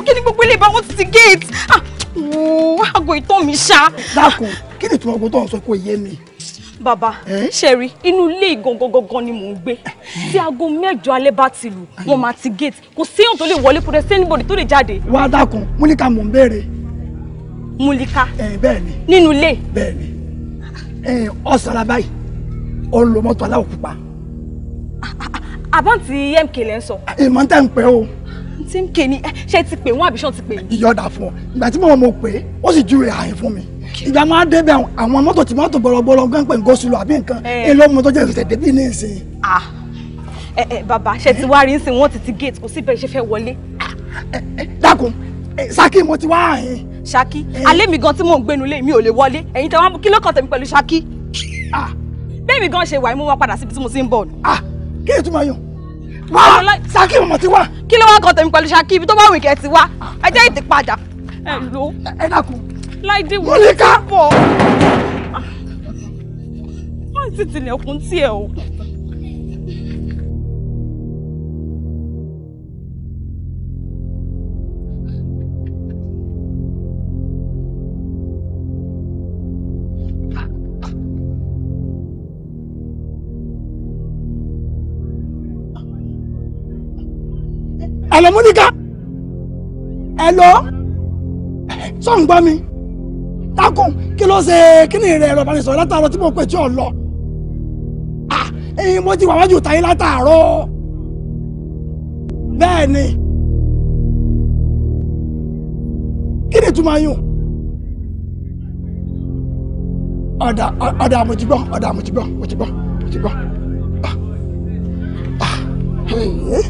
kí ni gbogbo ilé ìbáwọ́ ti ti gate ah, wo aago ìtàn mi ṣá. Dako, kí ni ìtumọ̀ ọgbọ́n tó ń sọ kó yé mi. bàbá ṣẹ̀rí inú ilé ìgangangangan ni mò ń gbé tí aago mẹ́jọ alẹ́ bá ti lù wọ́n máa ti gate kò séèyàn tó lè wọlé kò dẹ̀ sí anybody tó lè jáde. wá dákun múlíkà mò ń béèrè. múlíkà bẹ́ẹ̀ni nínú ilé. bẹ́ẹ̀ni ọ̀sán báyìí ó ń lo mọ́tò aláwọ̀ pupa. Ah, ah, àbáǹtì mk lẹ́ ń sọ. ìmọ̀ ń tẹ̀ ń pẹ́ o tí ń ké ni eh, ṣé ti pè wọ́n àbí ṣé ti pè yín. ìyọ̀dà fún ọ ìgbà tí mo mọ̀ pé ó sì júwe ààyè fún mi ìgbà máa débẹ̀ àwọn mọ́tò tí mọ́tò bọ̀rọ̀bọ̀rọ̀ gán pẹ̀ ń gọ́ sùlọ àbí nǹkan eh. èlò ọmọ tó jẹ́ ìṣẹ̀ṣẹ̀ débí ní ìsìn. ẹ ẹ bàbá ṣe ti wá rí ń sìn wọn ti ti gate kò sí bẹ́ẹ̀ ṣe fẹ́ wọlé. Eh, dákun Ṣakí mo ti wá àyìn. Ṣakí alẹ́ mi gan tí mò ń gbénu lé mi ò lè wọlé ẹ̀yin tẹ́ wọ́n kí ló kàn tèmi pẹ̀lú Ṣakí. Ah. bẹ́ẹ̀ mi gan ṣe wà mú wọn padà síbi tí mo ti ń bọ̀. Ah, kí ètò máa yàn Ṣakí ọmọ ti wá. kí ló wá kan tèmi pẹ̀lú Ṣakí ibi tó bá wèkẹ́ ti wá ẹ jẹ́ ìdí padà. ẹ ló ẹ dákun. láìdí wò ó ká bọ̀. láì tètè tiẹ̀ o. Hello Monica hello sọ ń mi dákun kí ló ṣe kíni rẹ ẹ̀rọ ìbánisọ̀rọ̀ látàárọ̀ tí mo pè tí ò lọ ah, ẹyin mo ti wà wájú tayé látàárọ̀ bẹ́ẹ̀ ni kí ni túmọ̀ yín ọ̀dà ọ̀dà mo ti gbọ́ ọ̀dà mo ti gbọ́ mo ti ah, ah,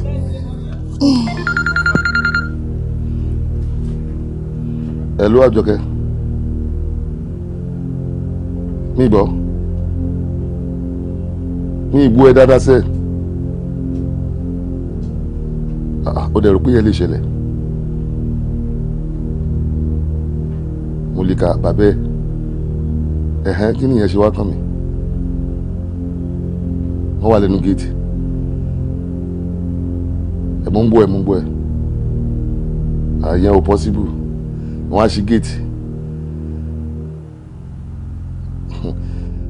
ẹ̀lú àjọkẹ́ mi gbọ́ mi ìgbó ẹ dáadáa sẹ́ẹ̀ ah, ah, ó dẹ̀rù pé yẹn lè ṣẹlẹ̀ mo lè ka bàbẹ́ ẹ̀hẹ́n kí nìyẹn ṣe wá kàn mí wọ́n wà lẹ́nu géètì ẹ̀ mú ń bọ̀ ẹ̀ mú ń bọ̀ ẹ̀ ah, àyẹn ò possible wọ́n á ṣí géètì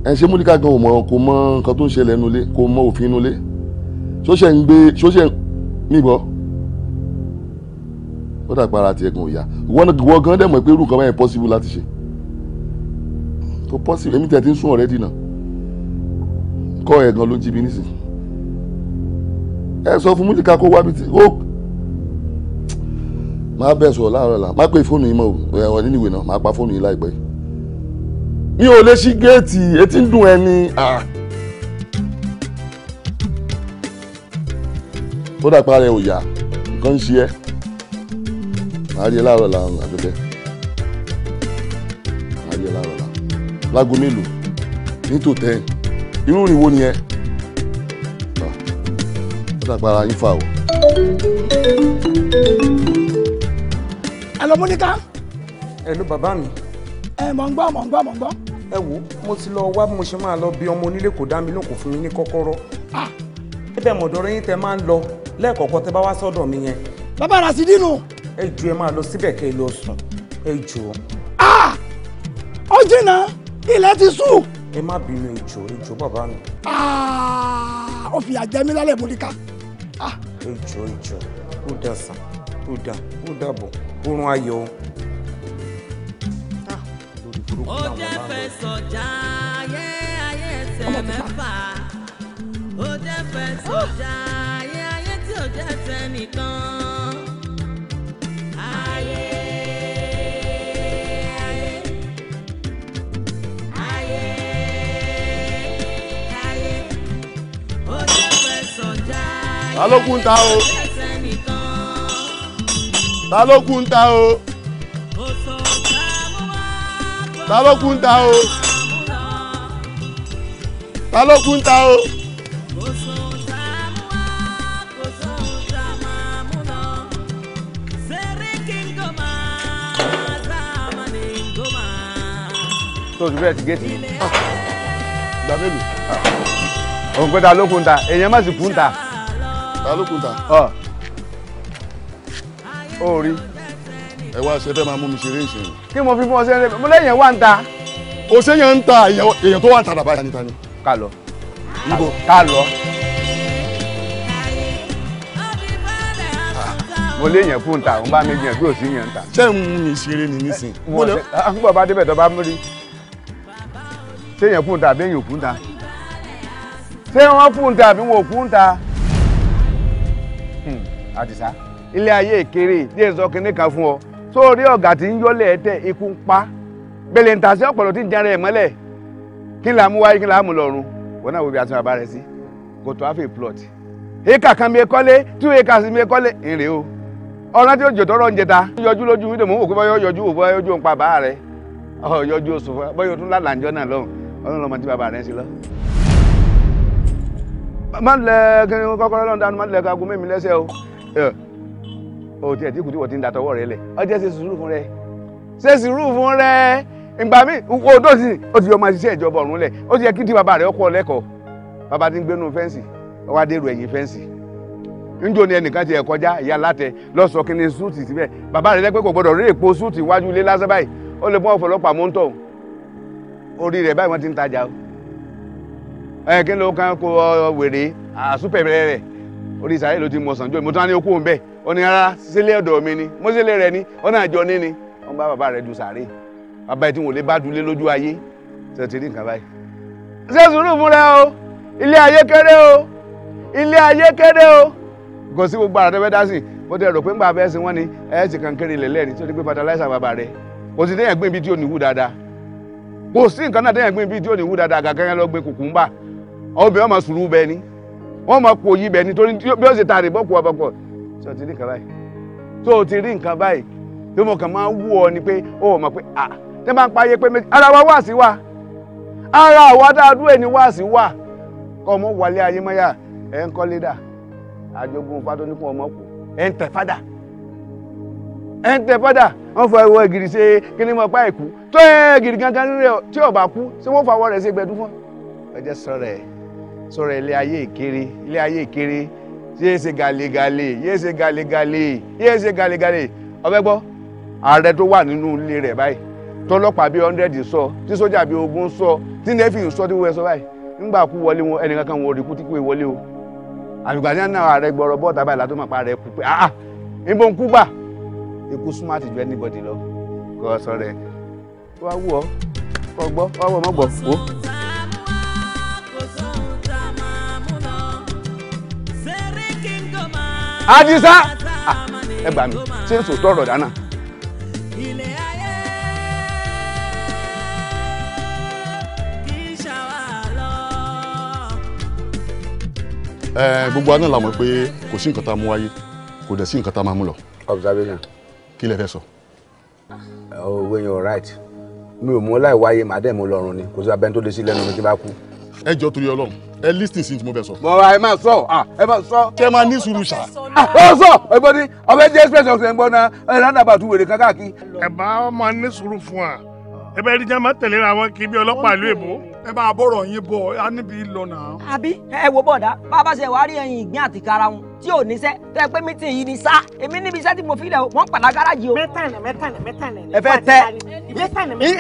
ẹ̀ ṣé múlíkà gan ò mọ̀ kò mọ nǹkan tó ń ṣẹlẹ̀ nulẹ̀ kò mọ òfin nulẹ̀ ṣó ṣe ń gbé ṣó ṣe ń níbọ̀ ó dà para tiẹ̀ kan ò yá gan dẹ̀ mọ̀ pé irú nǹkan báyẹn possible láti ṣe kò possible èmi tẹ̀ ti ń sún ọ̀rẹ́dì náà kọ́ ẹ̀ gan ló jí mi nísìnyí. ẹ sọ fún mújìká kó wá bí ti ó máa bẹ sọ láàárọ̀ là má pé fóònù yìí mọ̀ ẹ̀wọ̀n nínú ìwé náà pa fóònù yìí láìpẹ́ mi ò lè ṣí géètì etí ń dùn ẹni ni dàpẹ́ ara ẹ̀ ò yá nǹkan ń ṣe rí ẹ láàárọ̀ là àjọkẹ́ má rí ẹ láàárọ̀ là lágo mélòó ní tòtẹ́ irú lágbára yín fà o. Hello Monica. Hello bàbá mi. ẹ mọ̀ ń gbọ́ mọ̀ ń gbọ́ mọ̀ ń gbọ́. ẹ wo mo ti lọ wá bí mo ṣe máa lọ bí ọmọ onílé kò dá mi lóhùn kò fún mi ní kọ́kọ́rọ́. níbẹ̀ ah! mọ̀dọ́rọ́ yín tẹ máa ń lọ lẹ́ẹ̀kọ̀ọ̀kan tẹ bá wá sọ́dọ̀ mi yẹn. bàbá rà sí dínú. ẹ ju ẹ máa lọ síbẹ̀ kẹ́ ẹ lọ sùn ẹ jù ọ. Ah! ó jìnnà ilẹ̀ ti sùn. ẹ má bínú ìjò ìjò bàbá mi. Ah! ó fi àjẹmí lálẹ́ Monica ah ìjọ ìjọ ó dà sàn ó dà ó dàbọ̀ oorun ayọ̀ o. ó jẹ́ fẹsọ̀jà ayé ayé ẹsẹ̀ mẹ́fà ó jẹ́ fẹsọ̀jà ah. ayé ayé tí ò jẹ́ ẹsẹ̀ nìkan. ta ló kú ń ta o ta ló kú ń ta o ta ló kú ń ta o ta ló kú ta o. tó bẹ́ẹ̀ ti géètì ah, gbà mélòó. pé ta ló kú ta èèyàn má sì kú ta ta ló kùn ta. Ah. ó rí ẹ wá ṣe fẹ́ máa mú mi ṣeré ìṣẹ̀yìn. kí mo fi fún ọ sẹ́yìn mo lẹ́yìn wá ń ta. kò séyàn ń ta èèyàn tó wà ń ta dàbá yanita ni. ká lọ ká lọ. Ah, mo lé yẹn fún ta òun bá mi yẹn bí sí yẹn ń ta. ṣé ń mú mi ṣeré ni nísìn. Ah, n bọ̀ bá débẹ̀ tó bá mú rí séyàn fún ta àbẹ́yìn òkúta ṣé wọ́n fún ta àbí wọn ò fún ta àdìsá ilé ayé ìkéré díẹ̀ sọ kinní kan fún ọ sórí ọ̀gá tí ń yọ́lẹ̀ ẹ̀tẹ̀ ikú ń pa bẹ̀lẹ̀ ń tàṣí ọ̀pọ̀lọ́ tí ń jẹrẹ ẹ̀ mọ́lẹ̀ kí là ń mú wáyé kí là ń mú lọ́rùn wọn náà wo ibi àti bàbá rẹ sí kò tó àfẹ́ plot éka kan mi kọ́lé two acres mi kọ́lé èrè o ọ̀rọ̀ tí ó jò tọrọ ń jẹta yọjú lójú wíńdò mò ń wò pé bọ́yọ́ yọjú wò bọ́yọ́ yọjú òǹpa bàá rẹ yọjú oṣù bọ́yọ́ tún lálàjọ náà lọ́hùn ọlọ́run lọ́mọ tí bàbá rẹ ń ṣe lọ. má kọ́kọ́rọ́ lọ́dún dáná má lẹ lẹ́sẹ̀ o o tiẹ̀ tí kùtùwọ̀ ti ń datọwọ́ rẹ lẹ̀ ọ jẹ ṣe sùúrù fún rẹ ṣe sùúrù fún rẹ ìgbà mi o tó sì o ti yọ ọmọ ṣiṣẹ́ ìjọba ọ̀run lẹ̀ ti yẹ kí ti bàbá rẹ ọkọ ti ń gbénu adé ru ẹ̀yìn fẹ́ǹsì njó ni ẹnìkan ti ẹ̀ kọjá ìyá látẹ lọ́sọ̀ kí ni súùtì rẹ kò rí èpo súùtì ilé ó lè orí ti ń orí ìsàlẹ̀ ló ti mọ sànjọ́ mo tán ní okú òun sílé mi ni mo rẹ ni ó náà jọ ní ni bá bàbá du sàárè bàbá yìí tí wọ́n lè bá dulé lójú ayé ṣe ti rí nǹkan báyìí. ṣé sùúrù fúnra o ilé ayé kéré o ilé ayé kéré o kò sí gbogbo àrà tó dá sí bó ti rò pé wọ́n ni ẹ̀ ẹ́ sì kàn kéré lẹ̀lẹ́ ni bàbá kò sí bí tí wọ́n máa pò yí bẹ̀ nítorí bí ó ṣe ta rè bọ́pọ̀ àbọ̀pọ̀ ṣé o ti rí nǹkan báyìí tó o ti rí nǹkan báyìí tó mo kàn máa ń wú ọ ni pé ó mọ̀ pé à tẹ́ máa ń payé pé méjì ara wa wà sí wa ara àwa dáadú ẹ̀ ni wà sí wa kọ́ ọmọ wálé ayé mọ́yà ẹ̀ ń kọ́ lédà àjogún fadó ní kún ọmọ kù ẹ̀ ń tẹ̀ fádà ẹ̀ ń tẹ̀ fádà wọ́n fọ ẹ̀wọ̀ ìgìrì ṣe kí ni mo pa ẹ̀kú tó ẹ̀ gìrì gangan rírẹ̀ tí ò bá kú ṣé wọ́n fọ àwọ̀ rẹ̀ ṣe gbẹdú fún ẹ jẹ́ sọ rẹ̀ ẹ̀. sọ̀rọ̀ ilé ayé ìkéré ilé ayé ìkéré yéé ṣe galegale yéé ṣe galegale yéé ṣe galegale ààrẹ tó wà nínú ilé rẹ̀ báyìí tọlọ́pàá bíi hundred sọ tí sójà bíi ogun sọ tí sọ tí wọ́n sọ báyìí nígbà kú wọlé wọn ẹnì kankan tí wọlé o látọ́ màpá rẹ̀ kú pé ah kú gbà ikú smart ju anybody lọ àdìsá ah, ẹ gbà mí ṣé n sòótọ́ ọ̀rọ̀ dáná. gbogbo aná la mọ̀ pé kò sí nǹkan tá a mú wáyé kò dẹ̀ sí nǹkan tá a máa mú lọ. observation. kí lẹ fẹ́ sọ. owó yẹn all right mi ò mú láì wáyé màá dẹ̀ mú lọ́rùn ni kò sí abẹ́ni tó lè sí lẹ́nu mi tí bá kú. ẹ jọ torí Ọlọ́run ẹ lísìn sí ti mo fẹ́ sọ. mo ra ẹ máa sọ ah, ẹ máa sọ. kẹ máa ní sùúrù ṣá. ó ah, sọ ẹgbẹ́ ni ọbẹ̀ jẹ́ express ọ̀sẹ̀ ń gbọ́ náà ẹ̀ rádàbà tún wèrè kankan kí. ẹ bá ọmọ ní sùúrù fún wa ẹ bẹ rí jẹ́ máa tẹ̀lé ra wọn kí bí ọlọ́pàá ìlú èbó. ẹ bá bọ̀rọ̀ yín bọ̀ á níbi lọ́nà. àbí ẹ wo bọ̀dá bàbá ṣe wàá rí ẹyin ìgbín àti kara wọn tí ò níṣẹ́ tẹ́ pé mítìn yìí ni sá èmi níbi iṣẹ́ tí mo fi lẹ̀ wọ́n padà gáràjì o. mẹ́tàlá mẹ́tàlá mẹ́tàlá. ẹ fẹ́ tẹ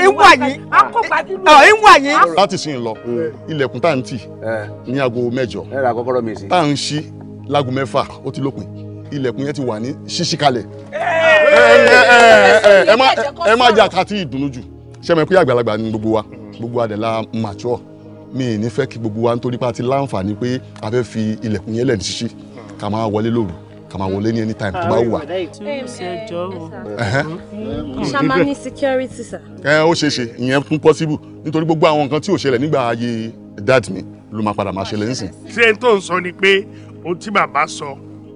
ìwà yìí ìwà yìí. láti sìn lọ ilẹ̀kùn tá à ń tì ní aago mẹ́jọ tá à ń ṣí láago mẹ́fà ó ti lópin ilẹ̀kùn yẹn ti wà ní ṣíṣí kalẹ̀ ẹ má jà kàtí ìdùnnú jù ṣé mi pé àgbàlagbà ni gbogbo wa gbogbo wa dẹ̀ la mature mi ì ní fẹ́ kí gbogbo wa nítorí pé a ti láǹfààní pé a fẹ́ fi ilẹ̀kùn yẹn lẹ́nu ṣíṣí ká máa wọlé lóru ká máa wọlé ní anytime tó bá wù wá. ó ṣeé ṣe ìyẹn tún possible nítorí gbogbo àwọn nǹkan tí ò ṣẹlẹ̀ nígbà ayé dad mi ló máa padà máa ṣẹlẹ̀ nísìn. ṣé n tó ń sọ ni pé ohun tí bàbá sọ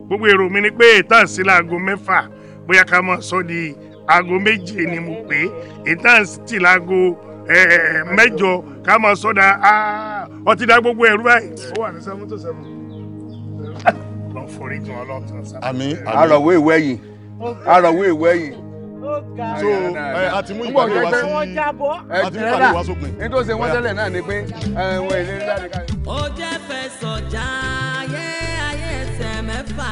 gbogbo èrò mi ni pé ìtàn sí láago mẹ́fà bóyá ká máa sọ di aago méje ni mo pè é ìtàn ti laago mẹ́jọ ká máa sọdá ọtí dá gbogbo ẹrú báyìí. ó wà ní seven to seven. yìí àròwé ìwé yìí so a ti mú ìpàdé wá sí a ti mú ìpàdé wá sópin. ní ṣe wọ́n tẹ́lẹ̀ náà ni pé ẹ̀wọ̀n èlé ńlá ni ó jẹ́ fẹsọ̀ já ayé ayé ẹsẹ̀ mẹ́fà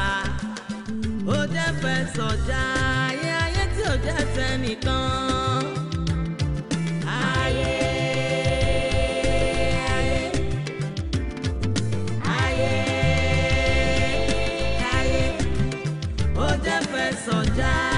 ó jẹ́ fẹsọ̀ já jẹ́ tẹnìkan. Ayé. Ayé. Ayé. Ayé. Ó jẹ́ fẹ́ sọ̀jà.